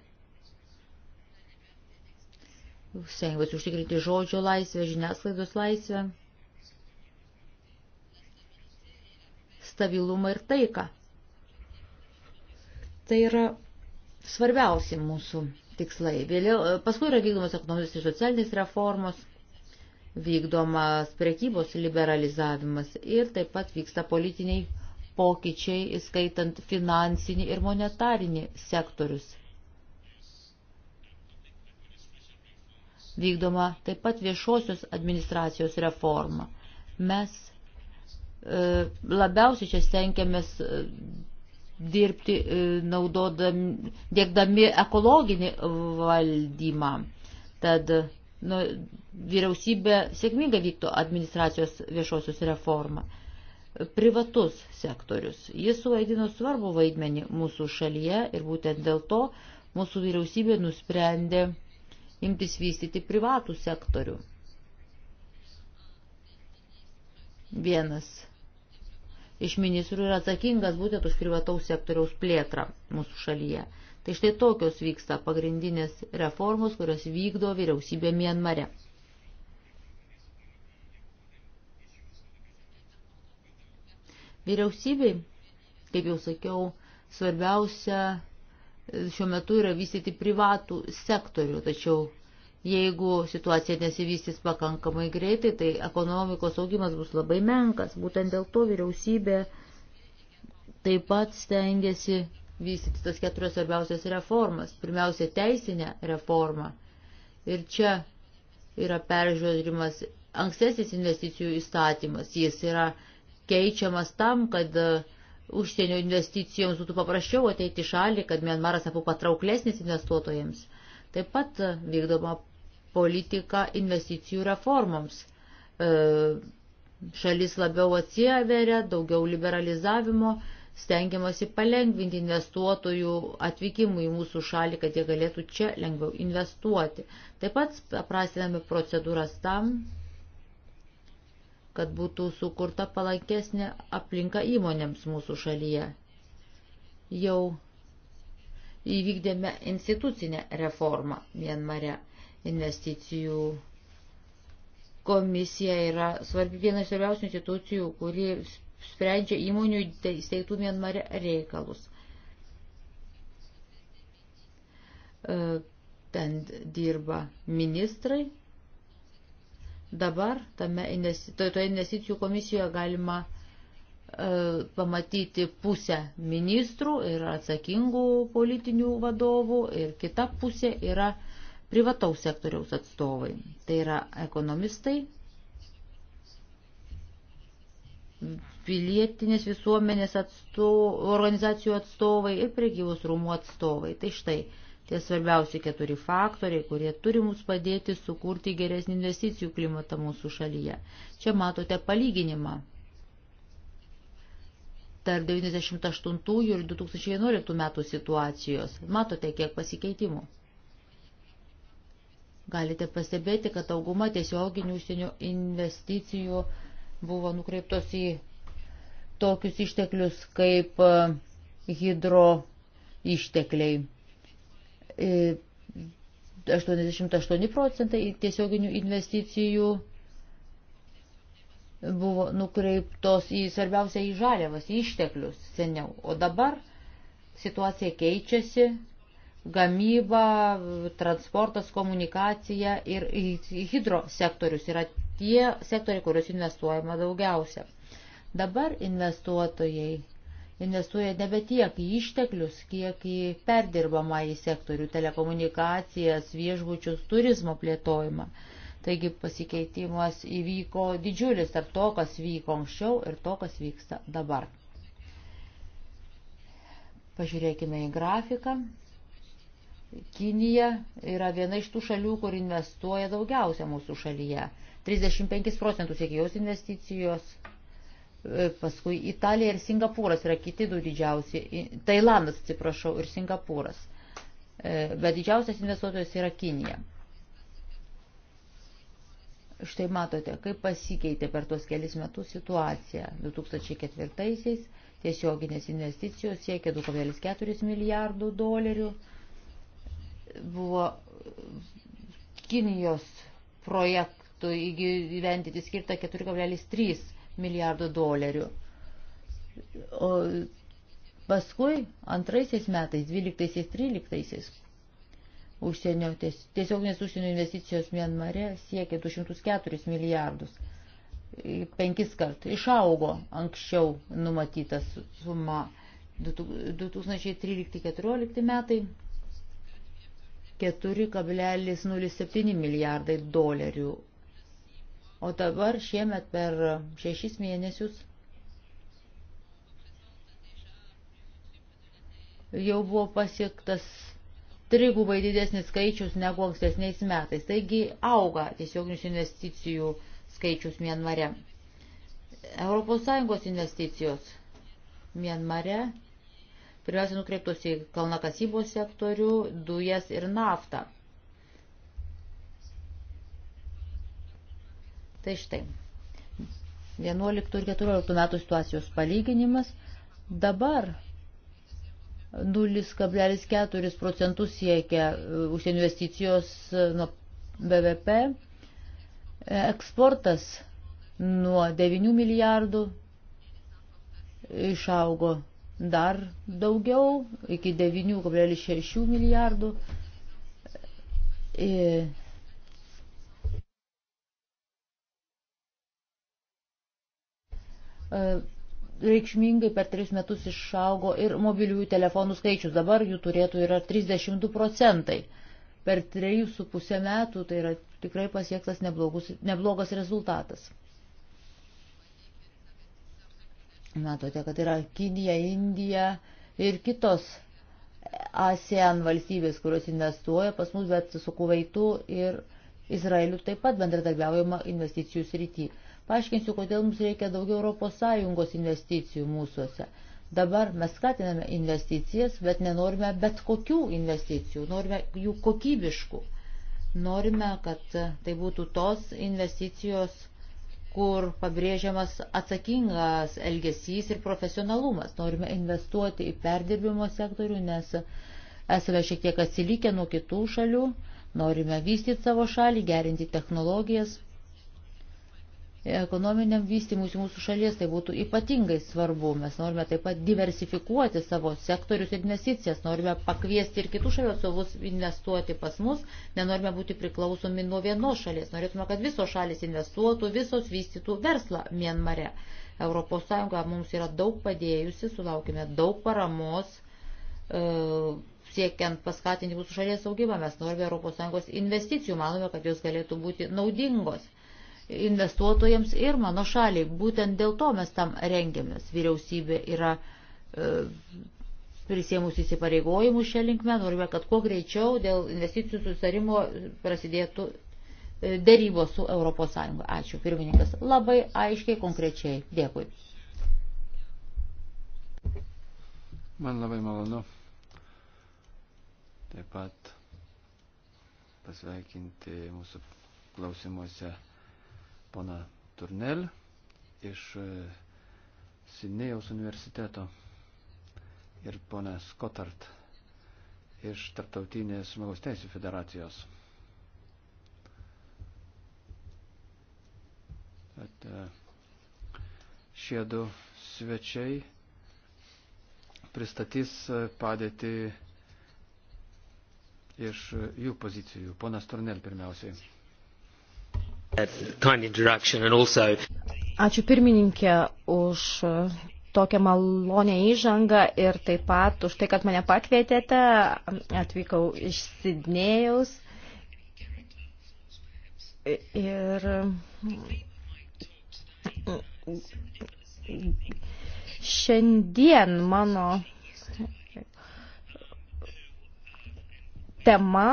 Stengiasi užtikrinti žodžio laisvę, žiniasklaidos laisvę, stabilumą ir taiką. Tai yra svarbiausi mūsų tikslai. Vėliau, paskui yra vykdomas ekonomis ir socialinės reformos, vykdomas prekybos liberalizavimas ir taip pat vyksta politiniai pokyčiai, įskaitant finansinį ir monetarinį sektorius. Vykdoma taip pat viešosios administracijos reforma. Mes e, labiausiai čia stengiamės e, dirbti e, naudodami, dėkdami ekologinį valdymą. Tad e, nu, vyriausybė sėkmingai vyktų administracijos viešosios reformą. Privatus sektorius. Jis suvaidino svarbu vaidmenį mūsų šalyje ir būtent dėl to mūsų vyriausybė nusprendė imtis vystyti privatų sektorių. Vienas iš ministrų yra atsakingas būtent už privataus sektoriaus plėtrą mūsų šalyje. Tai štai tokios vyksta pagrindinės reformos, kurios vykdo vyriausybė Mienmare. Vyriausybei, kaip jau sakiau, svarbiausia e, šiuo metu yra vystyti privatų sektorių, tačiau jeigu situacija nesivystys pakankamai greitai, tai ekonomikos augimas bus labai menkas. Būtent dėl to vyriausybė taip pat stengiasi vystyti tas keturios svarbiausias reformas. Pirmiausia, teisinė reforma. Ir čia yra peržiūrimas ankstesnis investicijų įstatymas. Jis yra keičiamas tam, kad e, užsienio investicijoms būtų paprasčiau ateiti šalį, kad Mianmaras tapų patrauklesnis investuotojams. Taip pat e, vykdoma politika investicijų reformoms. E, šalis labiau atsiveria, daugiau liberalizavimo, stengiamasi palengvinti investuotojų atvykimui į mūsų šalį, kad jie galėtų čia lengviau investuoti. Taip pat aprastiname procedūras tam, kad būtų sukurta palankesnė aplinka įmonėms mūsų šalyje. Jau įvykdėme institucinę reformą Mienmare. Investicijų komisija yra svarbi viena iš svarbiausių institucijų, kuri sprendžia įmonių įsteigtų Mienmare reikalus. E, ten dirba ministrai. Dabar tame toje investicijų komisijoje galima e, pamatyti pusę ministrų ir atsakingų politinių vadovų ir kita pusė yra privataus sektoriaus atstovai. Tai yra ekonomistai, pilietinės visuomenės atstovų, organizacijų atstovai ir priegyvos rūmų atstovai. Tai štai tie svarbiausi keturi faktoriai, kurie turi mums padėti sukurti geresnį investicijų klimatą mūsų šalyje. Čia matote palyginimą tarp 98 ir 2011 metų situacijos. Matote, kiek pasikeitimų. Galite pastebėti, kad dauguma tiesioginių užsienio investicijų buvo nukreiptos į tokius išteklius kaip hidro ištekliai. 88 procentai tiesioginių investicijų buvo nukreiptos į svarbiausia į žaliavas, į išteklius seniau. O dabar situacija keičiasi, gamyba, transportas, komunikacija ir hidro sektorius yra tie sektoriai, kuriuos investuojama daugiausia. Dabar investuotojai investuoja nebe tiek į išteklius, kiek į perdirbamą į sektorių - telekomunikacijas, viešbučius, turizmo plėtojimą. Taigi pasikeitimas įvyko didžiulis tarp to, kas vyko anksčiau ir to, kas vyksta dabar. Pažiūrėkime į grafiką. Kinija yra viena iš tų šalių, kur investuoja daugiausia mūsų šalyje. 35 procentus siekia jos investicijos, E, paskui Italija ir Singapūras yra kiti du didžiausi, Tailandas, atsiprašau, ir Singapūras. E, bet didžiausias investuotojas yra Kinija. Štai matote, kaip pasikeitė per tuos kelis metus situacija. 2004-aisiais tiesioginės investicijos siekė 2,4 milijardų dolerių. Buvo Kinijos projektų įgyventyti skirta 4,3 milijardų milijardų dolerių. O paskui antraisiais metais, 12-13, užsienio, tiesioginės užsienio investicijos Mienmare siekia 204 milijardus. E, penkis kart išaugo anksčiau numatytas suma 2013-2014 metai 4,07 milijardai dolerių, O dabar šiemet per šešis mėnesius jau buvo pasiektas trigubai didesnis skaičius negu ankstesniais metais. Taigi auga tiesioginius investicijų skaičius Mienmare. ES investicijos Mienmare pirmiausia nukreiptos į kalnakasybos sektorių, dujas ir naftą. Tai štai. 11 ir 14 metų situacijos palyginimas. Dabar 0,4 procentus siekia uh, užsienio investicijos uh, nuo BVP. Eksportas nuo 9 milijardų išaugo dar daugiau, iki 9,6 milijardų. Ir E, reikšmingai per tris metus išaugo ir mobiliųjų telefonų skaičius. Dabar jų turėtų yra 32 procentai. Per trejus su pusę metų tai yra tikrai pasiektas neblogus, neblogas rezultatas. Matote, kad yra Kinija, Indija ir kitos ASEAN valstybės, kurios investuoja pas mus, bet su Kuveitu ir Izraeliu taip pat bendradarbiaujama investicijų srityje. Paaiškinsiu, kodėl mums reikia daugiau ES investicijų mūsųse. Dabar mes skatiname investicijas, bet nenorime bet kokių investicijų, norime jų kokybiškų. Norime, kad tai būtų tos investicijos, kur pabrėžiamas atsakingas elgesys ir profesionalumas. Norime investuoti į perdirbimo sektorių, nes esame šiek tiek atsilikę nuo kitų šalių, norime vystyti savo šalį, gerinti technologijas ekonominiam vystimus mūsų šalies tai būtų ypatingai svarbu. Mes norime taip pat diversifikuoti savo sektorius ir investicijas, norime pakviesti ir kitų šalių atstovus investuoti pas mus, nenorime būti priklausomi nuo vienos šalies, norėtume, kad visos šalis investuotų, visos vystytų verslą Mienmare. ES mums yra daug padėjusi, sulaukime daug paramos. E, siekiant paskatinti mūsų šalies augimą, mes norime ES investicijų, manome, kad jos galėtų būti naudingos investuotojams ir mano šaliai. Būtent dėl to mes tam rengiamės. Vyriausybė yra e, prisėmus įsipareigojimus šią linkmę. Norime, kad kuo greičiau dėl investicijų susitarimo prasidėtų e, dėrybos su ES. Ačiū, pirmininkas. Labai aiškiai, konkrečiai. Dėkui. Man labai malonu taip pat pasveikinti mūsų klausimuose pana Turnel iš e, Sidnėjaus universiteto ir pana Skotart iš Tarptautinės žmogaus teisų federacijos. At, e, šie du svečiai pristatys e, padėti iš jų pozicijų. Ponas Turnel pirmiausiai. Ačiū pirmininkė už tokią malonę įžangą ir taip pat už tai, kad mane pakvietėte, atvykau iš Sidnėjaus. Ir šiandien mano tema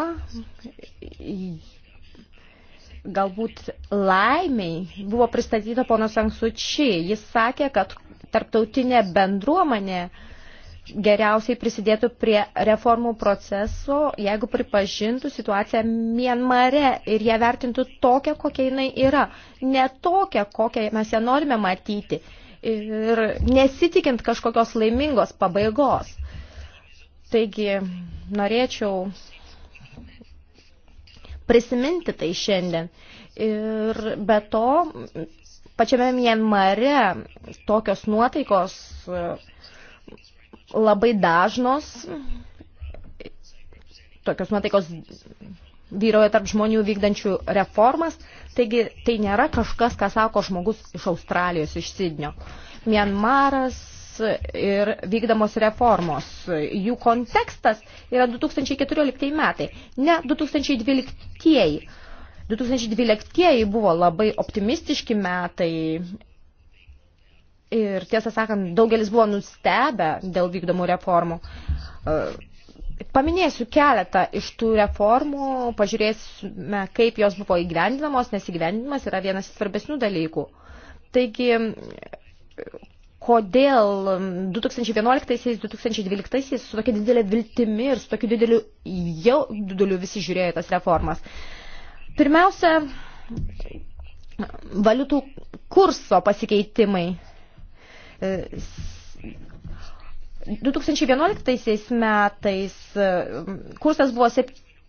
galbūt laimiai buvo pristatyta pono Sanksučiai. Jis sakė, kad tarptautinė bendruomenė geriausiai prisidėtų prie reformų proceso, jeigu pripažintų situaciją Mienmare ir ją vertintų tokią, kokia jinai yra, ne tokią, kokią mes ją norime matyti ir nesitikint kažkokios laimingos pabaigos. Taigi norėčiau prisiminti tai šiandien. Ir be to, pačiame Miemare tokios nuotaikos e, labai dažnos, tokios nuotaikos vyroja tarp žmonių vykdančių reformas, taigi tai nėra kažkas, ką sako žmogus iš Australijos, iš Sidnio. Mianmaras ir vykdamos reformos. Jų kontekstas yra 2014 metai, ne 2012. 2012 buvo labai optimistiški metai ir tiesą sakant, daugelis buvo nustebę dėl vykdomų reformų. Paminėsiu keletą iš tų reformų, pažiūrėsime, kaip jos buvo įgyvendinamos, nes įgyvendinimas yra vienas svarbesnių dalykų. Taigi, kodėl 2011-2012 su tokia didelė viltimi ir su tokiu dideliu jau dideliu visi žiūrėjo tas reformas. Pirmiausia, valiutų kurso pasikeitimai. 2011 e, metais e, kursas buvo 7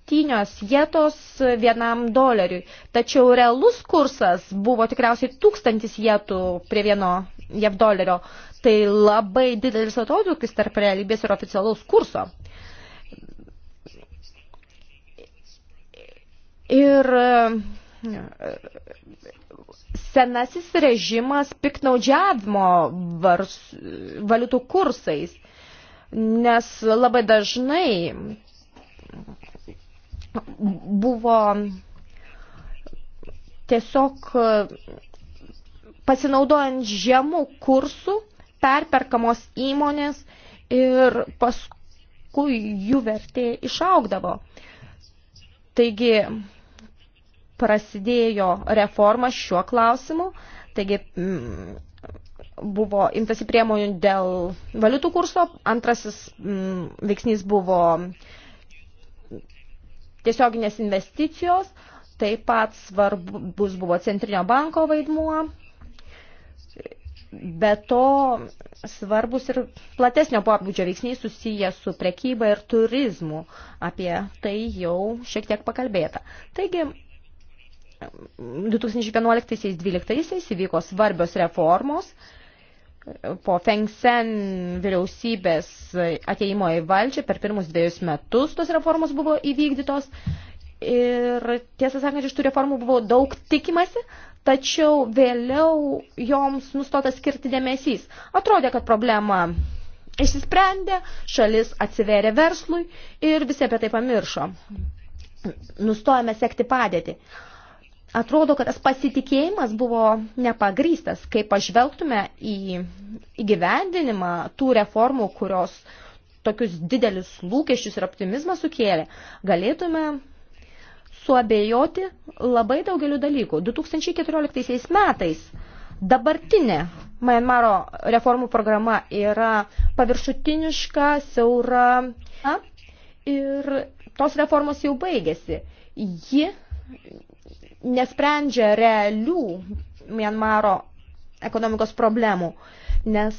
septynios jėtos vienam doleriui. Tačiau realus kursas buvo tikriausiai tūkstantis jėtų prie vieno jav dolerio. Tai labai didelis atotrukis tarp realybės ir oficialaus kurso. Ir senasis režimas piknaudžiavimo vars, valiutų kursais, nes labai dažnai buvo tiesiog e, pasinaudojant žemų kursų perperkamos įmonės ir paskui jų vertė išaugdavo. Taigi prasidėjo reforma šiuo klausimu, taigi mm, buvo imtasi priemonių dėl valiutų kurso, antrasis mm, veiksnys buvo uh, tiesioginės investicijos, taip pat svarbus buvo Centrinio banko vaidmuo, be to svarbus ir platesnio pobūdžio veiksniai susiję su prekyba ir turizmu. Apie tai jau šiek tiek pakalbėta. Taigi, 2011-2012 įvyko svarbios reformos po Fengsen vyriausybės ateimo į valdžią per pirmus dviejus metus tos reformos buvo įvykdytos. Ir tiesą sakant, iš tų reformų buvo daug tikimasi, tačiau vėliau joms nustotas skirti dėmesys. Atrodė, kad problema išsisprendė, šalis atsiverė verslui ir visi apie tai pamiršo. Nustojame sekti padėtį. Uh, atrodo, kad tas pasitikėjimas buvo nepagrystas, kai pažvelgtume į įgyvendinimą tų reformų, kurios tokius didelius lūkesčius ir optimizmą sukėlė, galėtume suabejoti labai daugeliu dalykų. 2014 metais dabartinė Majanmaro reformų programa yra paviršutiniška, siaura ir tos reformos jau baigėsi. Ji nesprendžia realių Mianmaro ekonomikos problemų. Nes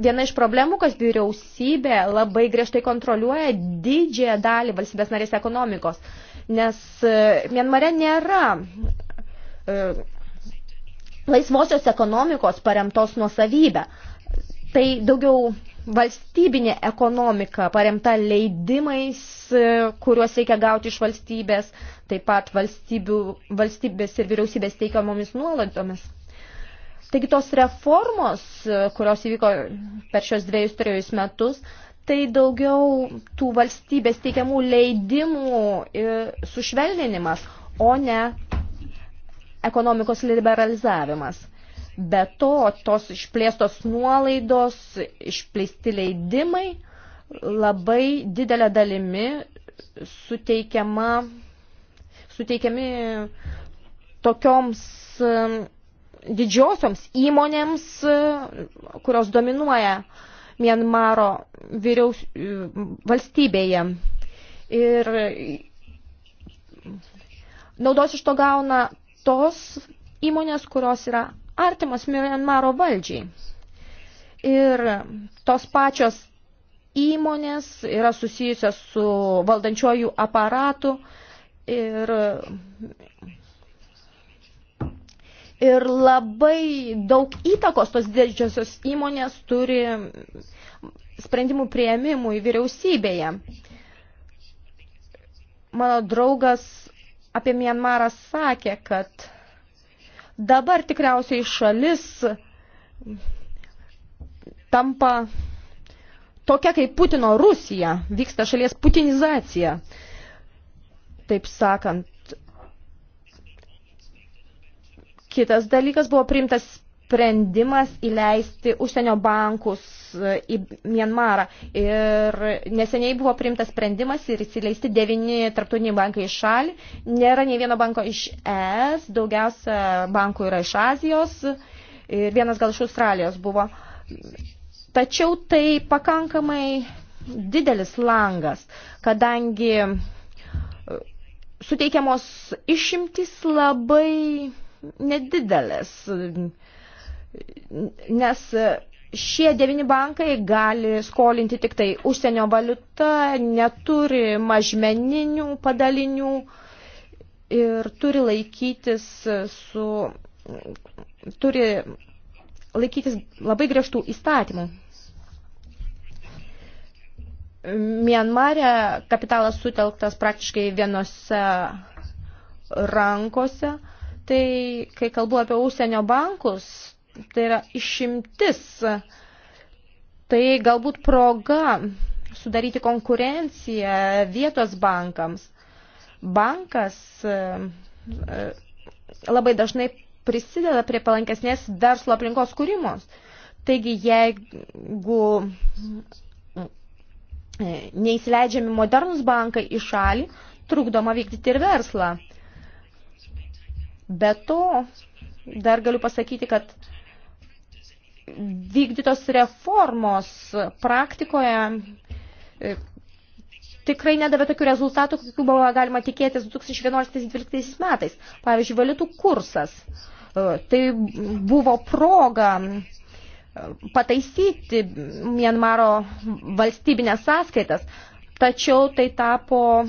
viena iš problemų, kad vyriausybė labai griežtai kontroliuoja didžiąją dalį valstybės narės ekonomikos. Nes e, Mianmare nėra e, laisvosios ekonomikos paremtos nuosavybę. Tai daugiau valstybinė ekonomika paremta leidimais, e, kuriuos reikia gauti iš valstybės, taip pat valstybės ir vyriausybės teikiamomis nuolaidomis. Taigi tos reformos, e, kurios įvyko per šios dviejus trejus metus, tai daugiau tų valstybės teikiamų leidimų e, sušvelninimas, o ne ekonomikos liberalizavimas. Be to, tos išplėstos nuolaidos, išplėsti leidimai labai didelė dalimi suteikiama, suteikiami tokioms um, didžiosioms įmonėms, um, kurios dominuoja Mienmaro vyriaus, valstybėje. Ir naudos iš to gauna tos įmonės, kurios yra artimos Mianmaro valdžiai. Ir tos pačios įmonės yra susijusios su valdančiojų aparatu ir, ir labai daug įtakos tos didžiosios įmonės turi sprendimų prieimimui vyriausybėje. Mano draugas apie Mianmarą sakė, kad Dabar tikriausiai šalis tampa tokia kaip Putino Rusija, vyksta šalies putinizacija, taip sakant. Kitas dalykas buvo priimtas sprendimas įleisti užsienio bankus e, į Mienmarą. Ir neseniai buvo priimtas sprendimas ir įsileisti devini tarptautiniai bankai iš šalį. Nėra nei vieno banko iš ES, daugiausia bankų yra iš Azijos ir vienas gal iš Australijos buvo. Tačiau tai pakankamai didelis langas, kadangi e, suteikiamos išimtis labai nedidelės nes šie devini bankai gali skolinti tik tai užsienio valiutą, neturi mažmeninių padalinių ir turi laikytis su turi laikytis labai griežtų įstatymų. Mianmare kapitalas sutelktas praktiškai vienose rankose. Tai kai kalbu apie užsienio bankus, tai yra išimtis. Tai galbūt proga sudaryti konkurenciją vietos bankams. Bankas e, e, labai dažnai prisideda prie palankesnės verslo aplinkos kūrimos. Taigi, jeigu e, neįsileidžiami modernus bankai į šalį, trukdoma vykdyti ir verslą. Be to, dar galiu pasakyti, kad vykdytos reformos praktikoje e, tikrai nedavė tokių rezultatų, kokių buvo galima tikėtis 2011-2012 metais. Pavyzdžiui, valiutų kursas. E, tai buvo proga e, pataisyti Mienmaro valstybinės sąskaitas, tačiau tai tapo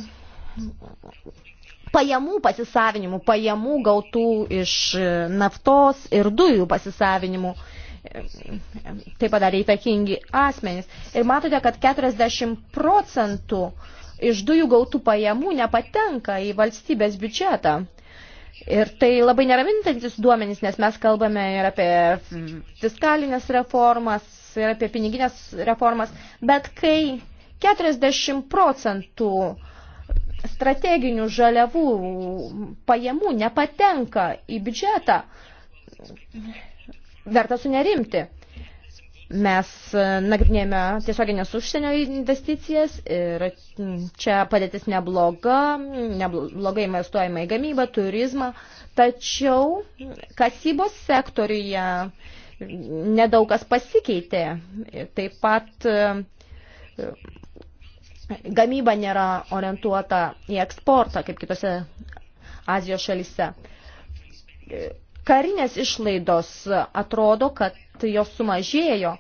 pajamų pasisavinimu, pajamų gautų iš naftos ir dujų pasisavinimu tai padarė įtakingi asmenys. Ir matote, kad 40 procentų iš dujų gautų pajamų nepatenka į valstybės biudžetą. Ir tai labai neramintantis duomenys, nes mes kalbame ir apie fiskalinės reformas, ir apie piniginės reformas, bet kai 40 procentų strateginių žaliavų pajamų nepatenka į biudžetą, verta sunerimti. Mes e, nagrinėjame tiesioginės užsienio investicijas ir čia padėtis nebloga, neblogai investuojama į gamybą, turizmą, tačiau kasybos sektoriuje nedaug kas pasikeitė. Taip pat e, gamyba nėra orientuota į eksportą, kaip kitose Azijos šalyse Karinės išlaidos atrodo, kad jos sumažėjo,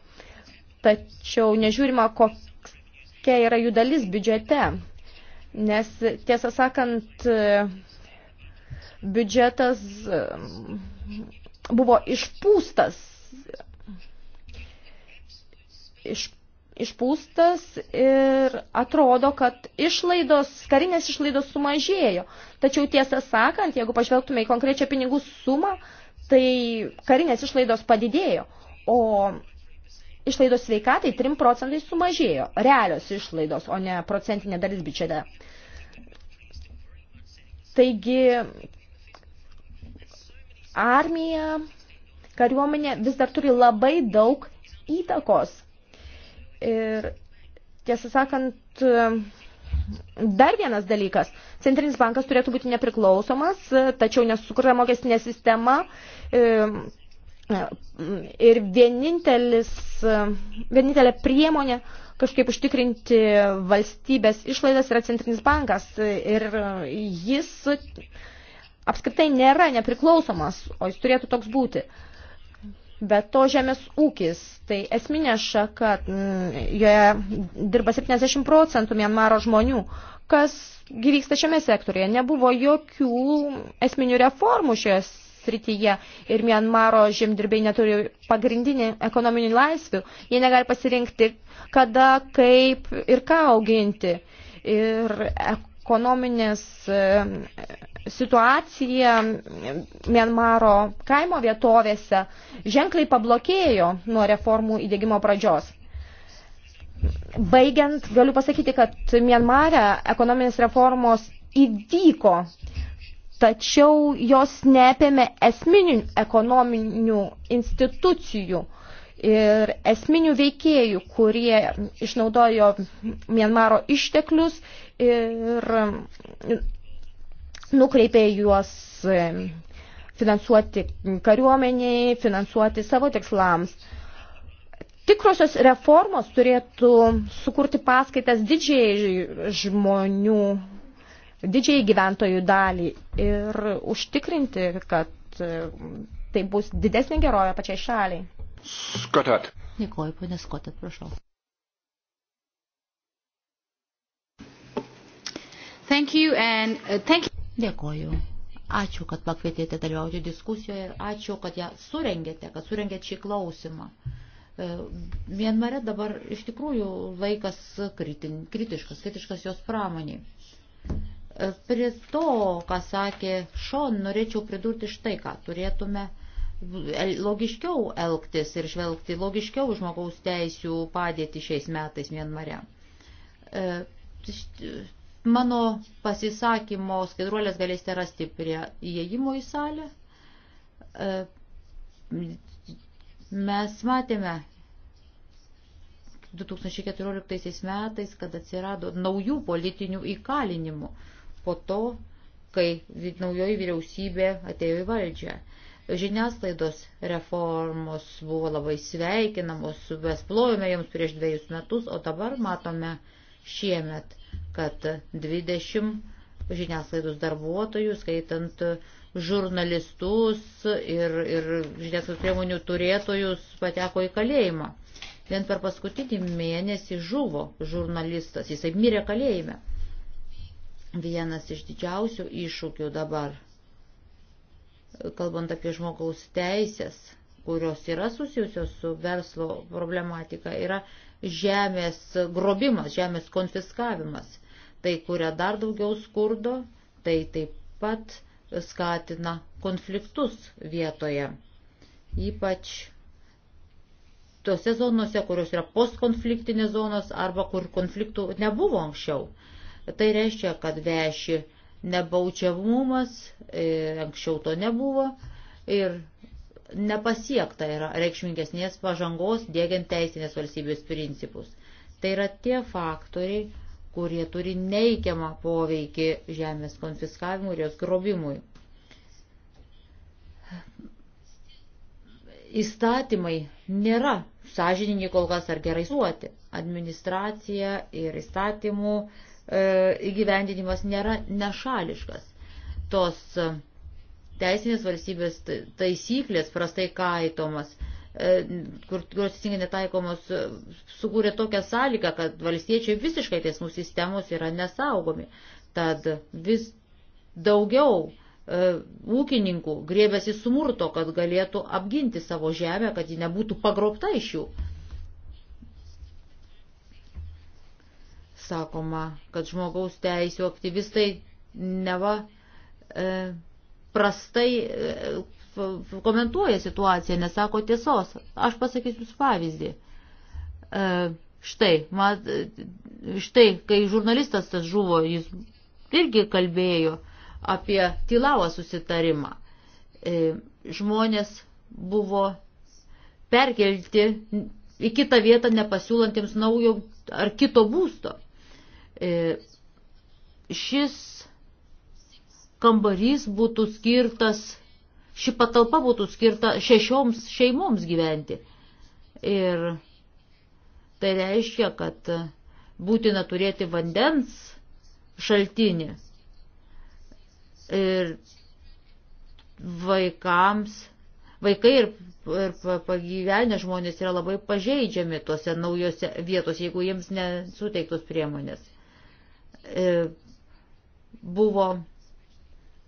tačiau nežiūrima, kokia yra jų dalis biudžete. Nes tiesą sakant, biudžetas e, buvo išpūstas, iš išpūstas ir atrodo, kad išlaidos, karinės išlaidos sumažėjo. Tačiau tiesą sakant, jeigu pažvelgtume į konkrečią pinigų sumą, tai karinės išlaidos padidėjo, o išlaidos sveikatai 3 procentai sumažėjo. Realios išlaidos, o ne procentinė dalis bičiade. Taigi, armija, kariuomenė vis dar turi labai daug įtakos Ir tiesą sakant, dar vienas dalykas. Centrinis bankas turėtų būti nepriklausomas, tačiau nesukurta mokestinė sistema. Ir vienintelis, vienintelė priemonė kažkaip užtikrinti valstybės išlaidas yra centrinis bankas. Ir jis apskritai nėra nepriklausomas, o jis turėtų toks būti. Uh, Bet to žemės ūkis, tai esminė šaka, mm, joje dirba 70 procentų Mianmaro žmonių. Kas gyvyksta šiame sektorėje? Nebuvo jokių esminių reformų šioje srityje ir Mianmaro žemdirbiai neturi pagrindinį ekonominį laisvių. Jie negali pasirinkti, kada, kaip ir ką auginti. Ir ekonominės situacija Mienmaro kaimo vietovėse ženkliai pablokėjo nuo reformų įdėgymo pradžios. Baigiant, galiu pasakyti, kad Mienmare ekonominės reformos įvyko, tačiau jos neapėmė esminių ekonominių institucijų ir esminių veikėjų, kurie išnaudojo Mienmaro išteklius ir nukreipė juos e, finansuoti kariuomeniai, finansuoti savo tikslams. Tikrosios reformos turėtų sukurti paskaitas didžiai žmonių, didžiai gyventojų dalį ir užtikrinti, kad e, tai bus didesnė gerovė pačiai šaliai. Skotat. Dėkuoju, ponė Skotat, prašau. Thank you and uh, thank you. Dėkoju. Ačiū, kad pakvietėte dalyvauti diskusijoje ir ačiū, kad ją surengėte, kad surengėte šį klausimą. E, Mienmare dabar iš tikrųjų laikas kritin, kritiškas, kritiškas jos pramoniai. E, prie to, ką sakė Šon, norėčiau pridurti štai ką. Turėtume logiškiau elgtis ir žvelgti logiškiau žmogaus teisių padėti šiais metais Mienmare. E, Mano pasisakymo skaidruolės galėsite rasti prie įėjimo į salę. E, mes matėme 2014 metais, kad atsirado naujų politinių įkalinimų po to, kai naujoji vyriausybė atėjo į valdžią. Žiniasklaidos reformos buvo labai sveikinamos, mes plojome joms prieš dviejus metus, o dabar matome šiemet kad 20 žiniasklaidos darbuotojų, skaitant žurnalistus ir, ir žiniasklaidos priemonių turėtojus, pateko į kalėjimą. Vien per paskutinį mėnesį žuvo žurnalistas, jisai mirė kalėjime. Vienas iš didžiausių iššūkių dabar, kalbant apie žmogaus teisės, kurios yra susijusios su verslo problematika, yra žemės grobimas, žemės konfiskavimas tai kuria dar daugiau skurdo, tai taip pat skatina konfliktus vietoje. Ypač tose zonose, kurios yra postkonfliktinės zonos arba kur konfliktų nebuvo anksčiau. Tai reiškia, kad veši nebaučiavumas, e, anksčiau to nebuvo ir nepasiekta yra reikšmingesnės pažangos dėgiant teisinės valstybės principus. Tai yra tie faktoriai, kurie turi neigiamą poveikį žemės konfiskavimui ir jos grobimui. Įstatymai nėra sąžininkai kol kas ar gerai suoti. Administracija ir įstatymų e, įgyvendinimas nėra nešališkas. Tos teisinės valstybės taisyklės prastai kaitomas. E, E, kurios teisingai netaikomos, e, sukūrė tokią sąlygą, kad valstiečiai visiškai teismų sistemos yra nesaugomi. Tad vis daugiau e, ūkininkų grėbėsi smurto, kad galėtų apginti savo žemę, kad ji nebūtų pagrobta iš jų. Sakoma, kad žmogaus teisų aktyvistai neva e, prastai e, komentuoja situaciją, nesako tiesos. Aš pasakysiu jums pavyzdį. E, štai, mat, štai, kai žurnalistas tas žuvo, jis irgi kalbėjo apie Tilavo susitarimą. E, žmonės buvo perkelti į kitą vietą nepasiūlantiems naujo ar kito būsto. E, šis kambarys būtų skirtas ši patalpa būtų skirta šešioms šeimoms gyventi. Ir tai reiškia, kad būtina turėti vandens šaltinį. Ir vaikams, vaikai ir, ir pagyvenę žmonės yra labai pažeidžiami tuose naujose vietose, jeigu jiems nesuteiktos priemonės. Ir buvo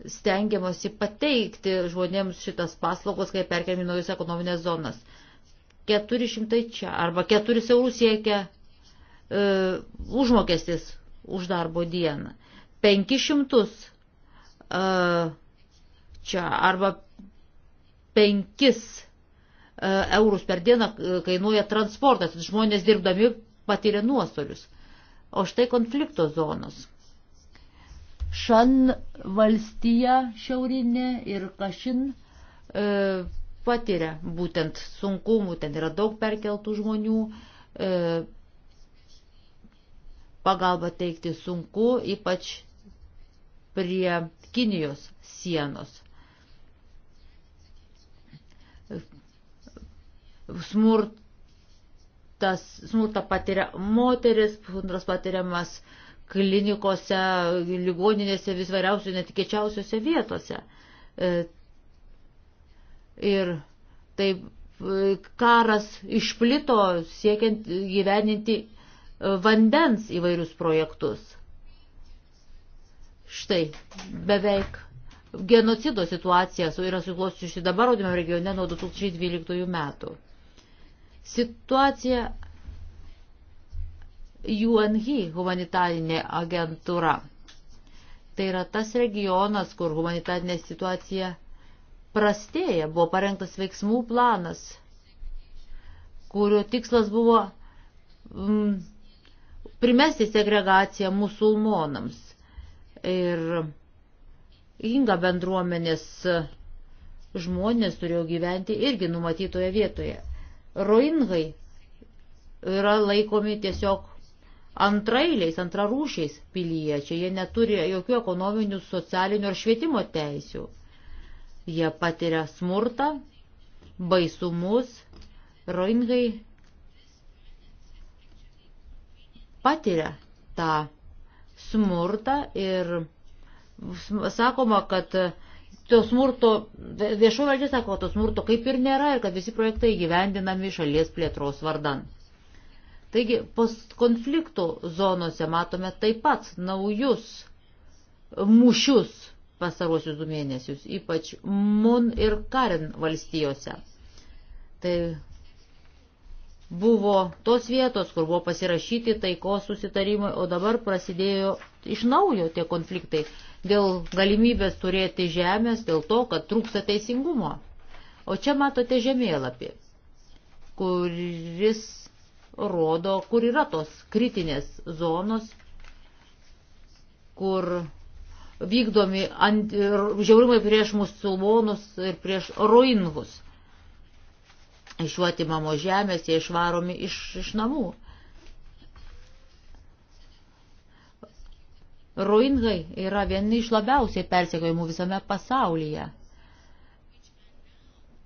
stengiamasi pateikti žmonėms šitas paslaugos, kai perkeliami naujus ekonominės zonas. 400 čia arba 4 eurų siekia e, užmokestis už darbo dieną. 500 e, čia arba 5 e, eurus per dieną e, kainuoja transportas. Žmonės dirbdami patiria nuostolius. O štai konflikto zonos Šan valstija šiaurinė ir Kašin e, patiria būtent sunkumų, ten yra daug perkeltų žmonių, e, pagalba teikti sunku, ypač prie Kinijos sienos. Smurtas, smurtą patiria moteris, smurtas patiriamas e, klinikose, ligoninėse, visvariausių netikėčiausiose vietose. E, ir taip e, karas išplito siekiant gyveninti e, vandens įvairius projektus. Štai, beveik genocido situacija yra suklostiusi dabar Odimio regione nuo 2012 metų. Situacija UNHI humanitarinė agentūra. Tai yra tas regionas, kur humanitarinė situacija prastėja. Buvo parengtas veiksmų planas, kurio tikslas buvo mm, primesti segregaciją musulmonams. Ir inga bendruomenės žmonės turėjo gyventi irgi numatytoje vietoje. Roingai yra laikomi tiesiog antrailiais, antrarūšiais piliečiai, jie neturi jokių ekonominių, socialinių ar švietimo teisių. Jie patiria smurtą, baisumus, roingai patiria tą smurtą ir sakoma, kad to smurto, viešo valdžia sako, to smurto kaip ir nėra ir kad visi projektai gyvendinami šalies plėtros vardan. Taigi postkonfliktų zonose matome taip pat naujus mūšius pasaruosius du mėnesius, ypač Mun ir Karen valstijose. Tai buvo tos vietos, kur buvo pasirašyti taikos susitarimai, o dabar prasidėjo iš naujo tie konfliktai dėl galimybės turėti žemės, dėl to, kad trūksta teisingumo. O čia matote žemėlapį, kuris rodo, kur yra tos kritinės zonos, kur vykdomi ant, žiaurimai prieš musulmonus ir prieš roingus. Iš jų atimamo žemės, jie išvaromi iš, iš namų. Roingai yra vieni iš labiausiai persekiojimų visame pasaulyje.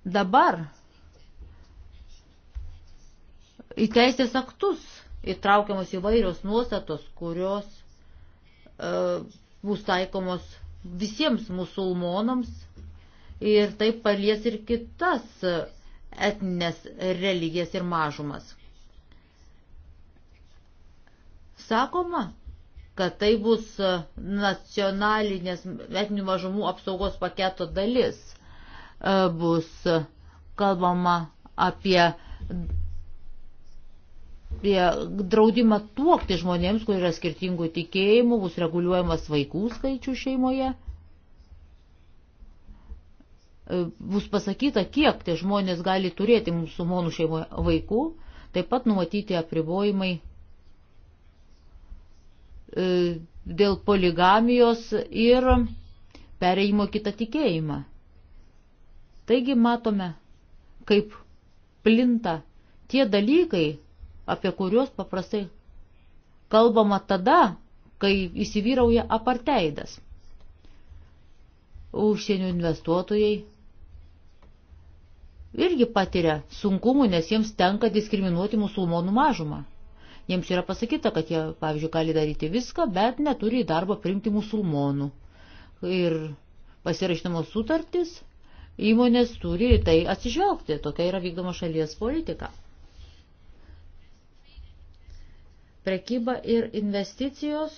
Dabar į teisės aktus įtraukiamos įvairios nuostatos, kurios e, bus taikomos visiems musulmonams ir tai palies ir kitas etninės religijas ir mažumas. Sakoma, kad tai bus nacionalinės etinių mažumų apsaugos paketo dalis. E, bus kalbama apie apie draudimą tuokti žmonėms, kur yra skirtingų tikėjimų, bus reguliuojamas vaikų skaičių šeimoje. E, bus pasakyta, kiek tie žmonės gali turėti musulmonų šeimoje vaikų, taip pat numatyti apribojimai e, dėl poligamijos ir pereimo kitą tikėjimą. Taigi matome, kaip plinta tie dalykai, apie kuriuos paprastai kalbama tada, kai įsivyrauja aparteidas. Užsienio investuotojai irgi patiria sunkumų, nes jiems tenka diskriminuoti musulmonų mažumą. Jiems yra pasakyta, kad jie, pavyzdžiui, gali daryti viską, bet neturi į darbą priimti musulmonų. Ir pasirašinamos sutartis, įmonės turi tai atsižvelgti, tokia yra vykdoma šalies politika. Prekyba ir investicijos,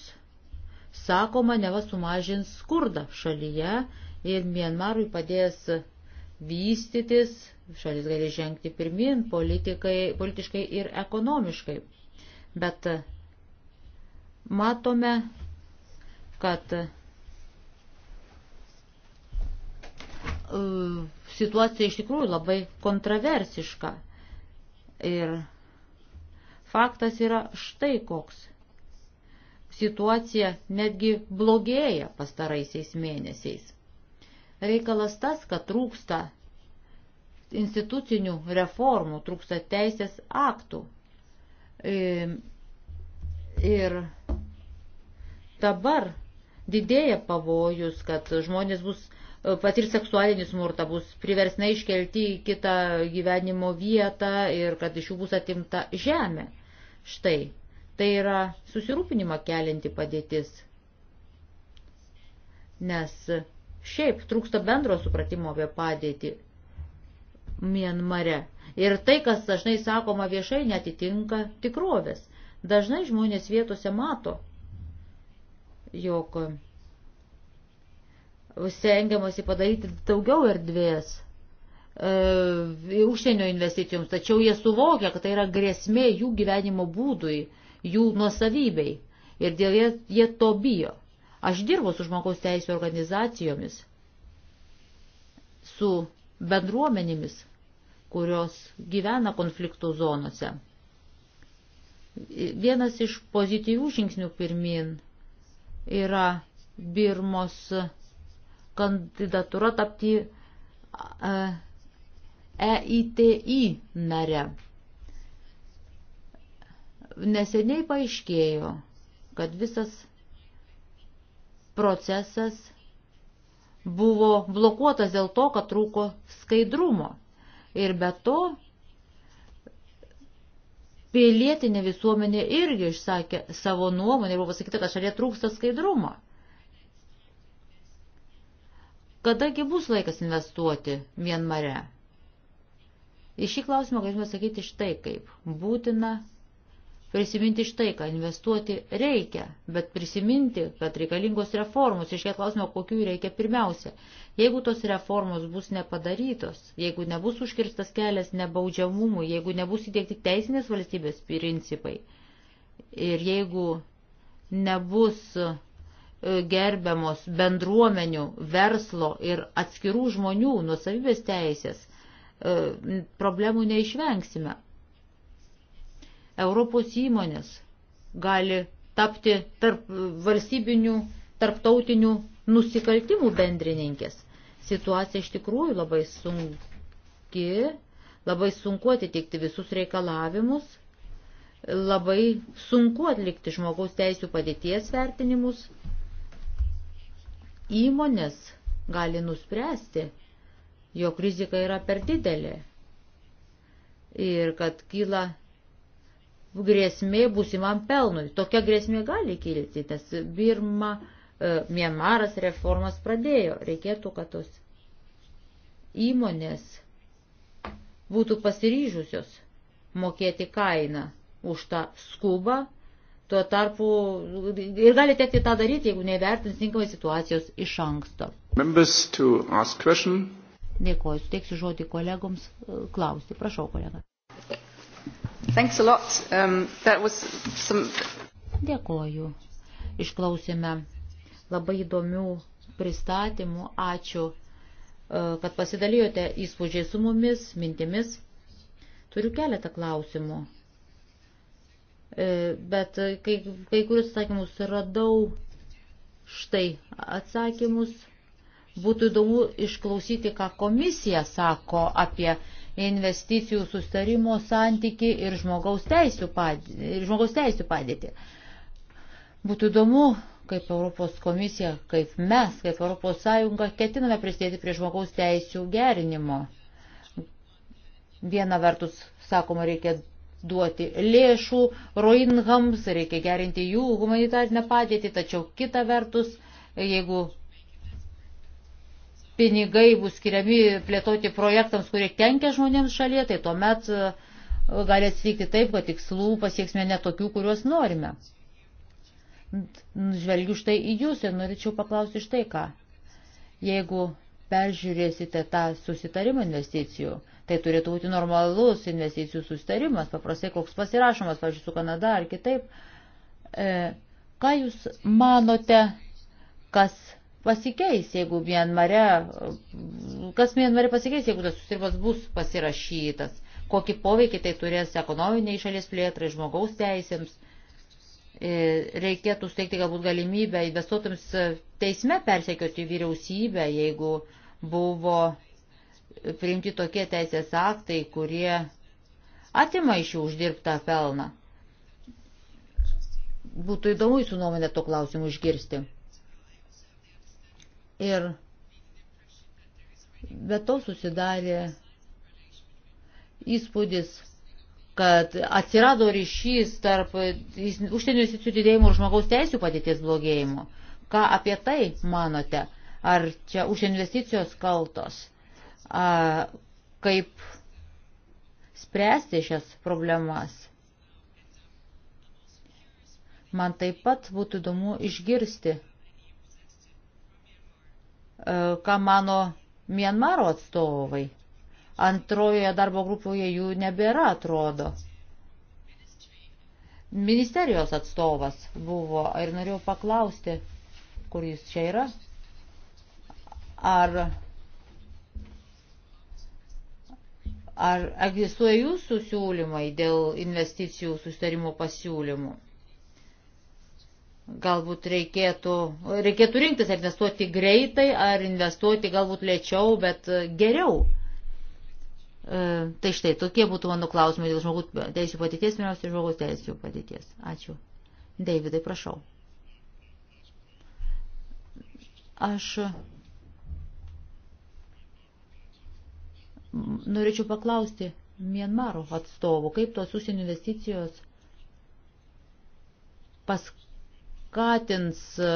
sakoma, neva sumažins skurdą šalyje ir Mienmarui padės vystytis, šalis gali žengti pirmin politiškai ir ekonomiškai. Bet matome, kad e, situacija iš tikrųjų labai kontroversiška. Ir Faktas yra štai koks. Situacija netgi blogėja pastaraisiais mėnesiais. Reikalas tas, kad trūksta institucinių reformų, trūksta teisės aktų. Ehm, ir dabar didėja pavojus, kad žmonės bus e, patirs seksualinį smurtą, bus priversnai iškelti į kitą gyvenimo vietą ir kad iš jų bus atimta žemė štai, tai yra susirūpinimą kelinti padėtis, nes šiaip trūksta bendro supratimo apie padėtį Mienmare. Ir tai, kas dažnai sakoma viešai, netitinka tikrovės. Dažnai žmonės vietose mato, jog stengiamasi padaryti daugiau erdvės e, užsienio investicijoms, tačiau jie suvokia, kad tai yra grėsmė jų gyvenimo būdui, jų nuosavybei ir dėl jie, jie to bijo. Aš dirbu su žmogaus teisų organizacijomis, su bendruomenėmis, kurios gyvena konfliktų zonose. Vienas iš pozityvių žingsnių pirmin yra Birmos kandidatūra tapti EITI nare. Neseniai paaiškėjo, kad visas procesas buvo blokuotas dėl to, kad trūko skaidrumo. Ir be to, pilietinė visuomenė irgi išsakė savo nuomonę ir buvo pasakyta, kad šalia trūksta skaidrumo. Kadagi bus laikas investuoti Mienmare? Į šį klausimą galime sakyti štai kaip. Būtina prisiminti štai, kad investuoti reikia, bet prisiminti, kad reikalingos reformos, iškia klausimą, kokių reikia pirmiausia. Jeigu tos reformos bus nepadarytos, jeigu nebus užkirstas kelias nebaudžiamumui, jeigu nebus įdėkti teisinės valstybės principai ir jeigu nebus e, gerbiamos bendruomenių, verslo ir atskirų žmonių nusavybės teisės, E, problemų neišvengsime. Europos įmonės gali tapti tarp valstybinių, tarptautinių nusikaltimų bendrininkės. Situacija iš tikrųjų labai sunki, labai sunku atitikti visus reikalavimus, labai sunku atlikti žmogaus teisų padėties vertinimus. Įmonės gali nuspręsti, jog rizika yra per didelė ir kad kyla grėsmė būsimam pelnui. Tokia grėsmė gali kilti, nes Birma, e, Miemaras reformas pradėjo. Reikėtų, kad tos įmonės būtų pasiryžusios mokėti kainą už tą skubą, tuo tarpu ir gali tekti tą daryti, jeigu nevertins tinkamai situacijos iš anksto. Members to ask question. Dėkuoju, suteiksiu žodį kolegoms e, klausti. Prašau, kolega. Thanks a lot. Um, that was some... Dėkuoju. Išklausėme labai įdomių pristatymų. Ačiū, e, kad pasidalijote įspūdžiai su mumis, mintimis. Turiu keletą klausimų. E, bet kai, kai kurius atsakymus radau, štai atsakymus Būtų įdomu išklausyti, ką komisija sako apie investicijų sustarimo santyki ir žmogaus teisų padėtį. Ir žmogaus teisų padėtį. Būtų įdomu, kaip Europos komisija, kaip mes, kaip Europos Sąjunga ketiname prisidėti prie žmogaus teisų gerinimo. Viena vertus, sakoma, reikia duoti lėšų roinghams, reikia gerinti jų humanitarinę padėtį, tačiau kita vertus, jeigu pinigai bus skiriami plėtoti projektams, kurie kenkia žmonėms šalyje, tai tuomet e, gali atsitikti taip, kad tikslų pasieksime ne tokių, kuriuos norime. Žvelgiu štai į jūs ir norėčiau paklausti štai ką. Jeigu peržiūrėsite tą susitarimą investicijų, tai turėtų būti normalus investicijų susitarimas, paprastai koks pasirašomas, pavyzdžiui, su Kanada ar kitaip. E, ką jūs manote, kas pasikeis, jeigu Mianmare, kas Mianmare pasikeis, jeigu tas susitarimas bus pasirašytas, kokį poveikį tai turės ekonominiai šalies plėtrai, žmogaus teisėms. E, reikėtų steigti galbūt galimybę investuotojams teisme persekioti vyriausybę, jeigu buvo priimti tokie teisės aktai, kurie atima iš jų uždirbtą pelną. Būtų įdomu jūsų nuomonę to klausimu išgirsti. Ir be to susidarė įspūdis, kad atsirado ryšys tarp užsienio institucijų didėjimų ir žmogaus teisų padėties blogėjimo. Ką apie tai manote? Ar čia už investicijos kaltos? A, kaip spręsti šias problemas? Man taip pat būtų įdomu išgirsti E, ką mano Mienmaro atstovai. Antrojoje darbo grupoje jų nebėra, atrodo. Ministerijos atstovas buvo ir norėjau paklausti, kur jis čia yra. Ar, ar egzistuoja jūsų siūlymai dėl investicijų sustarimo pasiūlymų? Galbūt reikėtų, reikėtų rinktis, ar investuoti greitai, ar investuoti galbūt lėčiau, bet e, geriau. E, tai štai tokie būtų mano klausimai dėl žmogaus teisų padėties, pirmiausia, žmogaus teisų padėties. Ačiū. Davidai, prašau. Aš norėčiau paklausti Mienmaro atstovų, kaip tos užsienio investicijos pas paskatins e,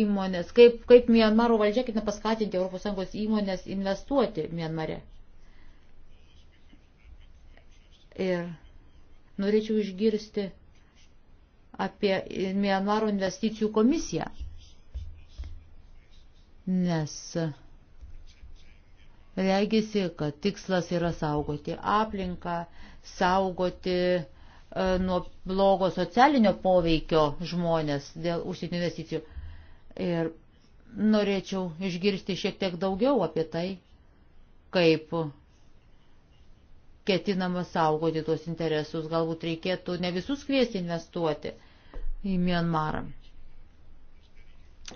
įmonės, kaip, kaip Mianmaro valdžia ketina paskatinti ES įmonės investuoti Mianmare. Ir norėčiau išgirsti apie Mianmaro investicijų komisiją. Nes regisi, kad tikslas yra saugoti aplinką, saugoti uh, E, nuo blogo socialinio poveikio žmonės dėl užsienio investicijų. Ir norėčiau išgirsti šiek tiek daugiau apie tai, kaip ketinama saugoti tuos interesus. Galbūt reikėtų ne visus kviesti investuoti į Mianmarą.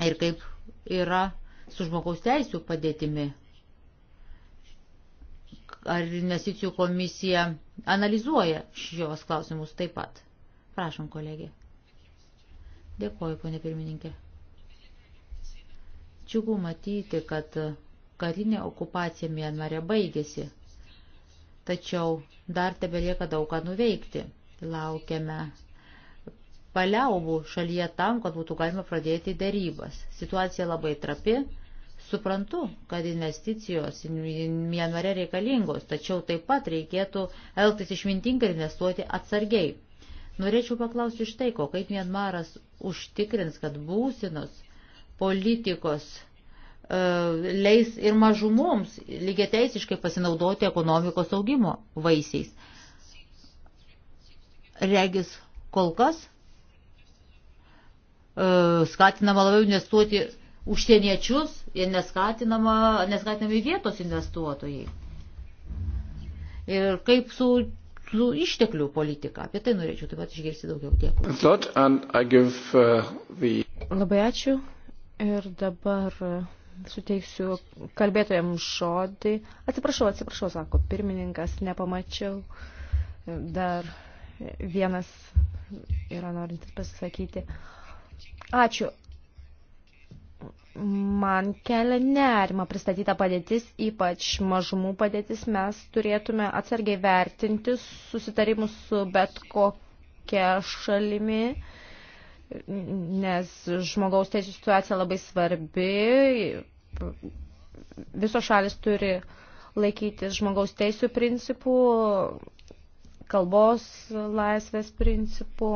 Ir kaip yra su žmogaus teisų padėtimi ar investicijų komisija analizuoja šios klausimus taip pat. Prašom, kolegė. Dėkoju, ponė pirmininkė. Čiugu matyti, kad karinė okupacija Mianmare baigėsi, tačiau dar tebelieka daug ką nuveikti. Laukiame paliaubų šalyje tam, kad būtų galima pradėti dėrybas. Situacija labai trapi Suprantu, kad investicijos Mienare reikalingos, tačiau taip pat reikėtų elgtis išmintingai ir investuoti atsargiai. Norėčiau paklausti štai ko, kaip Mienmaras užtikrins, kad būsinos politikos e, leis ir mažumoms lygiai teisiškai pasinaudoti ekonomikos augimo vaisiais. Regis kol kas e, skatinama labiau investuoti užsieniečius ir neskatinami vietos investuotojai. Ir kaip su, su išteklių politika. Apie tai norėčiau taip pat išgirsti daugiau. Dėkui. Uh, Labai ačiū. Ir dabar uh, suteiksiu kalbėtojams žodį. Atsiprašau, atsiprašau, sako pirmininkas, nepamačiau. Dar vienas yra norintis pasisakyti. Ačiū man kelia nerima pristatyta padėtis, ypač mažumų padėtis, mes turėtume atsargiai vertinti susitarimus su bet kokia šalimi, nes žmogaus teisų situacija labai svarbi, visos šalis turi laikytis žmogaus teisų principų, kalbos laisvės principų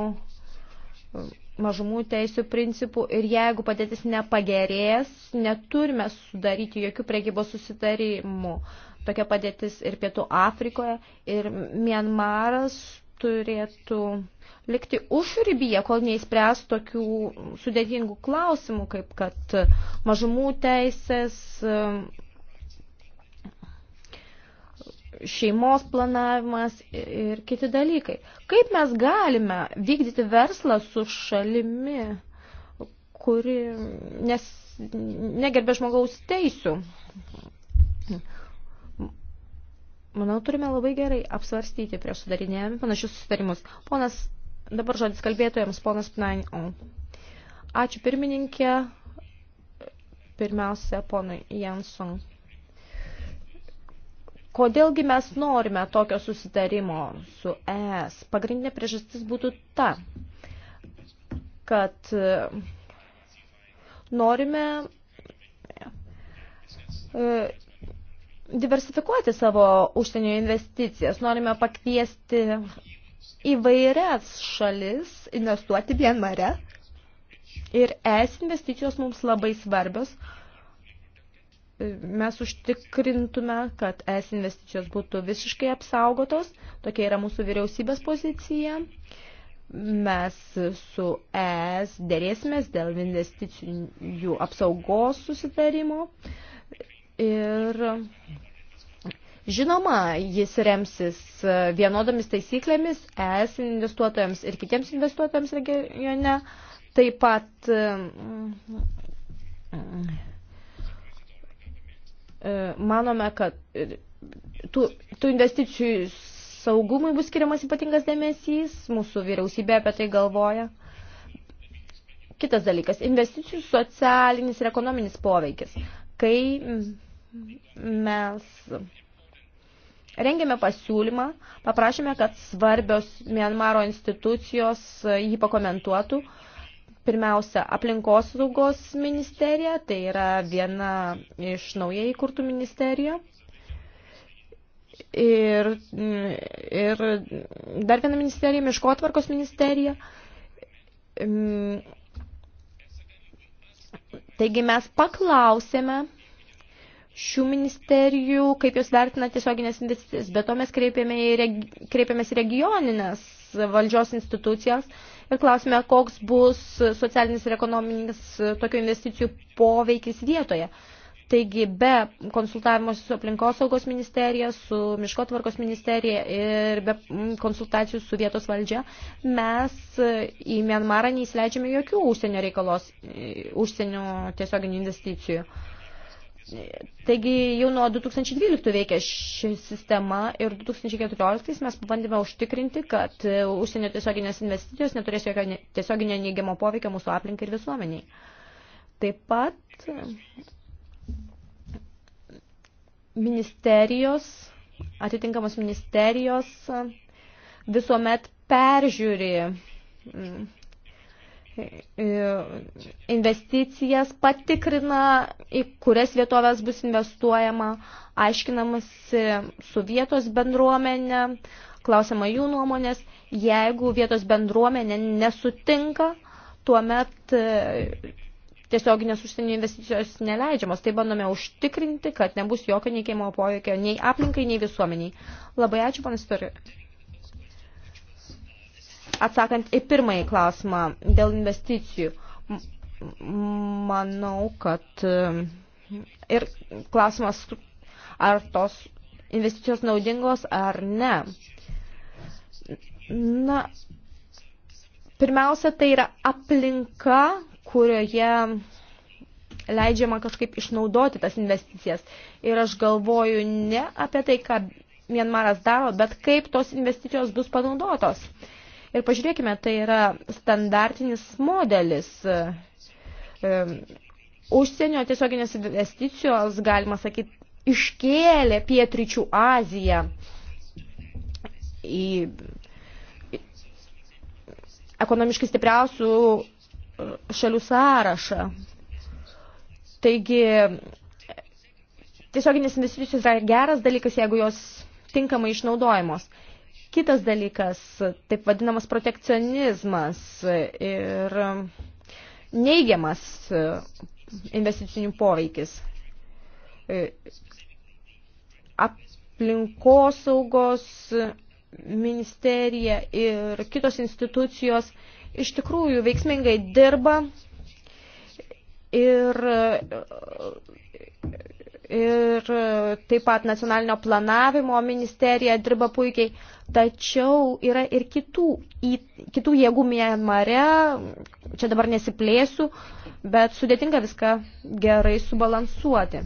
mažumų teisų principų ir jeigu padėtis nepagerės, neturime sudaryti jokių priekybos susitarimų. Tokia padėtis ir Pietų Afrikoje, ir Mianmaras turėtų likti užrybyje, kol neįspręs tokių sudėtingų klausimų, kaip kad mažumų teisės, šeimos planavimas ir kiti dalykai. Kaip mes galime vykdyti verslą su šalimi, kuri nes, negerbė žmogaus teisių? Manau, turime labai gerai apsvarstyti prieš sudarinėjami panašius susitarimus. Ponas, dabar žodis kalbėtojams, ponas Pnain. Ačiū pirmininkė, pirmiausia, ponui Jansson. Kodėlgi mes norime tokio susitarimo su ES? Pagrindinė priežastis būtų ta, kad e, norime e, diversifikuoti savo užsienio investicijas, norime pakviesti įvairias šalis investuoti vienare ir es investicijos mums labai svarbios, mes užtikrintume, kad es investicijos būtų visiškai apsaugotos. Tokia yra mūsų vyriausybės pozicija. Mes su es dėrėsimės dėl investicijų apsaugos susitarimo. Ir žinoma, jis remsis vienodomis taisyklėmis es investuotojams ir kitiems investuotojams regione. Taip pat. Mm, mm, E, manome, kad tų, tų investicijų saugumui bus skiriamas ypatingas dėmesys, mūsų vyriausybė apie tai galvoja. Kitas dalykas – investicijų socialinis ir ekonominis poveikis. Kai mes rengėme pasiūlymą, paprašėme, kad svarbios Mianmaro institucijos jį pakomentuotų, uh, Pirmiausia, aplinkosaugos ministerija, tai yra viena iš naujai įkurtų ministerijų. Ir, ir dar viena ministerija, miškotvarkos ministerija. Taigi mes paklausėme šių ministerijų, kaip jos vertina tiesioginės investicijas, bet to mes kreipėme į regi kreipėmės į regioninės valdžios institucijas, ir klausime, koks bus socialinis ir ekonominis tokių investicijų poveikis vietoje. Taigi be konsultavimuose su aplinkosaugos ministerija, su miškotvarkos ministerija ir be konsultacijų su vietos valdžia mes į Mianmarą neįsileidžiame jokių užsienio reikalos, užsienio tiesioginių investicijų. Uh, Taigi jau nuo 2012 veikia ši sistema ir 2014 mes pabandėme užtikrinti, kad užsienio tiesioginės investicijos neturės jokio tiesioginio neigiamo poveikio mūsų aplinkai ir visuomeniai. Taip pat ministerijos, atitinkamos ministerijos visuomet peržiūri mm, E, investicijas, patikrina, į kurias vietovės bus investuojama, aiškinamasi su vietos bendruomenė, klausima jų nuomonės. Jeigu vietos bendruomenė nesutinka, tuomet e, tiesioginės užsienio investicijos neleidžiamos. Tai bandome užtikrinti, kad nebus jokio neikėjimo poveikio nei aplinkai, nei visuomeniai. Labai ačiū, panas Turi. Atsakant į pirmąjį klausimą dėl investicijų, manau, kad e, ir klausimas, ar tos investicijos naudingos ar ne. Na, pirmiausia, tai yra aplinka, kurioje leidžiama kažkaip išnaudoti tas investicijas. Ir aš galvoju ne apie tai, ką Mienmaras daro, bet kaip tos investicijos bus panaudotos. Uh, Ir pažiūrėkime, tai yra standartinis modelis. Užsienio tiesioginės investicijos, galima sakyti, iškėlė pietryčių Aziją į ekonomiškai stipriausių e, šalių sąrašą. Taigi, tiesioginės investicijos yra geras dalykas, jeigu jos tinkamai išnaudojamos. Kitas dalykas, taip vadinamas protekcionizmas ir neigiamas investicinių poveikis. Aplinkosaugos ministerija ir kitos institucijos iš tikrųjų veiksmingai dirba ir ir e, taip pat nacionalinio planavimo ministerija dirba puikiai, tačiau yra ir kitų, į, kitų jėgų Mienmare, čia dabar nesiplėsiu, bet sudėtinga viską gerai subalansuoti.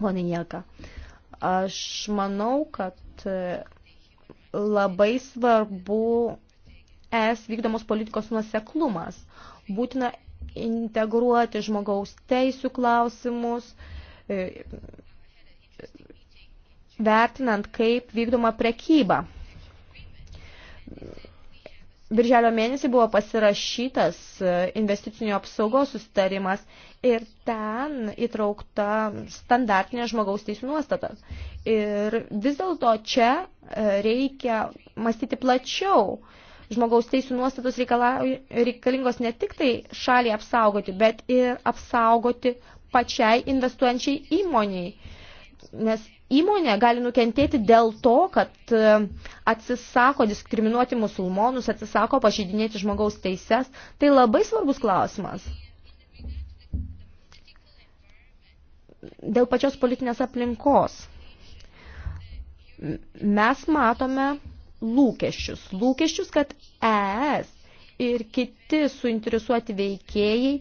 Pone Jelka, aš manau, kad e, labai svarbu es vykdomos politikos nuoseklumas. Būtina integruoti žmogaus teisų klausimus, e, vertinant, kaip vykdoma prekyba. Birželio mėnesį buvo pasirašytas e, investicinio apsaugos sustarimas ir ten įtraukta standartinė žmogaus teisų nuostata. Ir vis dėlto čia e, reikia mąstyti plačiau. Žmogaus teisų nuostatos reikalingos ne tik tai šaliai apsaugoti, bet ir apsaugoti pačiai investuojančiai įmoniai. Nes įmonė gali nukentėti dėl to, kad e, atsisako diskriminuoti musulmonus, atsisako pažydinėti žmogaus teises. Tai labai svarbus klausimas. Dėl pačios politinės aplinkos. Mes matome, lūkesčius. Lūkesčius, kad ES ir kiti suinteresuoti veikėjai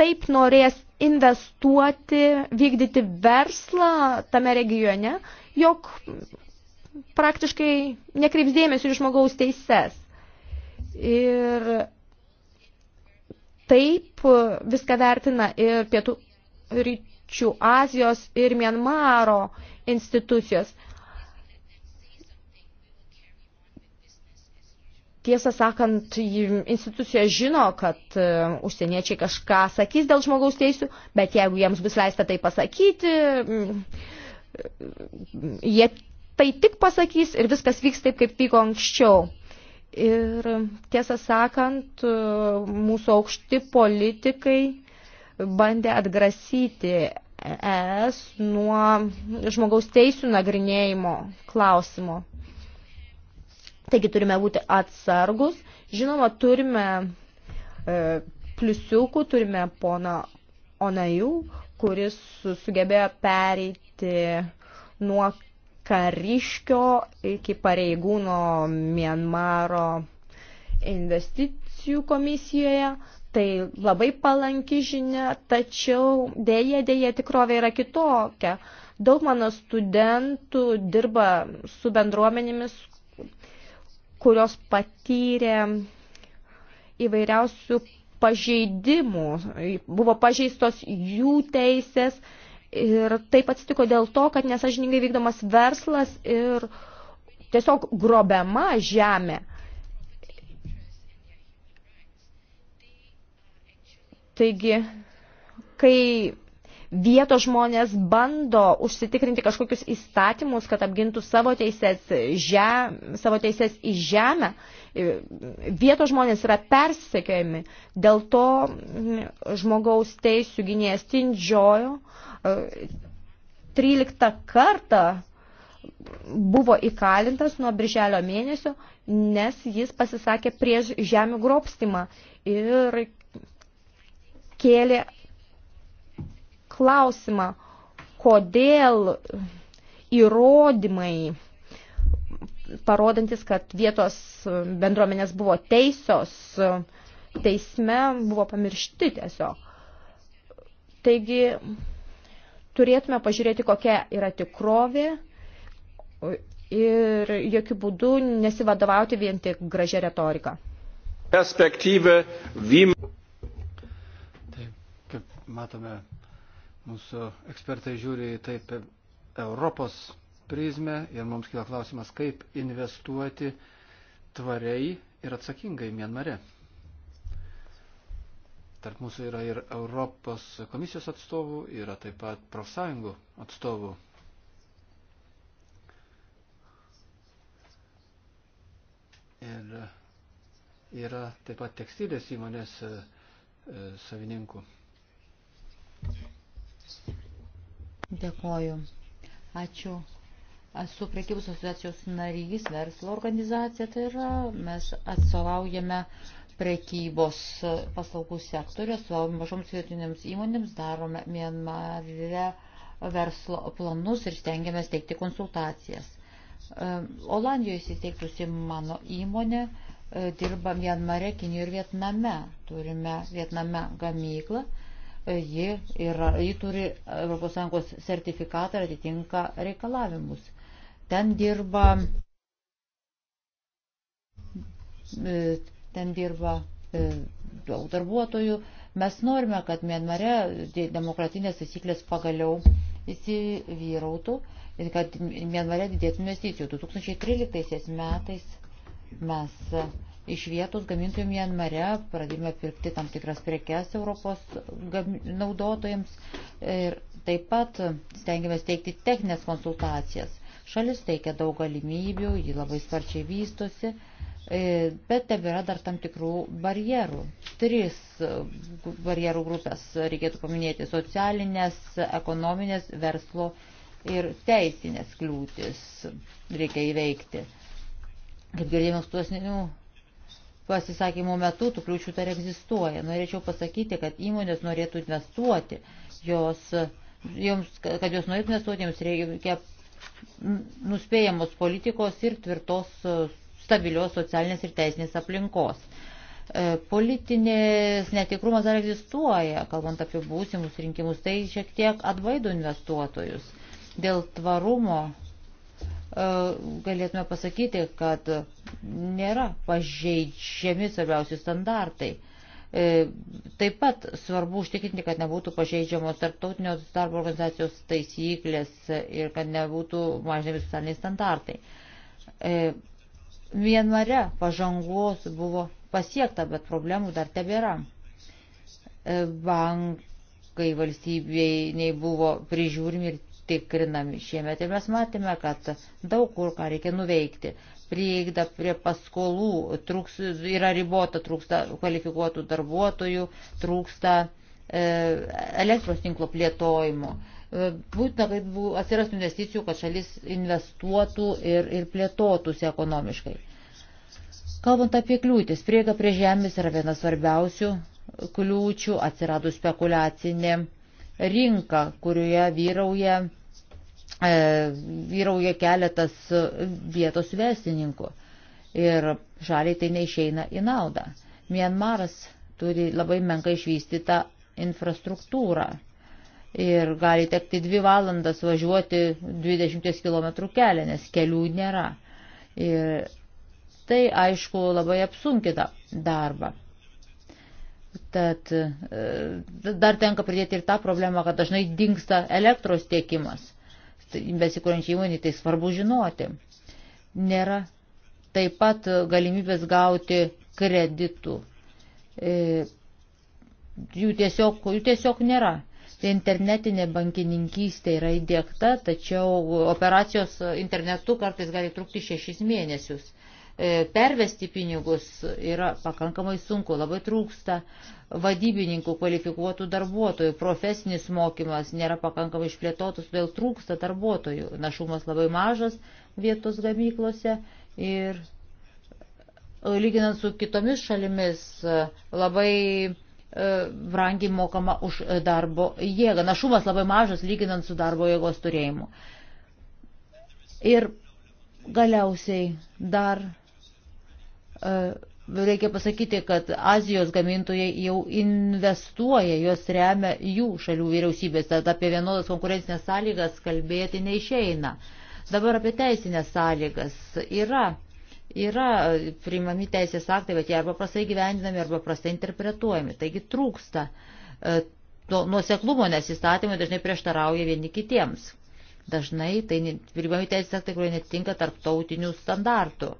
taip norės investuoti, vykdyti verslą tame regione, jog praktiškai nekreips dėmesio į žmogaus teises. Ir taip viską vertina ir pietų ryčių Azijos ir Mienmaro institucijos. Tiesą sakant, institucija žino, kad e, užsieniečiai kažką sakys dėl žmogaus teisų, bet jeigu jiems bus leista tai pasakyti, mm, e, jie tai tik pasakys ir viskas vyks taip, kaip vyko anksčiau. Ir tiesą sakant, e, mūsų aukšti politikai bandė atgrasyti ES nuo žmogaus teisų nagrinėjimo klausimo. Taigi turime būti atsargus. Žinoma, turime e, pliusiukų, turime poną Onajų, kuris sugebėjo pereiti nuo kariškio iki pareigūno Mienmaro investicijų komisijoje. Tai labai palanki žinia, tačiau dėje, dėje tikrovė yra kitokia. Daug mano studentų dirba su bendruomenėmis, kurios patyrė įvairiausių pažeidimų, buvo pažeistos jų teisės ir taip atsitiko dėl to, kad nesažiningai vykdomas verslas ir tiesiog grobiama žemė. Taigi, kai vietos žmonės bando užsitikrinti kažkokius įstatymus, kad apgintų savo teises, žem, savo teises į žemę. E, vietos žmonės yra persekiojami. Dėl to žmogaus teisų gynėjas Tindžiojo 13 e, kartą buvo įkalintas nuo birželio mėnesio, nes jis pasisakė prieš žemių grobstimą ir kėlė klausimą, kodėl įrodymai, parodantis, kad vietos bendruomenės buvo teisios, teisme buvo pamiršti tiesiog. Taigi turėtume pažiūrėti, kokia yra tikrovė ir jokių būdų nesivadovauti vien tik gražią retoriką. Perspektyvą, vim. Taip, kaip matome, Mūsų ekspertai žiūri į taip Europos prizmę ir mums kyla klausimas, kaip investuoti tvariai ir atsakingai Mienmare. Tarp mūsų yra ir Europos komisijos atstovų, yra taip pat profsąjungų atstovų. Ir yra taip pat tekstilės įmonės e, e, savininkų. Dėkoju. Ačiū. Esu prekybos asociacijos narys, verslo organizacija, tai yra mes atsovaujame prekybos paslaugų sektorių, atsovaujame mažoms vietinėms įmonėms, darome Mienmarė verslo planus ir stengiamės teikti konsultacijas. E, Olandijoje įsisteigtusi mano įmonė, e, dirba Mienmare, Kinijoje ir Vietname. Turime Vietname gamyklą ji, yra, ji turi ES sertifikatą ir atitinka reikalavimus. Ten dirba, e, ten dirba e, daug darbuotojų. Mes norime, kad Mienmare demokratinės taisyklės pagaliau įsivyrautų ir kad Mienmare didėtų investicijų. 2013 metais mes iš vietos gamintojų Mianmare, pradėjome pirkti tam tikras prekes Europos naudotojams ir taip pat stengiamės teikti techninės konsultacijas. Šalis teikia daug galimybių, ji labai sparčiai vystosi, e, bet tebėra dar tam tikrų barjerų. Tris e, barjerų grupės reikėtų paminėti - socialinės, ekonominės, verslo ir teisinės kliūtis reikia įveikti. Kaip girdėjome, tuos pasisakymų metu tų kliūčių dar egzistuoja. Norėčiau pasakyti, kad įmonės norėtų investuoti, jos, joms, kad jos norėtų investuoti, joms reikia nuspėjamos politikos ir tvirtos stabilios socialinės ir teisinės aplinkos. E, politinės netikrumas dar egzistuoja, kalbant apie būsimus rinkimus, tai šiek tiek atbaido investuotojus. Dėl tvarumo E, galėtume pasakyti, kad nėra pažeidžiami svarbiausi standartai. E, taip pat svarbu užtikrinti, kad nebūtų pažeidžiamos tarptautinio darbo organizacijos taisyklės ir kad nebūtų mažinami socialiniai standartai. E, vienmare pažangos buvo pasiekta, bet problemų dar tebėra. Bankai valstybėj nei buvo prižiūrimi ir tikrinami šiemet. Ir mes matėme, kad daug kur ką reikia nuveikti. Prieigda prie paskolų trūks, yra ribota, trūksta kvalifikuotų darbuotojų, trūksta e, elektros tinklo plėtojimo. E, būtina, kad atsirastų investicijų, kad šalis investuotų ir, ir plėtotųsi ekonomiškai. Kalbant apie kliūtis, prieiga prie žemės yra viena svarbiausių kliūčių atsiradus spekulacinė rinka, kurioje vyrauja E, vyrauja keletas vietos vesininkų ir šaliai tai neišeina į naudą. Mianmaras turi labai menkai išvystytą infrastruktūrą ir gali tekti dvi valandas važiuoti 20 km kelią, nes kelių nėra. Ir tai aišku labai apsunkina darbą. Tad e, dar tenka pridėti ir tą problemą, kad dažnai dinksta elektros tiekimas besikūrančiai įmonį, tai svarbu žinoti. Nėra taip pat galimybės gauti kreditų. E, jų tiesiog, jų tiesiog nėra. Tai internetinė bankininkystė yra įdėkta, tačiau operacijos internetu kartais gali trukti šešis mėnesius. E, pervesti pinigus yra pakankamai sunku, labai trūksta vadybininkų kvalifikuotų darbuotojų, profesinis mokymas nėra pakankamai išplėtotas, vėl trūksta darbuotojų, našumas labai mažas vietos gamyklose ir e, lyginant su kitomis šalimis e, labai brangiai mokama už darbo jėgą. Našumas labai mažas lyginant su darbo jėgos turėjimu. Ir galiausiai dar Reikia pasakyti, kad Azijos gamintojai jau investuoja, juos remia jų šalių vyriausybės, tad apie vienodas konkurencinės sąlygas kalbėti neišeina. Dabar apie teisinės sąlygas. Yra, yra priimami teisės aktai, bet jie arba prastai gyvendinami, arba prastai interpretuojami. Taigi trūksta to nuoseklumo, nes įstatymai dažnai prieštarauja vieni kitiems. Dažnai tai priimami teisės aktai, kurie netinka tarptautinių standartų.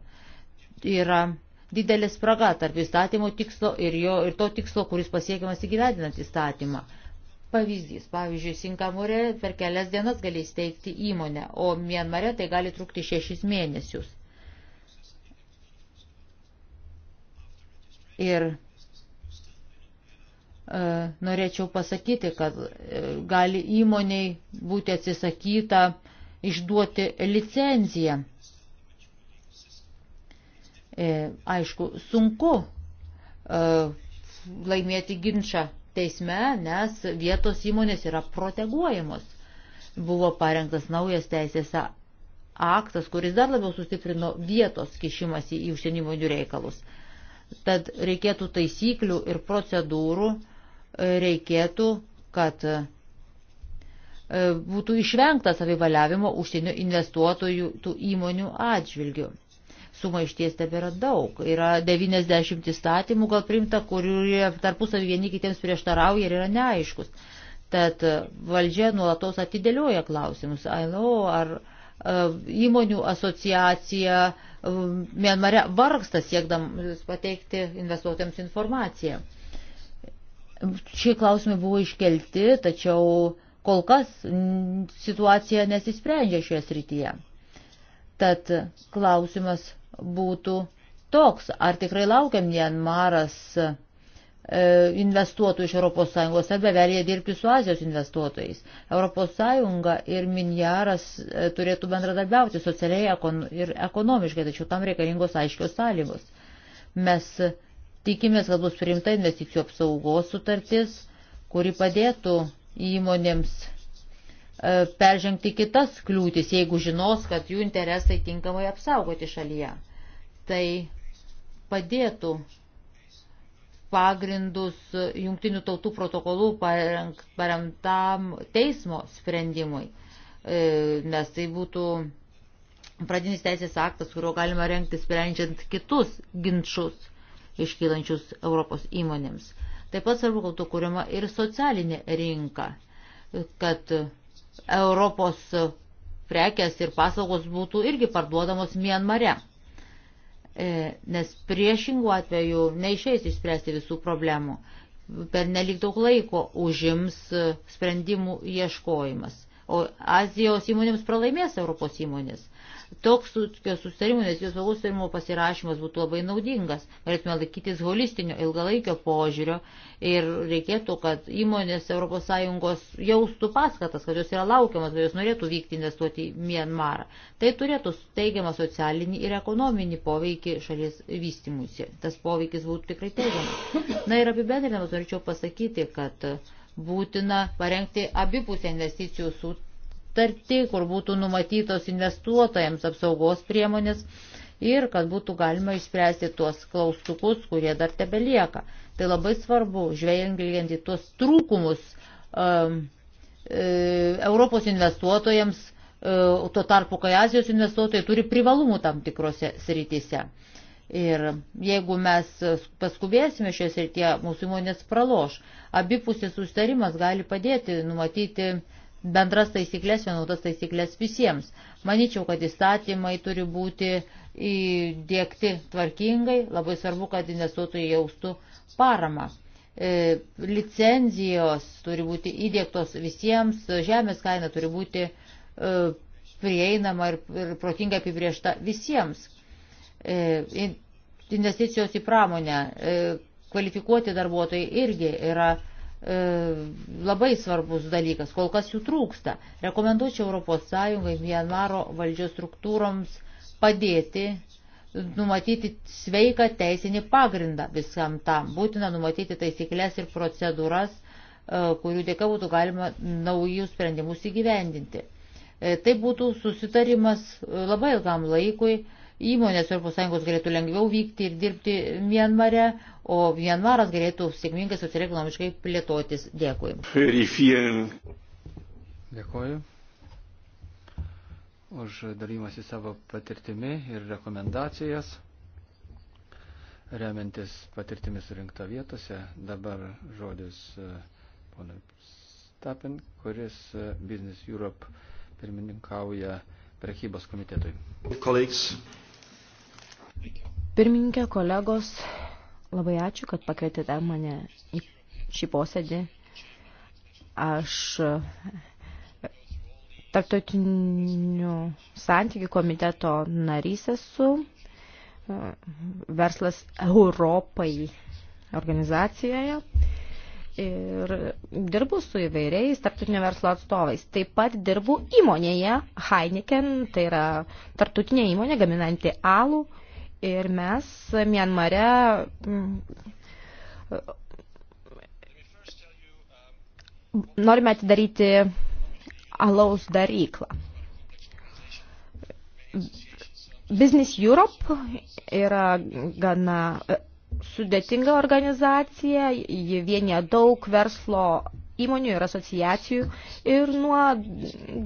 Yra didelė spraga tarp įstatymo tikslo ir, jo, ir to tikslo, kuris pasiekiamas įgyvendinant įstatymą. Pavyzdys, pavyzdžiui, Singamore per kelias dienas gali įsteigti įmonę, o Mienmare tai gali trukti šešis mėnesius. Ir e, norėčiau pasakyti, kad e, gali įmoniai būti atsisakyta išduoti licenciją E, aišku, sunku e, laimėti ginčą teisme, nes vietos įmonės yra proteguojamos. Buvo parengtas naujas teisės aktas, kuris dar labiau sustiprino vietos kišimasi į užsienio įmonių reikalus. Tad reikėtų taisyklių ir procedūrų, e, reikėtų, kad būtų išvengta savivaliavimo užsienio investuotojų tų įmonių atžvilgių sumaišties tebėra daug. Yra 90 įstatymų gal primta, kurie tarpusavį vieni kitiems prieštarauja ir yra neaiškus. Tad e, valdžia nuolatos atidėlioja klausimus. ILO ar e, įmonių asociacija e, Mianmare vargsta siekdam pateikti investuotėms informaciją. Šie klausimai buvo iškelti, tačiau kol kas situacija nesisprendžia šioje srityje. Tad klausimas būtų toks, ar tikrai laukiam Janmaras e, investuotų iš ES ar bevelėje dirbti su Azijos investuotojais. ES ir Minjaras e, turėtų bendradarbiauti socialiai ir ekonomiškai, tačiau tam reikalingos aiškios sąlygos. Mes tikimės, kad bus priimta investicijų apsaugos sutartis, kuri padėtų įmonėms E, peržengti kitas kliūtis, jeigu žinos, kad jų interesai tinkamai apsaugoti šalyje. Tai padėtų pagrindus jungtinių tautų protokolų paremtam teismo sprendimui, e, nes tai būtų pradinis teisės aktas, kurio galima renkti sprendžiant kitus ginčius iškylančius Europos įmonėms. Taip pat svarbu, kad būtų kuriama ir socialinė rinka, kad Europos prekes ir paslaugos būtų irgi parduodamos Mienmare. E, nes priešingų atveju neišeis išspręsti visų problemų. Per nelik daug laiko užims sprendimų ieškojimas. O Azijos įmonėms pralaimės Europos įmonės toks susitarimų, nes jos saugos susitarimų pasirašymas būtų labai naudingas. Galėtume laikytis holistinio ilgalaikio požiūrio ir reikėtų, kad įmonės ES jaustų paskatas, kad jos yra laukiamas, kad jos norėtų vykti investuoti į Mianmarą. Tai turėtų teigiamą socialinį ir ekonominį poveikį šalies vystimusi. Tas poveikis būtų tikrai teigiamas. Na ir apibendrinamas norėčiau pasakyti, kad būtina parengti abipusę investicijų sutartį sutartį, kur būtų numatytos investuotojams apsaugos priemonės ir kad būtų galima išspręsti tuos klaustukus, kurie dar tebelieka. Tai labai svarbu, žvelgiant į tuos trūkumus um, e, Europos investuotojams, e, tuo tarpu, kai Azijos investuotojai turi privalumų tam tikrose srityse. Ir jeigu mes paskubėsime šioje srityje, mūsų įmonės praloš. Abipusis sustarimas gali padėti numatyti bendras taisyklės, vienodas taisyklės visiems. Maničiau, kad įstatymai turi būti įdėkti tvarkingai, labai svarbu, kad investuotojai jaustų paramą. E, licenzijos turi būti įdėktos visiems, žemės kaina turi būti e, prieinama ir protingai apibriešta visiems. E, investicijos į pramonę, kvalifikuoti darbuotojai irgi yra E, labai svarbus dalykas, kol kas jų trūksta. Rekomenduočiau ES, Mianmaro valdžios struktūroms padėti numatyti sveiką teisinį pagrindą viskam tam. Būtina numatyti taisyklės ir procedūras, e, kurių dėka būtų galima naujus sprendimus įgyvendinti. E, tai būtų susitarimas labai ilgam laikui, įmonės Europos Sąjungos galėtų lengviau vykti ir dirbti Mienmare, o Mienmaras galėtų sėkmingai socialiai ekonomiškai plėtotis. Dėkui. Dėkuoju už dalymasi savo patirtimi ir rekomendacijas, remiantis patirtimi surinkta vietose. Dabar žodis e, ponui Stapin, kuris e, Business Europe pirmininkauja prekybos komitetui. Colleagues. Pirmininkė, kolegos, labai ačiū, kad pakvietėte mane į šį posėdį. Aš e, tarptautinių santykių komiteto narys esu, e, verslas Europai organizacijoje ir dirbu su įvairiais tarptautinio verslo atstovais. Taip pat dirbu įmonėje Heineken, tai yra tarptautinė įmonė gaminanti alų, Ir mes Mianmare mm, norime atidaryti alaus daryklą. Business Europe yra gana e, sudėtinga organizacija, ji vienyje daug verslo įmonių ir asociacijų ir nuo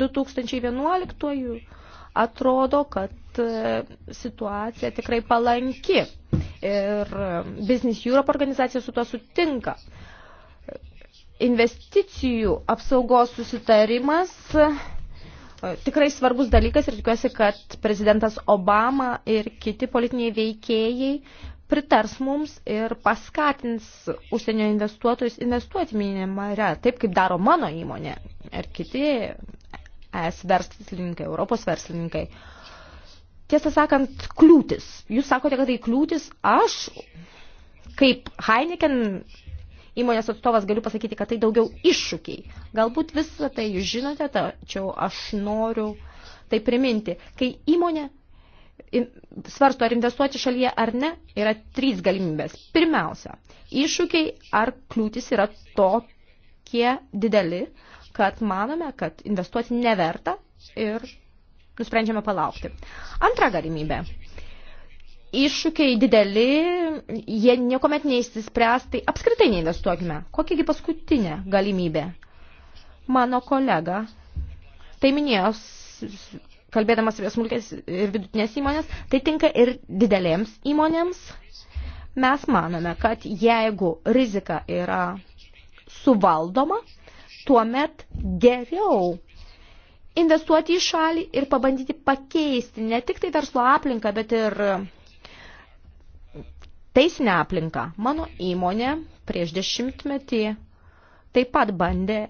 2011 atrodo, kad e, situacija tikrai palanki ir Business Europe organizacija su tuo sutinka. Investicijų apsaugos susitarimas e, tikrai svarbus dalykas ir tikiuosi, kad prezidentas Obama ir kiti politiniai veikėjai pritars mums ir paskatins užsienio investuotojus investuoti minimare, taip kaip daro mano įmonė ir kiti ES verslininkai, Europos verslininkai. Tiesą sakant, kliūtis. Jūs sakote, kad tai kliūtis. Aš, kaip Heineken įmonės atstovas, galiu pasakyti, kad tai daugiau iššūkiai. Galbūt visą tai jūs žinote, tačiau aš noriu tai priminti. Kai įmonė svarsto, ar investuoti šalyje ar ne, yra trys galimybės. Pirmiausia, iššūkiai ar kliūtis yra tokie dideli, kad manome, kad investuoti neverta ir nusprendžiame palaukti. Antra galimybė. Iššūkiai dideli, jie niekuomet neįsispręs, tai apskritai neinvestuokime. Kokiagi paskutinė galimybė? Mano kolega, tai minėjo, kalbėdamas apie smulkės ir vidutinės įmonės, tai tinka ir didelėms įmonėms. Mes manome, kad jeigu rizika yra suvaldoma, tuomet geriau investuoti į šalį ir pabandyti pakeisti ne tik tai verslo aplinką, bet ir teisinę aplinką. Mano įmonė prieš dešimtmetį taip pat bandė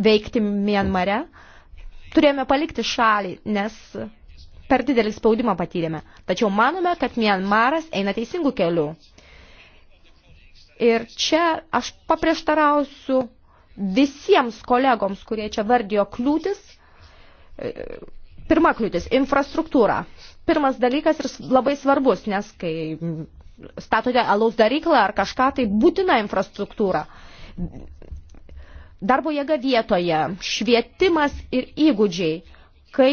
veikti Mienmare. Turėjome palikti šalį, nes per didelį spaudimą patyrėme. Tačiau manome, kad Mienmaras eina teisingų kelių. Ir čia aš paprieštarausiu visiems kolegoms, kurie čia vardijo kliūtis. E, pirma kliūtis – infrastruktūra. Pirmas dalykas ir labai svarbus, nes kai statote alaus daryklą ar kažką, tai būtina infrastruktūra. Darbo jėga vietoje, švietimas ir įgūdžiai. Kai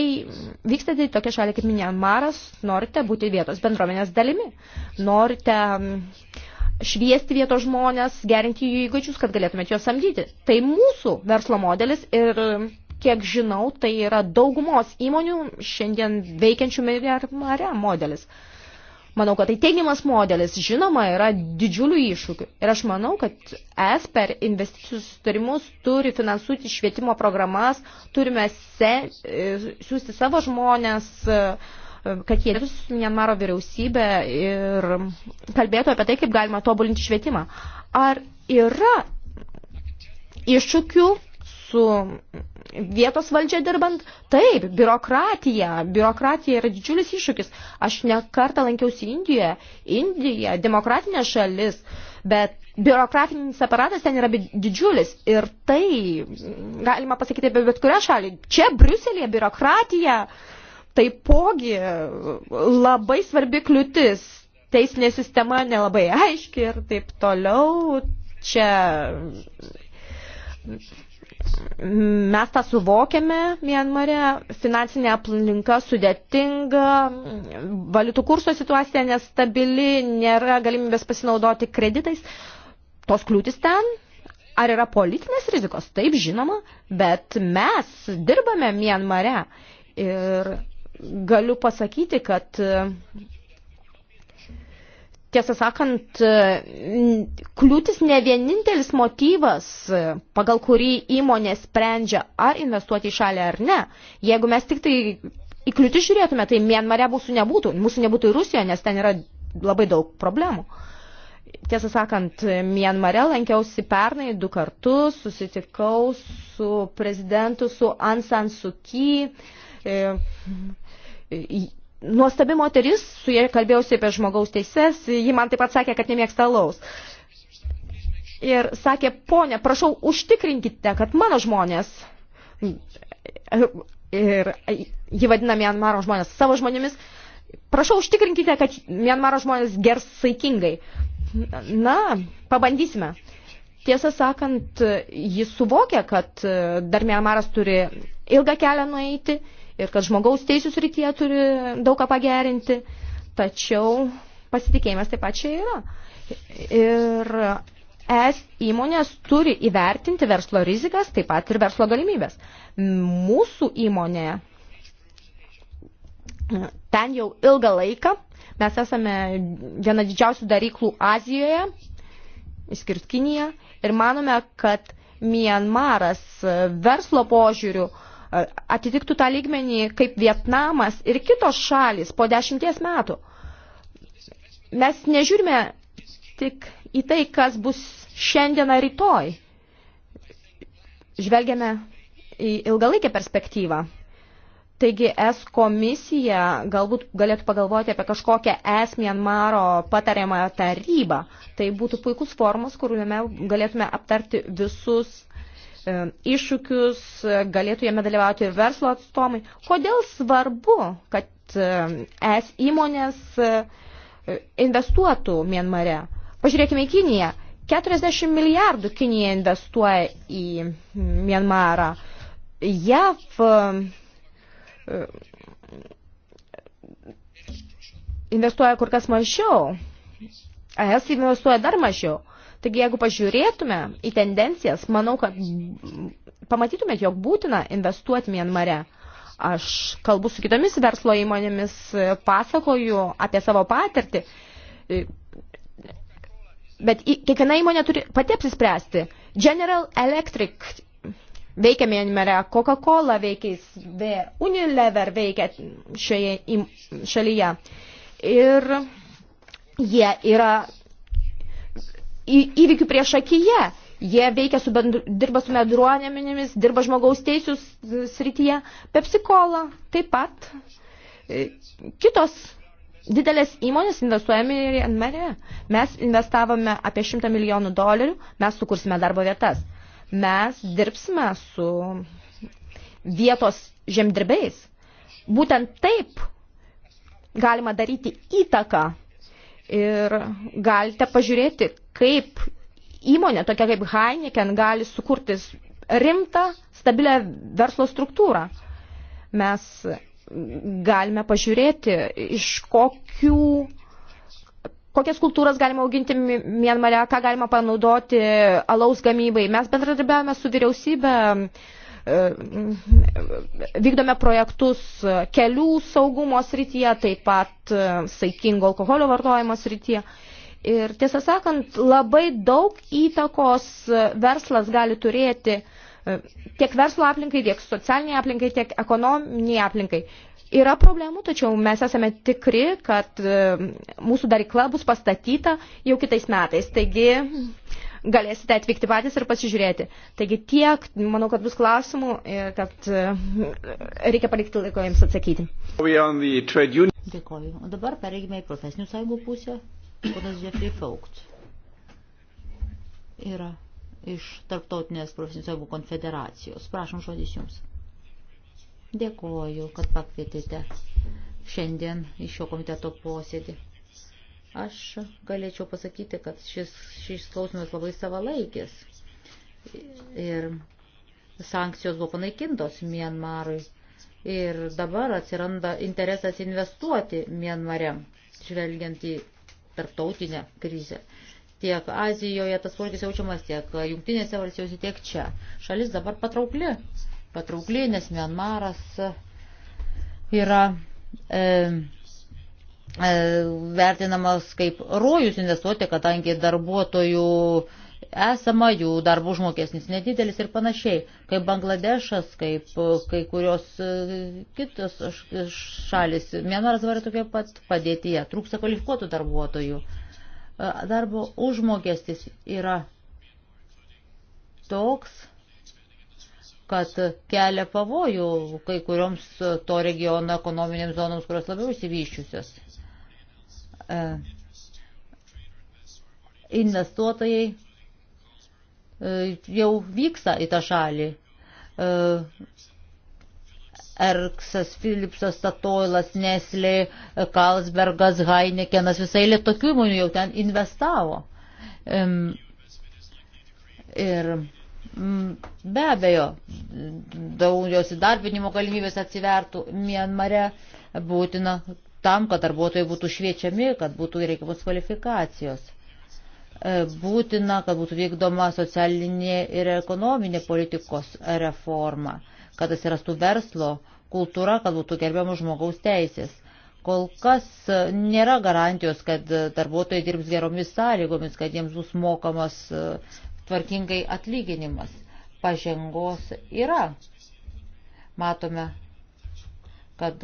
vykstate į tokią šalį kaip Myanmaras, norite būti vietos bendruomenės dalimi. Norite uh, šviesti vietos žmonės, gerinti jų įgūdžius, kad galėtumėte juos samdyti. Tai mūsų verslo modelis ir kiek žinau, tai yra daugumos įmonių šiandien veikiančių milijarmare modelis. Manau, kad tai teigiamas modelis, žinoma, yra didžiulių iššūkių. Ir aš manau, kad es per investicijų sustarimus turi finansuoti švietimo programas, turime se, e, siūsti savo žmonės, uh, kad jie su Mianmaro vyriausybė ir kalbėtų apie tai, kaip galima tobulinti švietimą. Ar yra iššūkių su vietos valdžia dirbant? Taip, biurokratija. Biurokratija yra didžiulis iššūkis. Aš nekartą lankiausi Indijoje. Indija, demokratinė šalis, bet biurokratinis aparatas ten yra didžiulis. Ir tai galima pasakyti apie bet kurią šalį. Čia Briuselėje biurokratija. Uh, taipogi labai svarbi kliūtis. Teisinė sistema nelabai aiški ir taip toliau. Čia mes tą suvokiame Mienmare, finansinė aplinka sudėtinga, valiutų kurso situacija nestabili, nėra galimybės pasinaudoti kreditais. Tos kliūtis ten Ar yra politinės rizikos? Taip, žinoma, bet mes dirbame Mienmare ir galiu pasakyti, kad tiesą sakant, kliūtis ne vienintelis motyvas, pagal kurį įmonė sprendžia, ar investuoti į šalį ar ne. Jeigu mes tik tai į kliūtį žiūrėtume, tai Mienmare mūsų nebūtų, mūsų nebūtų ir Rusijoje, nes ten yra labai daug problemų. Tiesą sakant, Mienmare lankiausi pernai du kartus, susitikau su prezidentu, su Ansan Suki. E, Nuostabi moteris, su jie kalbėjausi apie žmogaus teises, ji man taip pat sakė, kad nemėgsta laus ir sakė, ponė, prašau, užtikrinkite, kad mano žmonės, ir jį vadina Mianmaro žmonės savo žmonėmis, prašau, užtikrinkite, kad Mianmaro žmonės gers saikingai. Na, pabandysime. Tiesą sakant, jis suvokė, kad dar Mianmaras turi ilgą kelią nueiti ir kad žmogaus teisų srityje turi daug ką pagerinti, tačiau pasitikėjimas taip pat čia yra. Ir es įmonės turi įvertinti verslo rizikas, taip pat ir verslo galimybės. Mūsų įmonė ten jau ilgą laiką, mes esame viena didžiausių daryklų Azijoje, išskirt Kiniją, ir manome, kad Mianmaras verslo požiūrių uh, atitiktų tą lygmenį kaip Vietnamas ir kitos šalis po dešimties metų. Mes nežiūrime tik į tai, kas bus šiandieną rytoj. Žvelgiame į ilgalaikę perspektyvą. Taigi S komisija galbūt galėtų pagalvoti apie kažkokią S Mianmaro patariamą tarybą. Tai būtų puikus formas, kuriuo galėtume aptarti visus E, iššūkius, e, galėtų jame dalyvauti ir verslo atstovai. Kodėl svarbu, kad e, es įmonės investuotų Mienmare? Pažiūrėkime į Kiniją. 40 milijardų Kinija investuoja į Mienmarą. JAV investuoja kur kas mažiau. ES investuoja dar mažiau. Taigi, jeigu pažiūrėtume į tendencijas, manau, kad pamatytume, jog būtina investuoti Mienmare. Aš kalbu su kitomis verslo įmonėmis, pasakoju apie savo patirtį, bet kiekviena įmonė turi pati apsispręsti. General Electric veikia Mienmare, Coca-Cola veikia, Unilever veikia šioje šalyje. Ir jie yra įvykių prieš akije. Jie veikia su bendru, dirba su medruonėminimis, dirba žmogaus teisų srityje, pepsikola taip pat. E, kitos didelės įmonės investuoja Mianmare. Mes investavome apie 100 milijonų dolerių, mes sukursime darbo vietas. Mes dirbsime su vietos žemdirbiais. Būtent taip galima daryti įtaką ir galite pažiūrėti, kaip įmonė tokia kaip Heineken gali sukurti rimtą, stabilę verslo struktūrą. Mes galime pažiūrėti, iš kokių, kokias kultūras galima auginti Mienmare, ką galima panaudoti alaus gamybai. Mes bendradarbiavame su vyriausybė, uh, E, vykdome projektus kelių saugumo srityje, taip pat e, saikingo alkoholio vartojimo srityje. Ir tiesą sakant, labai daug įtakos e, verslas gali turėti tiek verslo aplinkai, tiek socialiniai aplinkai, tiek ekonominiai aplinkai. Yra problemų, tačiau mes esame tikri, kad mūsų darykla bus pastatyta jau kitais metais. Taigi galėsite atvykti patys ir pasižiūrėti. Taigi tiek, manau, kad bus klausimų ir kad e, reikia palikti laiko jums atsakyti. Dėkoju. O dabar pereigime į profesinių sąjungų pusę. Ponas Jeffrey Faukt yra iš Tarptautinės profesinių sąjungų konfederacijos. Prašom žodis jums. Dėkoju, kad pakvietėte šiandien iš šio komiteto posėdį. Aš galėčiau pasakyti, kad šis, šis klausimas labai savalaikis. Ir sankcijos buvo panaikintos Mienmarui. Ir dabar atsiranda interesas investuoti Mienmare, žvelgiant į tarptautinę krizę. Tiek Azijoje tas poreikis jaučiamas, tiek Jungtinėse valstijose, tiek čia. Šalis dabar patraukli. Patraukli, nes Mienmaras yra. E, E, vertinamas kaip rojus investuoti, kadangi darbuotojų esama, jų darbo užmokesnis nedidelis ir panašiai. Kaip Bangladešas, kaip e, kai kurios e, kitos šalis, Mienvaras varė tokia pat padėtyje, trūksta kvalifikuotų darbuotojų. Darbo užmokestis yra toks, kad kelia pavojų kai kurioms to regiono ekonominėms zonoms, kurios labiau įsivyščiusios. E, investuotojai e, jau vyksta į tą šalį. E, Erksas, Philipsas, Statoilas, Nestlé, Kalsbergas, Heinekenas, visai lietokių įmonių jau ten investavo. Ir be abejo, daug jos įdarbinimo galimybės atsivertų Mienmare, būtina tam, kad darbuotojai būtų šviečiami, kad būtų reikiamos kvalifikacijos. E, būtina, kad būtų vykdoma socialinė ir ekonominė politikos reforma, kad atsirastų verslo kultūra, kad būtų gerbiamos žmogaus teisės. Kol kas e, nėra garantijos, kad darbuotojai dirbs geromis sąlygomis, kad jiems bus mokamas e, tvarkingai atlyginimas. Pažengos yra. Matome, kad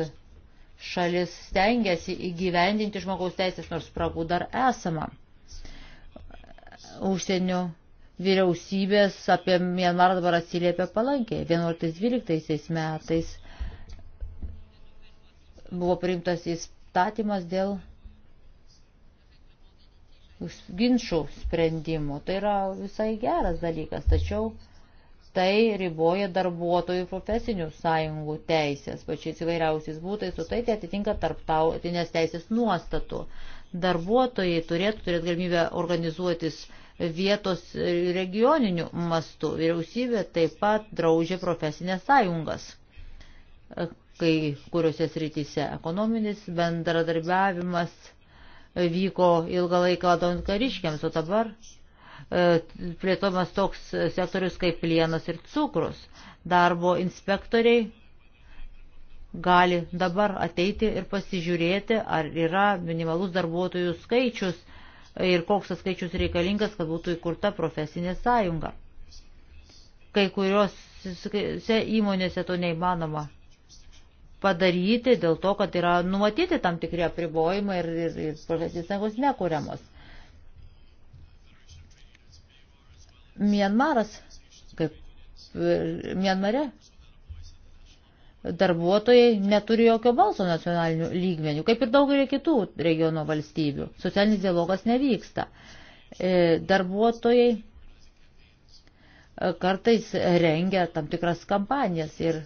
šalis stengiasi įgyvendinti žmogaus teisės, nors spragų dar esama. Užsienio vyriausybės apie Mienmarą dabar atsiliepia palankiai. 11-12 metais buvo priimtas įstatymas dėl ginčių sprendimų. Tai yra visai geras dalykas, tačiau tai riboja darbuotojų profesinių sąjungų teisės, pačiais įvairiausiais būtais, o tai atitinka tarptautinės teisės nuostatų. Darbuotojai turėtų turėti galimybę organizuotis vietos regioniniu mastu. Vyriausybė taip pat draudžia profesinės sąjungas, e, kai kuriuose srityse ekonominis bendradarbiavimas vyko ilgą laiką vadovant kariškiams, o dabar E, plėtojamas toks sektorius kaip plienas ir cukrus. Darbo inspektoriai gali dabar ateiti ir pasižiūrėti, ar yra minimalus darbuotojų skaičius ir koks tas skaičius reikalingas, kad būtų įkurta profesinė sąjunga. Kai kuriuose įmonėse to neįmanoma padaryti dėl to, kad yra numatyti tam tikri apribojimai ir, ir, ir profesinės sąjungos nekuriamos. Mienmaras, kaip Mienmare, darbuotojai neturi jokio balso nacionalinių lygmenių, kaip ir daugelį kitų regiono valstybių. Socialinis dialogas nevyksta. E, darbuotojai e, kartais rengia tam tikras kampanijas ir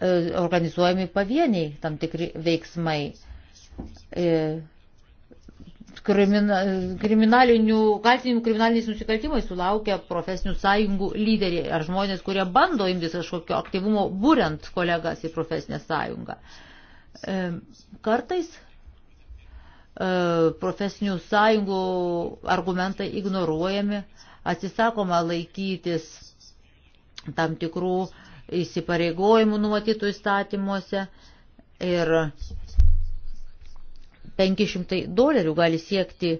e, organizuojami pavieniai tam tikri veiksmai krimina, kriminalinių, kaltinimų kriminaliniais nusikaltimais sulaukia profesinių sąjungų lyderiai ar žmonės, kurie bando imtis kažkokio aktyvumo, būrent kolegas į profesinę sąjungą. E, kartais e, profesinių sąjungų argumentai ignoruojami, atsisakoma laikytis tam tikrų įsipareigojimų numatytų įstatymuose ir 500 dolerių gali siekti e,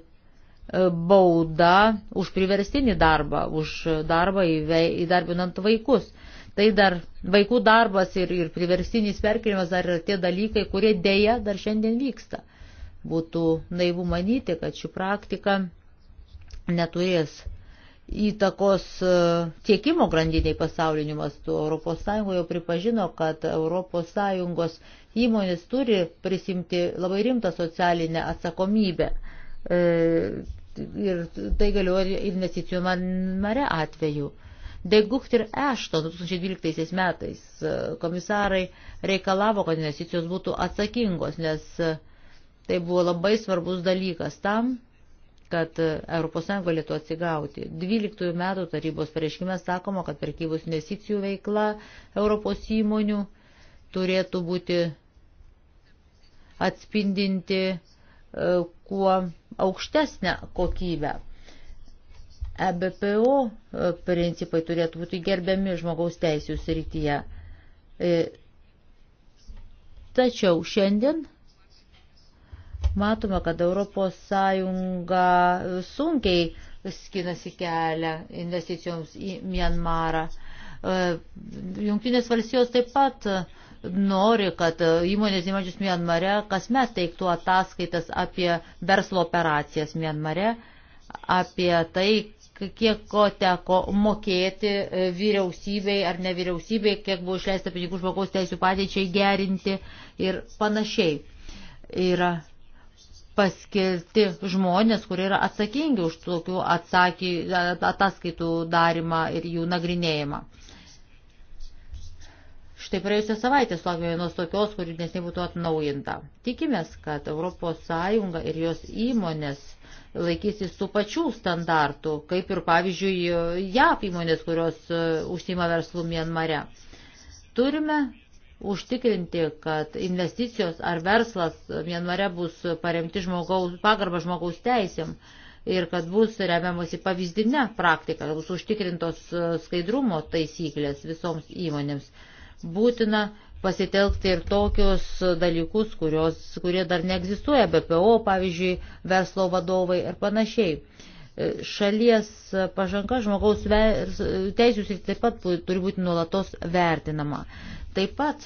bauda už priverstinį darbą, už darbą įdarbinant vaikus. Tai dar vaikų darbas ir, ir priverstinis perkelimas dar yra tie dalykai, kurie dėja dar šiandien vyksta. Būtų naivu manyti, kad ši praktika neturės įtakos e, tiekimo grandiniai pasauliniu mastu. ES jau pripažino, kad ES įmonės turi prisimti labai rimtą socialinę atsakomybę. E, ir tai galioja ir investicijų mare atveju. Degucht ir Ešto 2012 metais e, komisarai reikalavo, kad investicijos būtų atsakingos, nes tai buvo labai svarbus dalykas tam, kad ES galėtų atsigauti. 12 metų tarybos pareiškime sakoma, kad prekybos investicijų veikla Europos įmonių turėtų būti atspindinti e, kuo aukštesnę kokybę. EBPO e, principai turėtų būti gerbiami žmogaus teisų srityje. E, tačiau šiandien Matome, kad ES sunkiai skinasi kelią investicijoms į Mianmarą. E, Junktinės valstijos taip pat nori, kad įmonės įmančius Mianmare kasmet teiktų ataskaitas apie verslo operacijas Mianmare, apie tai, kiek ko teko mokėti vyriausybei ar nevyriausybei, kiek buvo išleista pinigų žmogaus teisų padėčiai gerinti ir panašiai. Yra paskirti žmonės, kurie yra atsakingi už tokių atsaky, ataskaitų darimą ir jų nagrinėjimą. Štai praėjusią savaitę sulaukėme vienos tokios, kuri nesnei būtų atnaujinta. Tikimės, kad ES ir jos įmonės laikysis tų pačių standartų, kaip ir pavyzdžiui JAP įmonės, kurios e, užsima verslų Mienmare. Turime užtikrinti, kad investicijos ar verslas Mienmare bus paremti žmogaus, pagarbą žmogaus teisėm ir kad bus remiamasi pavyzdinė praktika, kad bus užtikrintos e, skaidrumo taisyklės visoms įmonėms. Būtina pasitelkti ir tokius dalykus, kurios, kurie dar neegzistuoja, BPO, pavyzdžiui, verslo vadovai ir panašiai. E, šalies pažanga žmogaus teisės ir taip pat turi būti nuolatos vertinama. Taip pat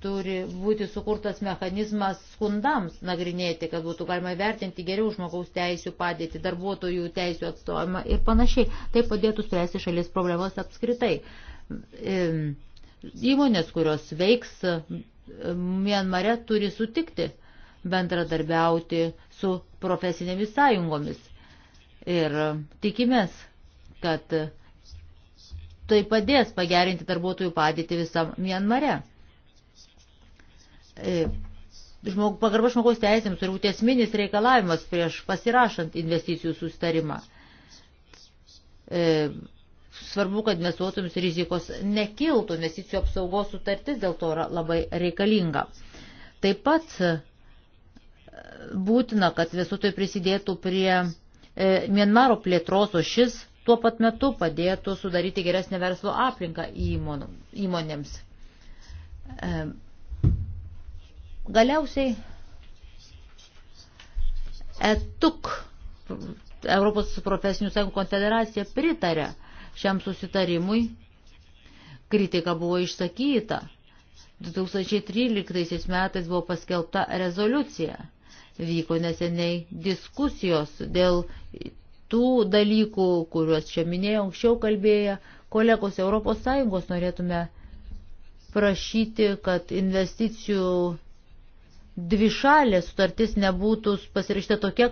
turi būti sukurtas mechanizmas skundams nagrinėti, kad būtų galima vertinti geriau žmogaus teisų padėti, darbuotojų teisų atstovimą ir panašiai. Tai padėtų spręsti šalies problemas apskritai. Įmonės, kurios veiks Mienmare, turi sutikti bendradarbiauti su profesinėmis sąjungomis. Ir tikimės, kad tai padės pagerinti darbuotojų padėtį visam Mianmare. E, žmog, pagarba žmogaus teisėms turi būti esminis reikalavimas prieš pasirašant investicijų sustarimą. E, svarbu, kad investuotojams rizikos nekiltų, investicijų apsaugos sutartis dėl to yra labai reikalinga. Taip pat e, būtina, kad investuotojai prisidėtų prie Mienmaro plėtros, o šis tuo pat metu padėtų sudaryti geresnę verslo aplinką įmonėms. Galiausiai ETUK, Europos profesinių sąjungų konfederacija, pritarė šiam susitarimui. Kritika buvo išsakyta. 2013 metais buvo paskelbta rezoliucija. Vyko neseniai diskusijos dėl kitų dalykų, kuriuos čia minėjau anksčiau kalbėję kolegos ES norėtume prašyti, kad investicijų dvišalė sutartis nebūtų pasirašyta tokia,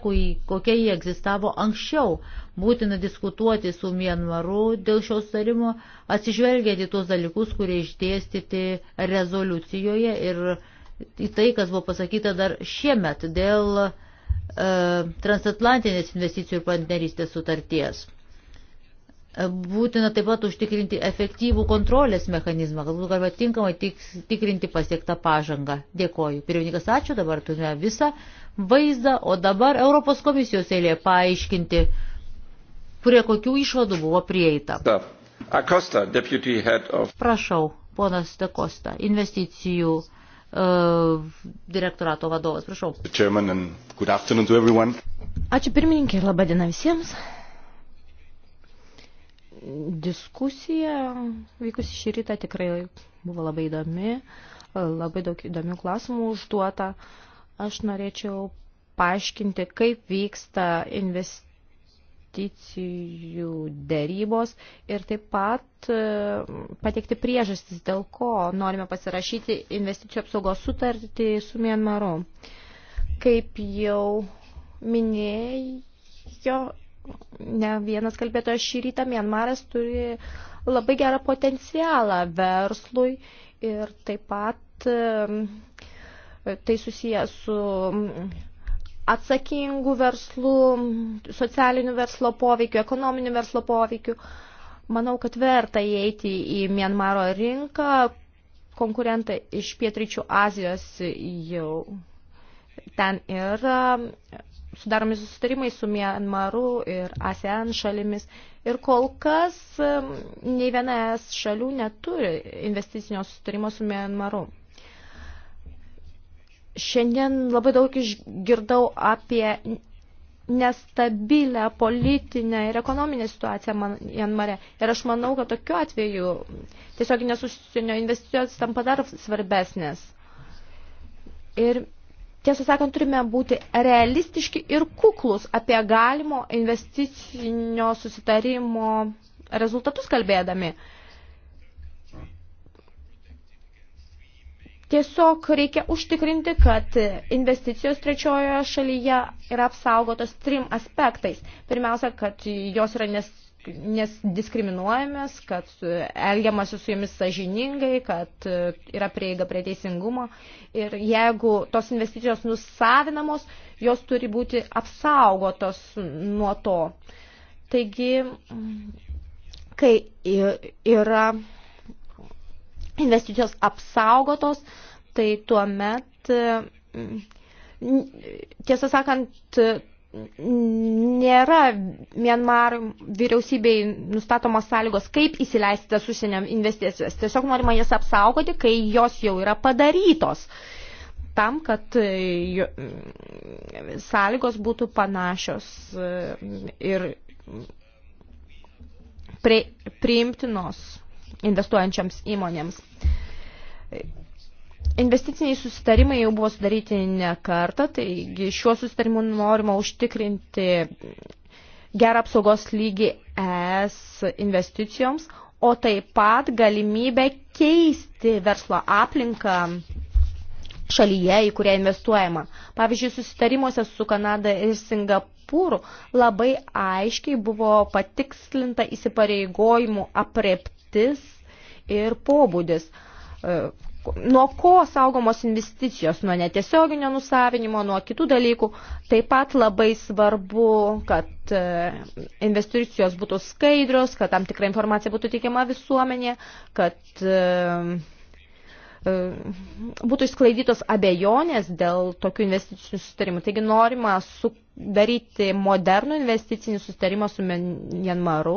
kokia jie egzistavo anksčiau. Būtina diskutuoti su Mienmaru dėl šios tarimo, atsižvelgėti tuos dalykus, kurie išdėstyti rezoliucijoje ir į tai, kas buvo pasakyta dar šiemet dėl uh, E, transatlantinės investicijų ir partnerystės sutarties. E, būtina taip pat užtikrinti efektyvų kontrolės mechanizmą, kad būtų galima tinkamai tik, tikrinti pasiektą pažangą. Dėkoju. Pirmininkas, ačiū, dabar turime visą vaizdą, o dabar Europos komisijos eilė paaiškinti, prie kokių išvadų buvo prieita. Acosta, of... Prašau, ponas Dekosta, investicijų Uh, direktorato vadovas. Prašau. Ačiū pirmininkė, laba diena visiems. Diskusija vykusi šį rytą tikrai buvo labai įdomi, labai daug įdomių klausimų užduota. Aš norėčiau paaiškinti, kaip vyksta investicijos investicijų dėrybos ir taip pat e, pateikti priežastis, dėl ko norime pasirašyti investicijų apsaugos sutartį su Mienmaru. Kaip jau minėjo ne vienas kalbėtojas šį rytą, Mienmaras turi labai gerą potencialą verslui ir taip pat e, tai susijęs su atsakingų verslų, socialinių verslo poveikių, ekonominių verslo poveikių. Manau, kad verta įeiti į Mienmaro rinką. Konkurentai iš pietryčių Azijos jau ten yra sudaromi susitarimai su Mienmaru ir ASEAN šalimis. Ir kol kas um, nei viena es šalių neturi investicinio susitarimo su Mienmaru. Šiandien labai daug išgirdau apie nestabilę politinę ir ekonominę situaciją Janmare. Ir aš manau, kad tokiu atveju tiesiog nesusienio investicijos tampa dar svarbesnės. Ir tiesą sakant, turime būti realistiški ir kuklus apie galimo investicinio susitarimo rezultatus kalbėdami. Uh, Tiesiog reikia užtikrinti, kad investicijos trečiojoje šalyje yra apsaugotos trim aspektais. Pirmiausia, kad jos yra nes, nesdiskriminuojamas, kad elgiamasi su jomis sažiningai, kad yra prieiga prie teisingumo. Ir jeigu tos investicijos nusavinamos, jos turi būti apsaugotos nuo to. Taigi, kai yra investicijos apsaugotos, tai tuo met, mm, tiesą sakant, nėra Mienmar vyriausybei nustatomos sąlygos, kaip įsileisti tas užsienio investicijas. Tiesiog norima jas apsaugoti, kai jos jau yra padarytos tam, kad mm, sąlygos būtų panašios mm, ir priimtinos investuojančiams įmonėms. Investiciniai susitarimai jau buvo sudaryti ne kartą, taigi šiuo susitarimu norima užtikrinti gerą apsaugos lygį ES investicijoms, o taip pat galimybę keisti verslo aplinką šalyje, į kurią investuojama. Pavyzdžiui, susitarimuose su Kanada ir Singapūru labai aiškiai buvo patikslinta įsipareigojimų apreptis ir pobūdis. E, nuo ko saugomos investicijos, nuo netiesioginio nusavinimo, nuo kitų dalykų. Taip pat labai svarbu, kad e, investicijos būtų skaidrios, kad tam tikra informacija būtų teikiama visuomenė, kad uh, E, būtų išsklaidytos abejonės dėl tokių investicinių sustarimų. Taigi norima sudaryti modernų investicinį sustarimą su Mienmaru,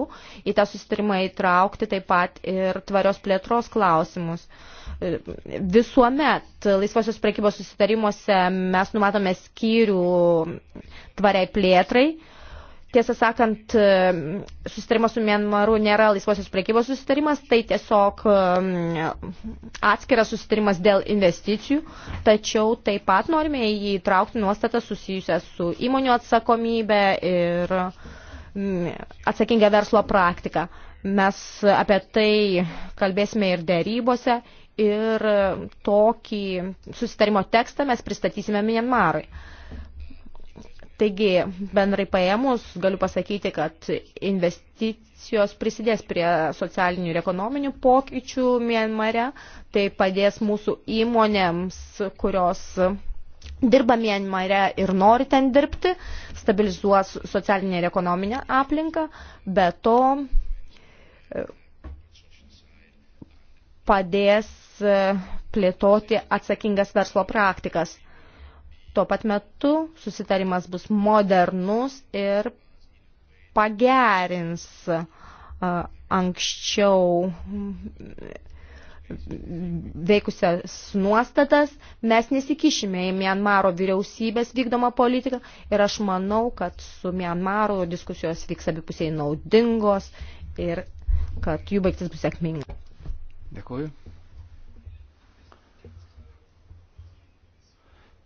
į tą sustarimą įtraukti taip pat ir tvarios plėtros klausimus. E, visuomet laisvosios prekybos susitarimuose mes numatome skyrių tvariai plėtrai, tiesą sakant, e, susitarimas su Mienmaru nėra laisvosios priekybos susitarimas, tai tiesiog atskiras susitarimas dėl investicijų, tačiau taip pat norime jį įtraukti nuostatą susijusią su įmonių atsakomybė ir atsakinga verslo praktika. Mes apie tai kalbėsime ir dėrybose ir tokį susitarimo tekstą mes pristatysime Mienmarui. Taigi, bendrai paėmus, galiu pasakyti, kad investicijos prisidės prie socialinių ir ekonominių pokyčių Mienmare, tai padės mūsų įmonėms, kurios dirba Mienmare ir nori ten dirbti, stabilizuos socialinę ir ekonominę aplinką, be to padės e, plėtoti atsakingas verslo praktikas. Tuo pat metu susitarimas bus modernus ir pagerins anksčiau veikusias nuostatas, mes nesikišime į Mianmaro vyriausybės vykdomą politiką ir aš manau, kad su Mianmaro diskusijos vyks abipusiai naudingos ir kad jų baigtis bus sėkminga. Dėkuoju.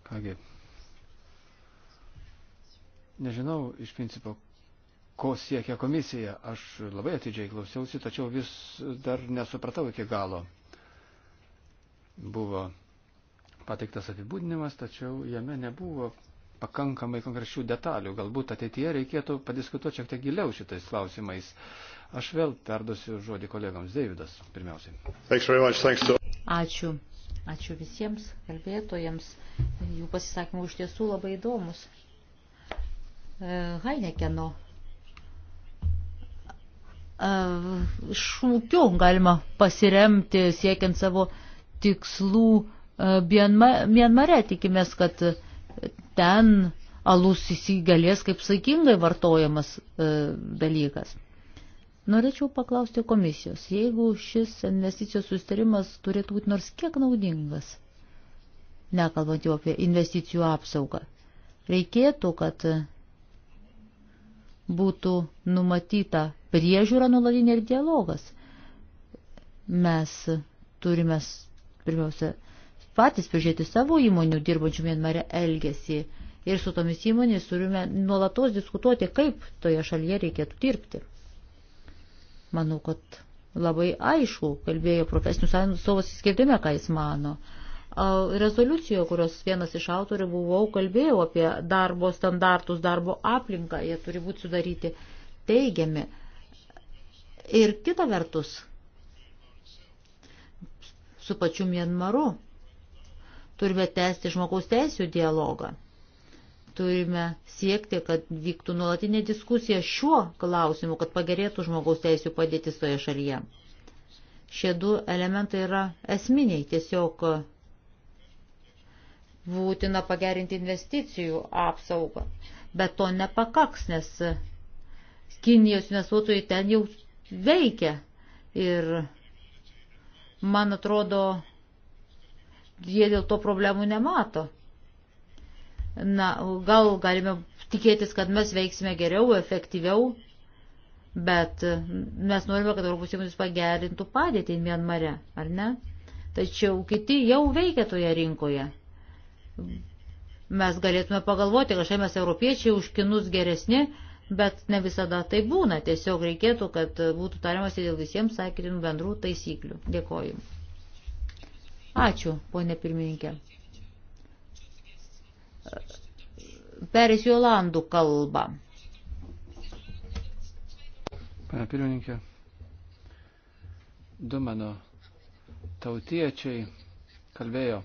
Kągi, nežinau iš principo, ko siekia komisija. Aš labai atidžiai klausiausi, tačiau vis dar nesupratau iki galo. Buvo pateiktas apibūdinimas, tačiau jame nebuvo pakankamai konkrečių detalių. Galbūt ateityje reikėtų padiskutuoti šiek tiek giliau šitais klausimais. Aš vėl perduosiu žodį kolegams. Davidas, pirmiausiai. Ačiū. Ačiū visiems kalbėtojams. Jų pasisakymų iš tiesų labai įdomus. Hainekeno šūkiu galima pasiremti siekiant savo tikslų Mienmare. Tikimės, kad ten alus įsigalės kaip saikingai vartojamas dalykas. Norėčiau paklausti komisijos, jeigu šis investicijos sustarimas turėtų būti nors kiek naudingas, nekalbant jau apie investicijų apsaugą, reikėtų, kad būtų numatyta priežiūra nulatinė ir dialogas. Mes turime pirmiausia patys prižiūrėti savo įmonių dirbančių Mienmare elgesį ir su tomis įmonės turime nuolatos diskutuoti, kaip toje šalyje reikėtų dirbti. Manau, kad labai aišku kalbėjo profesinių sąjungų savo įskirdime, ką jis mano. Uh, rezoliucijoje, kurios vienas iš autorių buvau, kalbėjau apie darbo standartus, darbo aplinką, jie turi būti sudaryti teigiami. Ir kita vertus, su pačiu Mienmaru turime tęsti žmogaus teisų dialogą. Turime siekti, kad vyktų nuolatinė diskusija šiuo klausimu, kad pagerėtų žmogaus teisų padėtis toje šalyje. Šie du elementai yra esminiai, tiesiog būtina pagerinti investicijų apsaugą. Bet to nepakaks, nes Kinijos investuotojai ten jau veikia. Ir man atrodo, jie dėl to problemų nemato. Na, gal galime tikėtis, kad mes veiksime geriau, efektyviau, bet mes norime, kad Europos įmonės pagerintų padėtį Mianmare, ar ne? Tačiau kiti jau veikia toje rinkoje. Mes galėtume pagalvoti, kad štai mes europiečiai už kinus geresni, bet ne visada tai būna. Tiesiog reikėtų, kad būtų tariamasi dėl visiems sakytinų bendrų taisyklių. Dėkoju. Ačiū, ponė pirmininkė. Perėsiu Olandų kalbą. Pane pirmininkė, du mano tautiečiai kalbėjo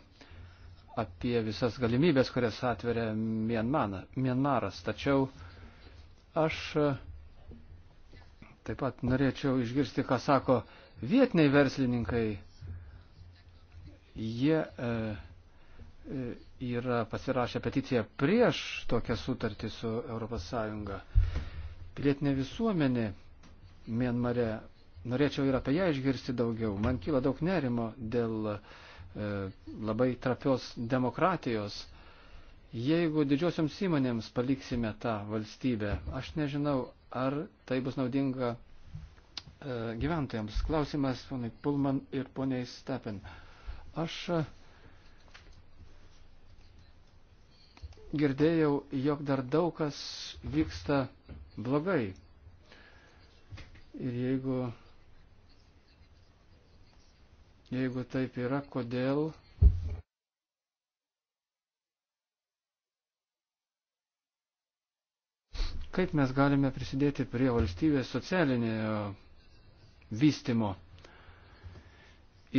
apie visas galimybės, kurias atveria Mienmaras. Tačiau aš e, taip pat norėčiau išgirsti, ką sako vietiniai verslininkai. Jie e, e yra pasirašę peticiją prieš tokią sutartį su ES. Pilietinė visuomenė Mienmare. Norėčiau ir apie ją išgirsti daugiau. Man kyla daug nerimo dėl e, E, labai trapios demokratijos. Jeigu didžiosioms įmonėms paliksime tą valstybę, aš nežinau, ar tai bus naudinga e, gyventojams. Klausimas, ponai Pulman ir poniai Stepen. Aš e, girdėjau, jog dar daug kas vyksta blogai. Ir jeigu Jeigu taip yra, kodėl kaip mes galime prisidėti prie valstybės socialinio vystimo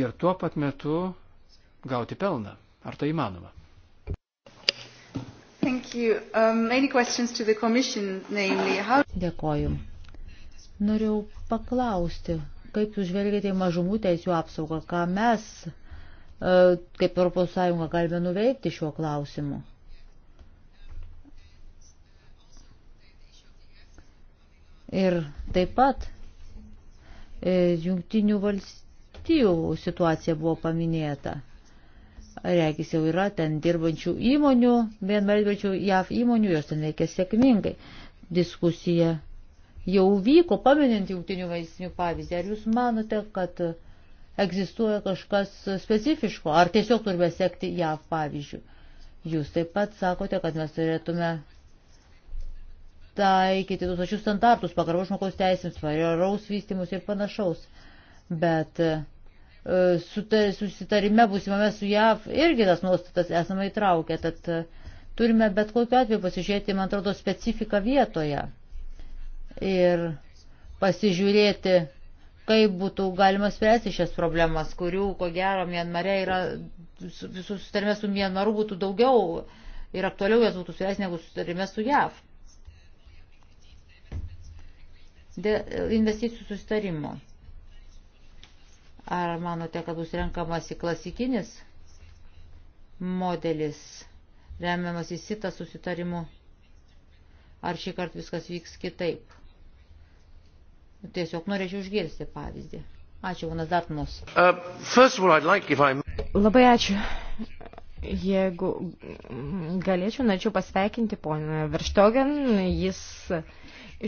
ir tuo pat metu gauti pelną. Ar tai įmanoma? Um, commission, namely, how... Dėkoju. Norėjau paklausti, Kaip jūs žvelgiate į mažumų teisų apsaugą, ką mes e, kaip ES galime nuveikti šiuo klausimu? Ir taip pat e, jungtinių valstijų situacija buvo paminėta. Regis jau yra ten dirbančių įmonių, vienmardirbančių JAV įmonių, jos ten veikia sėkmingai. Diskusija jau vyko, paminint jungtinių vaistinių pavyzdį. Ar jūs manote, kad egzistuoja kažkas specifiško, ar tiesiog turime sekti JAV pavyzdžių? Jūs taip pat sakote, kad mes turėtume taikyti tos pačius standartus, pagarbos žmogaus teisėms, tvariaus vystimus ir panašaus. Bet e, susitarime būsimame su JAV irgi tas nuostatas esame įtraukę, tad e, turime bet kokiu atveju pasižiūrėti, man atrodo, specifiką vietoje ir pasižiūrėti, kaip būtų galima spręsti šias problemas, kurių, ko gero, Mienmare yra, visų sutarime su Mienmaru būtų daugiau ir aktualiau jas būtų spręsti negu sutarime su JAV. Dėl investicijų susitarimo. Ar manote, kad bus renkamas į klasikinis modelis, remiamas į sitą susitarimu, ar šį kartą viskas vyks kitaip? Tiesiog norėčiau išgirsti pavyzdį. Ačiū, Vonas Dartmus. Uh, like, I... Labai ačiū. Jeigu galėčiau, norėčiau pasveikinti poną Verštogen. Jis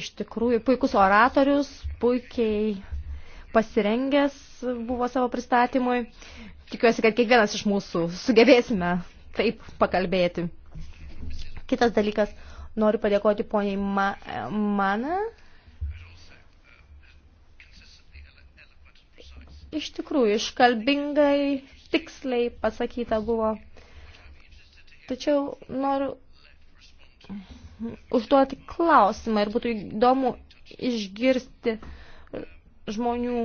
iš tikrųjų puikus oratorius, puikiai pasirengęs buvo savo pristatymui. Tikiuosi, kad kiekvienas iš mūsų sugebėsime taip pakalbėti. Kitas dalykas, noriu padėkoti poniai Ma Mana. Ma Iš tikrųjų, iškalbingai, tiksliai pasakyta buvo. Tačiau noriu užduoti klausimą ir būtų įdomu išgirsti žmonių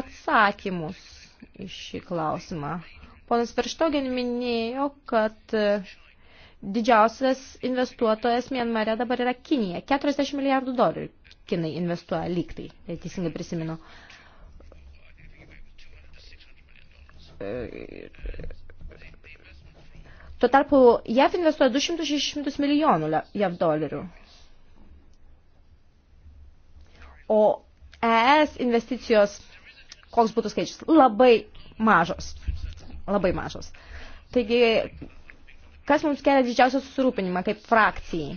atsakymus iš šį klausimą. Ponas Verštogen minėjo, kad didžiausias investuotojas Mianmare dabar yra Kinija. 40 milijardų dolerių kinai investuoja lygtai, teisingai prisimenu. Tuo tarpu JAV investuoja 200-600 milijonų JAV dolerių. O ES investicijos, koks būtų skaičius, labai mažos. Labai mažos. Taigi, kas mums kelia didžiausią susirūpinimą kaip frakcijai,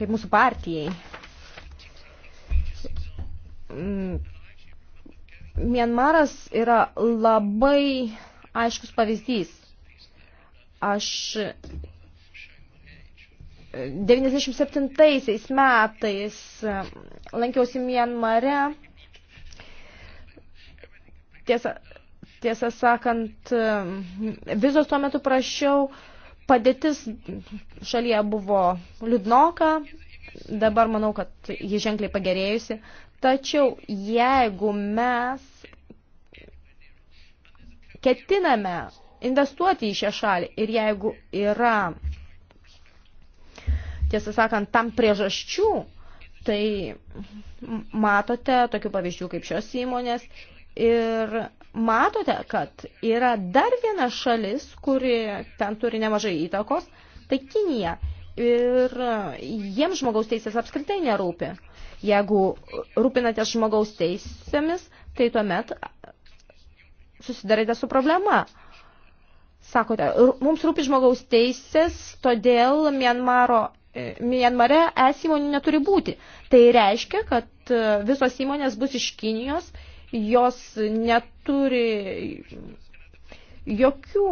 kaip mūsų partijai? Mm, Mienmaras yra labai aiškus pavyzdys. Aš 97 metais um, lankiausi Mienmare. Tiesa, tiesą sakant, um, vizos tuo metu prašiau, padėtis šalyje buvo liūdnoka, dabar manau, kad ji ženkliai pagerėjusi, Tačiau jeigu mes ketiname investuoti į šią šalį ir jeigu yra, tiesą sakant, tam priežasčių, tai matote tokių pavyzdžių kaip šios įmonės ir matote, kad yra dar viena šalis, kuri ten turi nemažai įtakos, tai Kinija. Ir jiems žmogaus teisės apskritai nerūpi. Jeigu rūpinate žmogaus teisėmis, tai tuomet susidarėte su problema. Sakote, mums rūpi žmogaus teisės, todėl Mianmaro, e, Mianmare es įmonių neturi būti. Tai reiškia, kad e, visos įmonės bus iš Kinijos, jos neturi jokių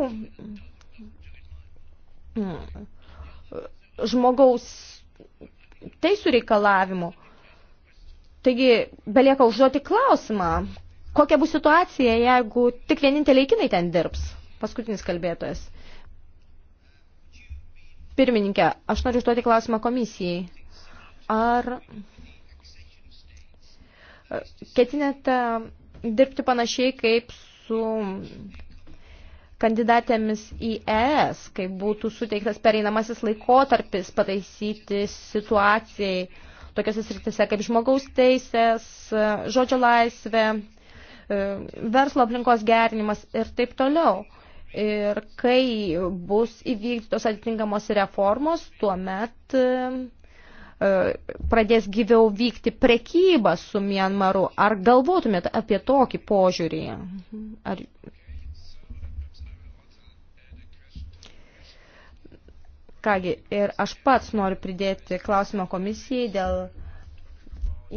mm, žmogaus teisų reikalavimų. Taigi, belieka užduoti klausimą, kokia bus situacija, jeigu tik vieninteliai kinai ten dirbs? Paskutinis kalbėtojas. Pirmininkė, aš noriu užduoti klausimą komisijai. Ar ketinate dirbti panašiai kaip su kandidatėmis į ES, kai būtų suteiktas pereinamasis laikotarpis pataisyti situacijai? tokiose sritise kaip žmogaus teisės, žodžio laisvė, e, verslo aplinkos gerinimas ir taip toliau. Ir kai bus įvykdytos atitinkamos reformos, tuomet e, e, pradės gyviau vykti prekybą su Mianmaru. Ar galvotumėt apie tokį požiūrį? Ar Kągi, ir aš pats noriu pridėti klausimą komisijai dėl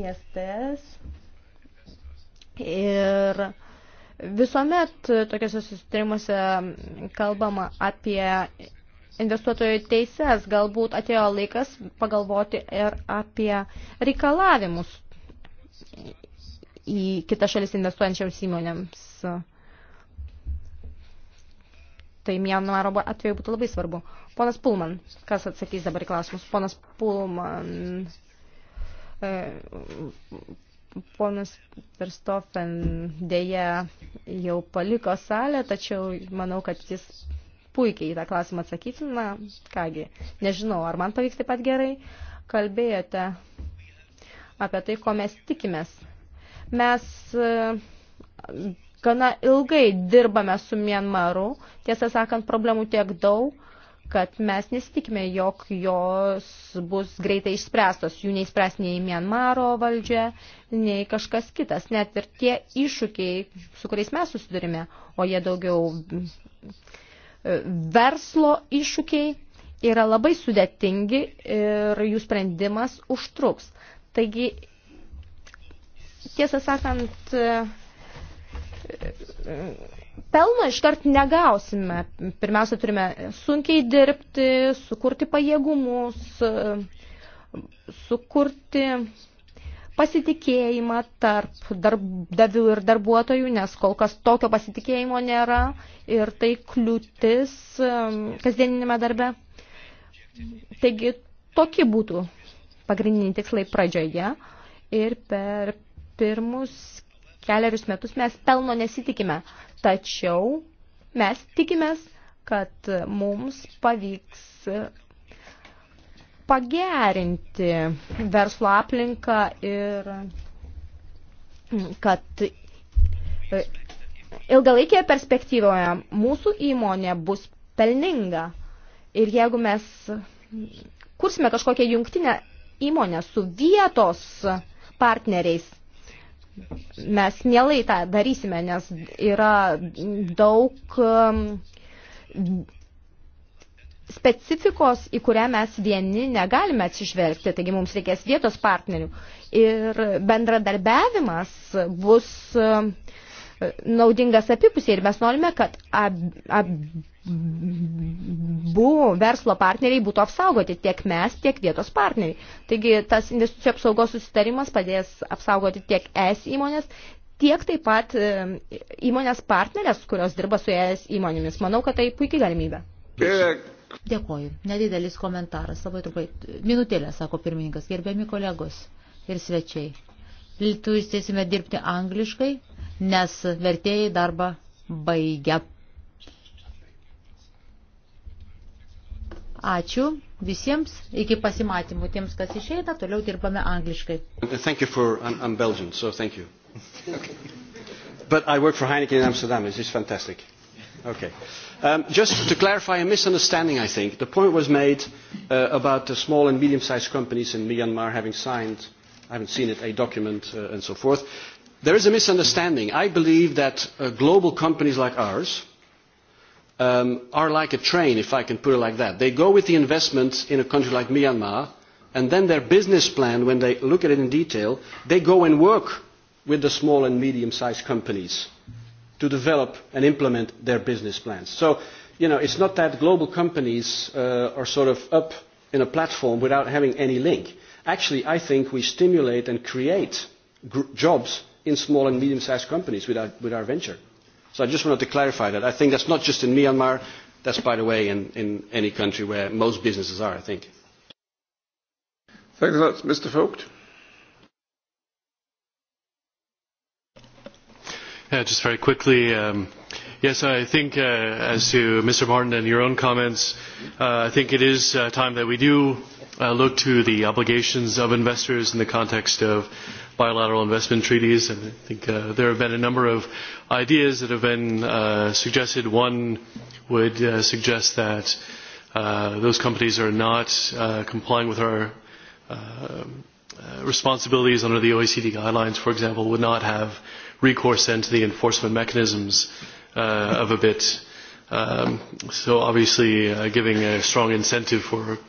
ISTS. Ir visuomet tokiuose susitarimuose kalbama apie investuotojų teises. Galbūt atėjo laikas pagalvoti ir apie reikalavimus į kitą šalis investuojančiams įmonėms. Tai Mianmaro atveju būtų labai svarbu. Ponas Pulman, kas atsakys dabar į klausimus? Ponas Pulman, e, ponas Verstofen dėja jau paliko salę, tačiau manau, kad jis puikiai į tą klausimą atsakyti. Na, kągi, nežinau, ar man pavyks taip pat gerai. Kalbėjote apie tai, ko mes tikimės. Mes e, gana ilgai dirbame su Mienmaru. Tiesą sakant, problemų tiek daug, kad mes nesitikime, jog jos bus greitai išspręstos. Jų neįspręs nei Mianmaro valdžia, nei kažkas kitas. Net ir tie iššūkiai, su kuriais mes susidurime, o jie daugiau mm, verslo iššūkiai, yra labai sudėtingi ir jų sprendimas užtruks. Taigi, tiesą sakant, pelno iškart negausime. Pirmiausia, turime sunkiai dirbti, sukurti pajėgumus, sukurti pasitikėjimą tarp darbdavių ir darbuotojų, nes kol kas tokio pasitikėjimo nėra ir tai kliūtis kasdieninėme darbe. Taigi tokie būtų pagrindiniai tikslai pradžioje ir per pirmus keliarius metus mes pelno nesitikime. Tačiau mes tikimės, kad mums pavyks pagerinti verslo aplinką ir kad ilgalaikėje perspektyvoje mūsų įmonė bus pelninga. Ir jeigu mes kursime kažkokią jungtinę įmonę su vietos partneriais, Mes mielai tą darysime, nes yra daug um, specifikos, į kurią mes vieni negalime atsižvelgti, taigi mums reikės vietos partnerių. Ir bendradarbiavimas bus um, naudingas apipusiai ir mes norime, kad ab, ab, buvo verslo partneriai būtų apsaugoti tiek mes, tiek vietos partneriai. Taigi tas investicijų apsaugos susitarimas padės apsaugoti tiek es įmonės, tiek taip pat e, įmonės partnerės, kurios dirba su es įmonėmis. Manau, kad tai puikiai galimybė. Dėkoju. Nedidelis komentaras, labai trumpai. Minutėlė, sako pirmininkas, gerbiami kolegos ir svečiai. Turėsime dirbti angliškai, nes vertėjai darbą baigia Ačiū visiems, iki pasimatymų tiems, kas išeina, toliau dirbame angliškai. Thank you for, I'm, I'm Belgian, so thank you. okay. But I work for Heineken in Amsterdam, this is fantastic. Okay. Um, just to clarify a misunderstanding, I think. The point was made uh, about the small and medium-sized companies in Myanmar having signed, I haven't seen it, a document uh, and so forth. There is a misunderstanding. I believe that uh, global companies like ours, um, are like a train, if I can put it like that. They go with the investment in a country like Myanmar, and then their business plan, when they look at it in detail, they go and work with the small and medium-sized companies to develop and implement their business plans. So, you know, it's not that global companies uh, are sort of up in a platform without having any link. Actually, I think we stimulate and create gr- jobs in small and medium-sized companies with our, with our venture. So I just wanted to clarify that. I think that's not just in Myanmar, that's, by the way, in, in any country where most businesses are, I think. Thanks a lot. Mr. Vogt? Yeah, just very quickly. Um, Yes, I think uh, as to Mr. Martin and your own comments, uh, I think it is uh, time that we do uh, look to the obligations of investors in the context of bilateral investment treaties. And I think uh, there have been a number of ideas that have been uh, suggested. One would uh, suggest that uh, those companies are not uh, complying with our uh, uh responsibilities under the OECD guidelines, for example, would not have recourse then to the enforcement mechanisms uh, of a bit. Uh, Um, so obviously uh, giving a strong incentive for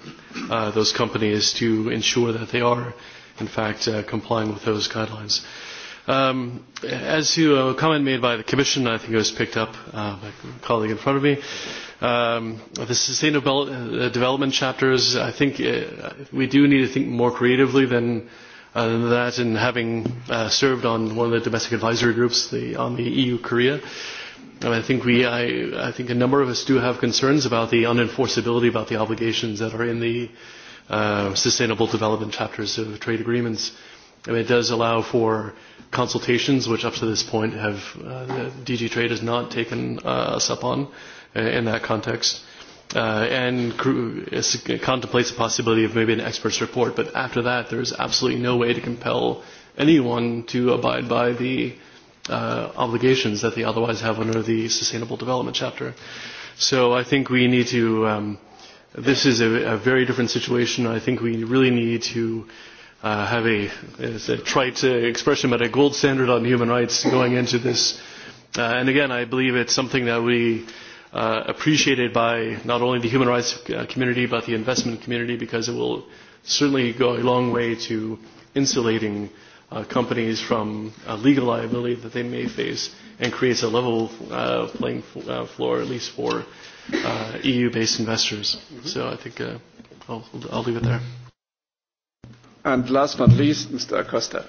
uh, those companies to ensure that they are in fact uh, complying with those guidelines. Um, as to a comment made by the Commission, I think it was picked up uh, by a colleague in front of me, um, the sustainable uh, development chapters, I think uh, we do need to think more creatively than, uh, than that, and having uh, served on one of the domestic advisory groups the, on the EU-Korea, uh, I think we, I, I think a number of us do have concerns about the unenforceability about the obligations that are in the uh, sustainable development chapters of trade agreements. I mean, it does allow for consultations, which up to this point have uh, DG Trade has not taken uh, us up on uh, in that context, uh, and cr- it contemplates the possibility of maybe an expert's report. But after that, there is absolutely no way to compel anyone to abide by the uh, uh, obligations that they otherwise have under the Sustainable Development Chapter. So I think we need to. Um, this is a, a very different situation. I think we really need to uh, have a, it's a trite uh, expression, but a gold standard on human rights going into this. Uh, and again, I believe it's something that we uh, appreciated by not only the human rights uh, community but the investment community because it will certainly go a long way to insulating uh, uh, companies from uh, legal liability that they may face and creates a level uh, playing f- uh, floor, at least for uh, EU based investors. Mm-hmm. So I think uh, I'll, I'll leave it there. And last but not least, Mr. Acosta.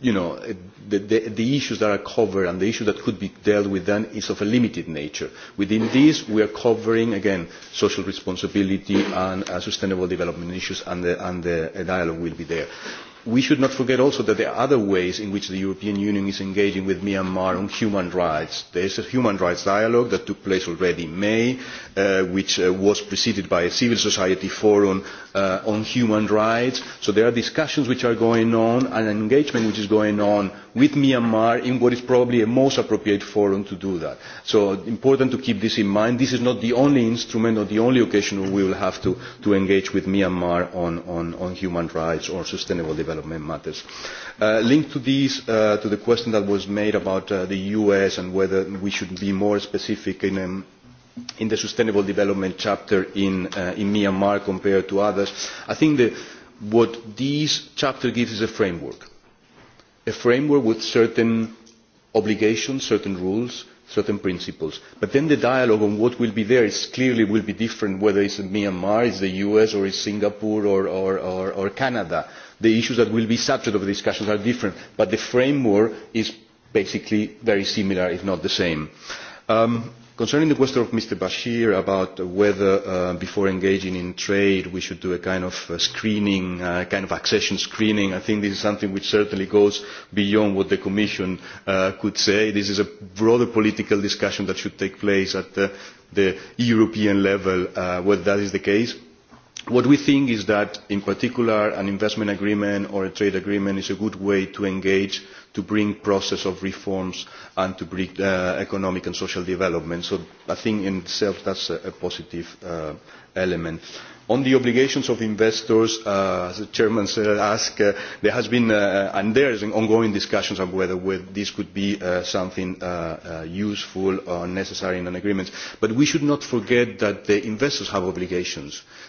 you know, the, the, the issues that are covered and the issue that could be dealt with then is of a limited nature. Within this, we are covering, again, social responsibility and uh, sustainable development issues, and the, and the uh, dialogue will be there. We should not forget also that there are other ways in which the European Union is engaging with Myanmar on human rights. There is a human rights dialogue that took place already in May, uh, which uh, was preceded by a civil society forum uh, on human rights. So there are discussions which are going on and an engagement which is going on with Myanmar in what is probably a most appropriate forum to do that. So important to keep this in mind. This is not the only instrument or the only occasion we will have to, to engage with Myanmar on, on, on human rights or sustainable development matters. Uh, linked to these, uh, to the question that was made about uh, the US and whether we should be more specific in um, in the sustainable development chapter in, uh, in Myanmar compared to others. I think that what this chapter gives is a framework, a framework with certain obligations, certain rules, certain principles. But then the dialogue on what will be there is clearly will be different whether it's Myanmar, it's the US, or it's Singapore, or, or, or, or Canada. The issues that will be subject of the discussions are different, but the framework is basically very similar, if not the same. Um, Concerning the question of Mr. Bashir about whether uh, before engaging in trade we should do a kind of uh, screening, uh, kind of accession screening, I think this is something which certainly goes beyond what the Commission uh, could say. This is a broader political discussion that should take place at uh, the European level, uh, whether that is the case what we think is that in particular an investment agreement or a trade agreement is a good way to engage to bring process of reforms and to bring uh, economic and social development so i think in itself that's a, a positive uh, element on the obligations of investors, uh, as the chairman said, asked, uh, there has been uh, and there is an ongoing discussions on whether this could be uh, something uh, uh, useful or necessary in an agreement. But we should not forget that the investors have obligations. Uh,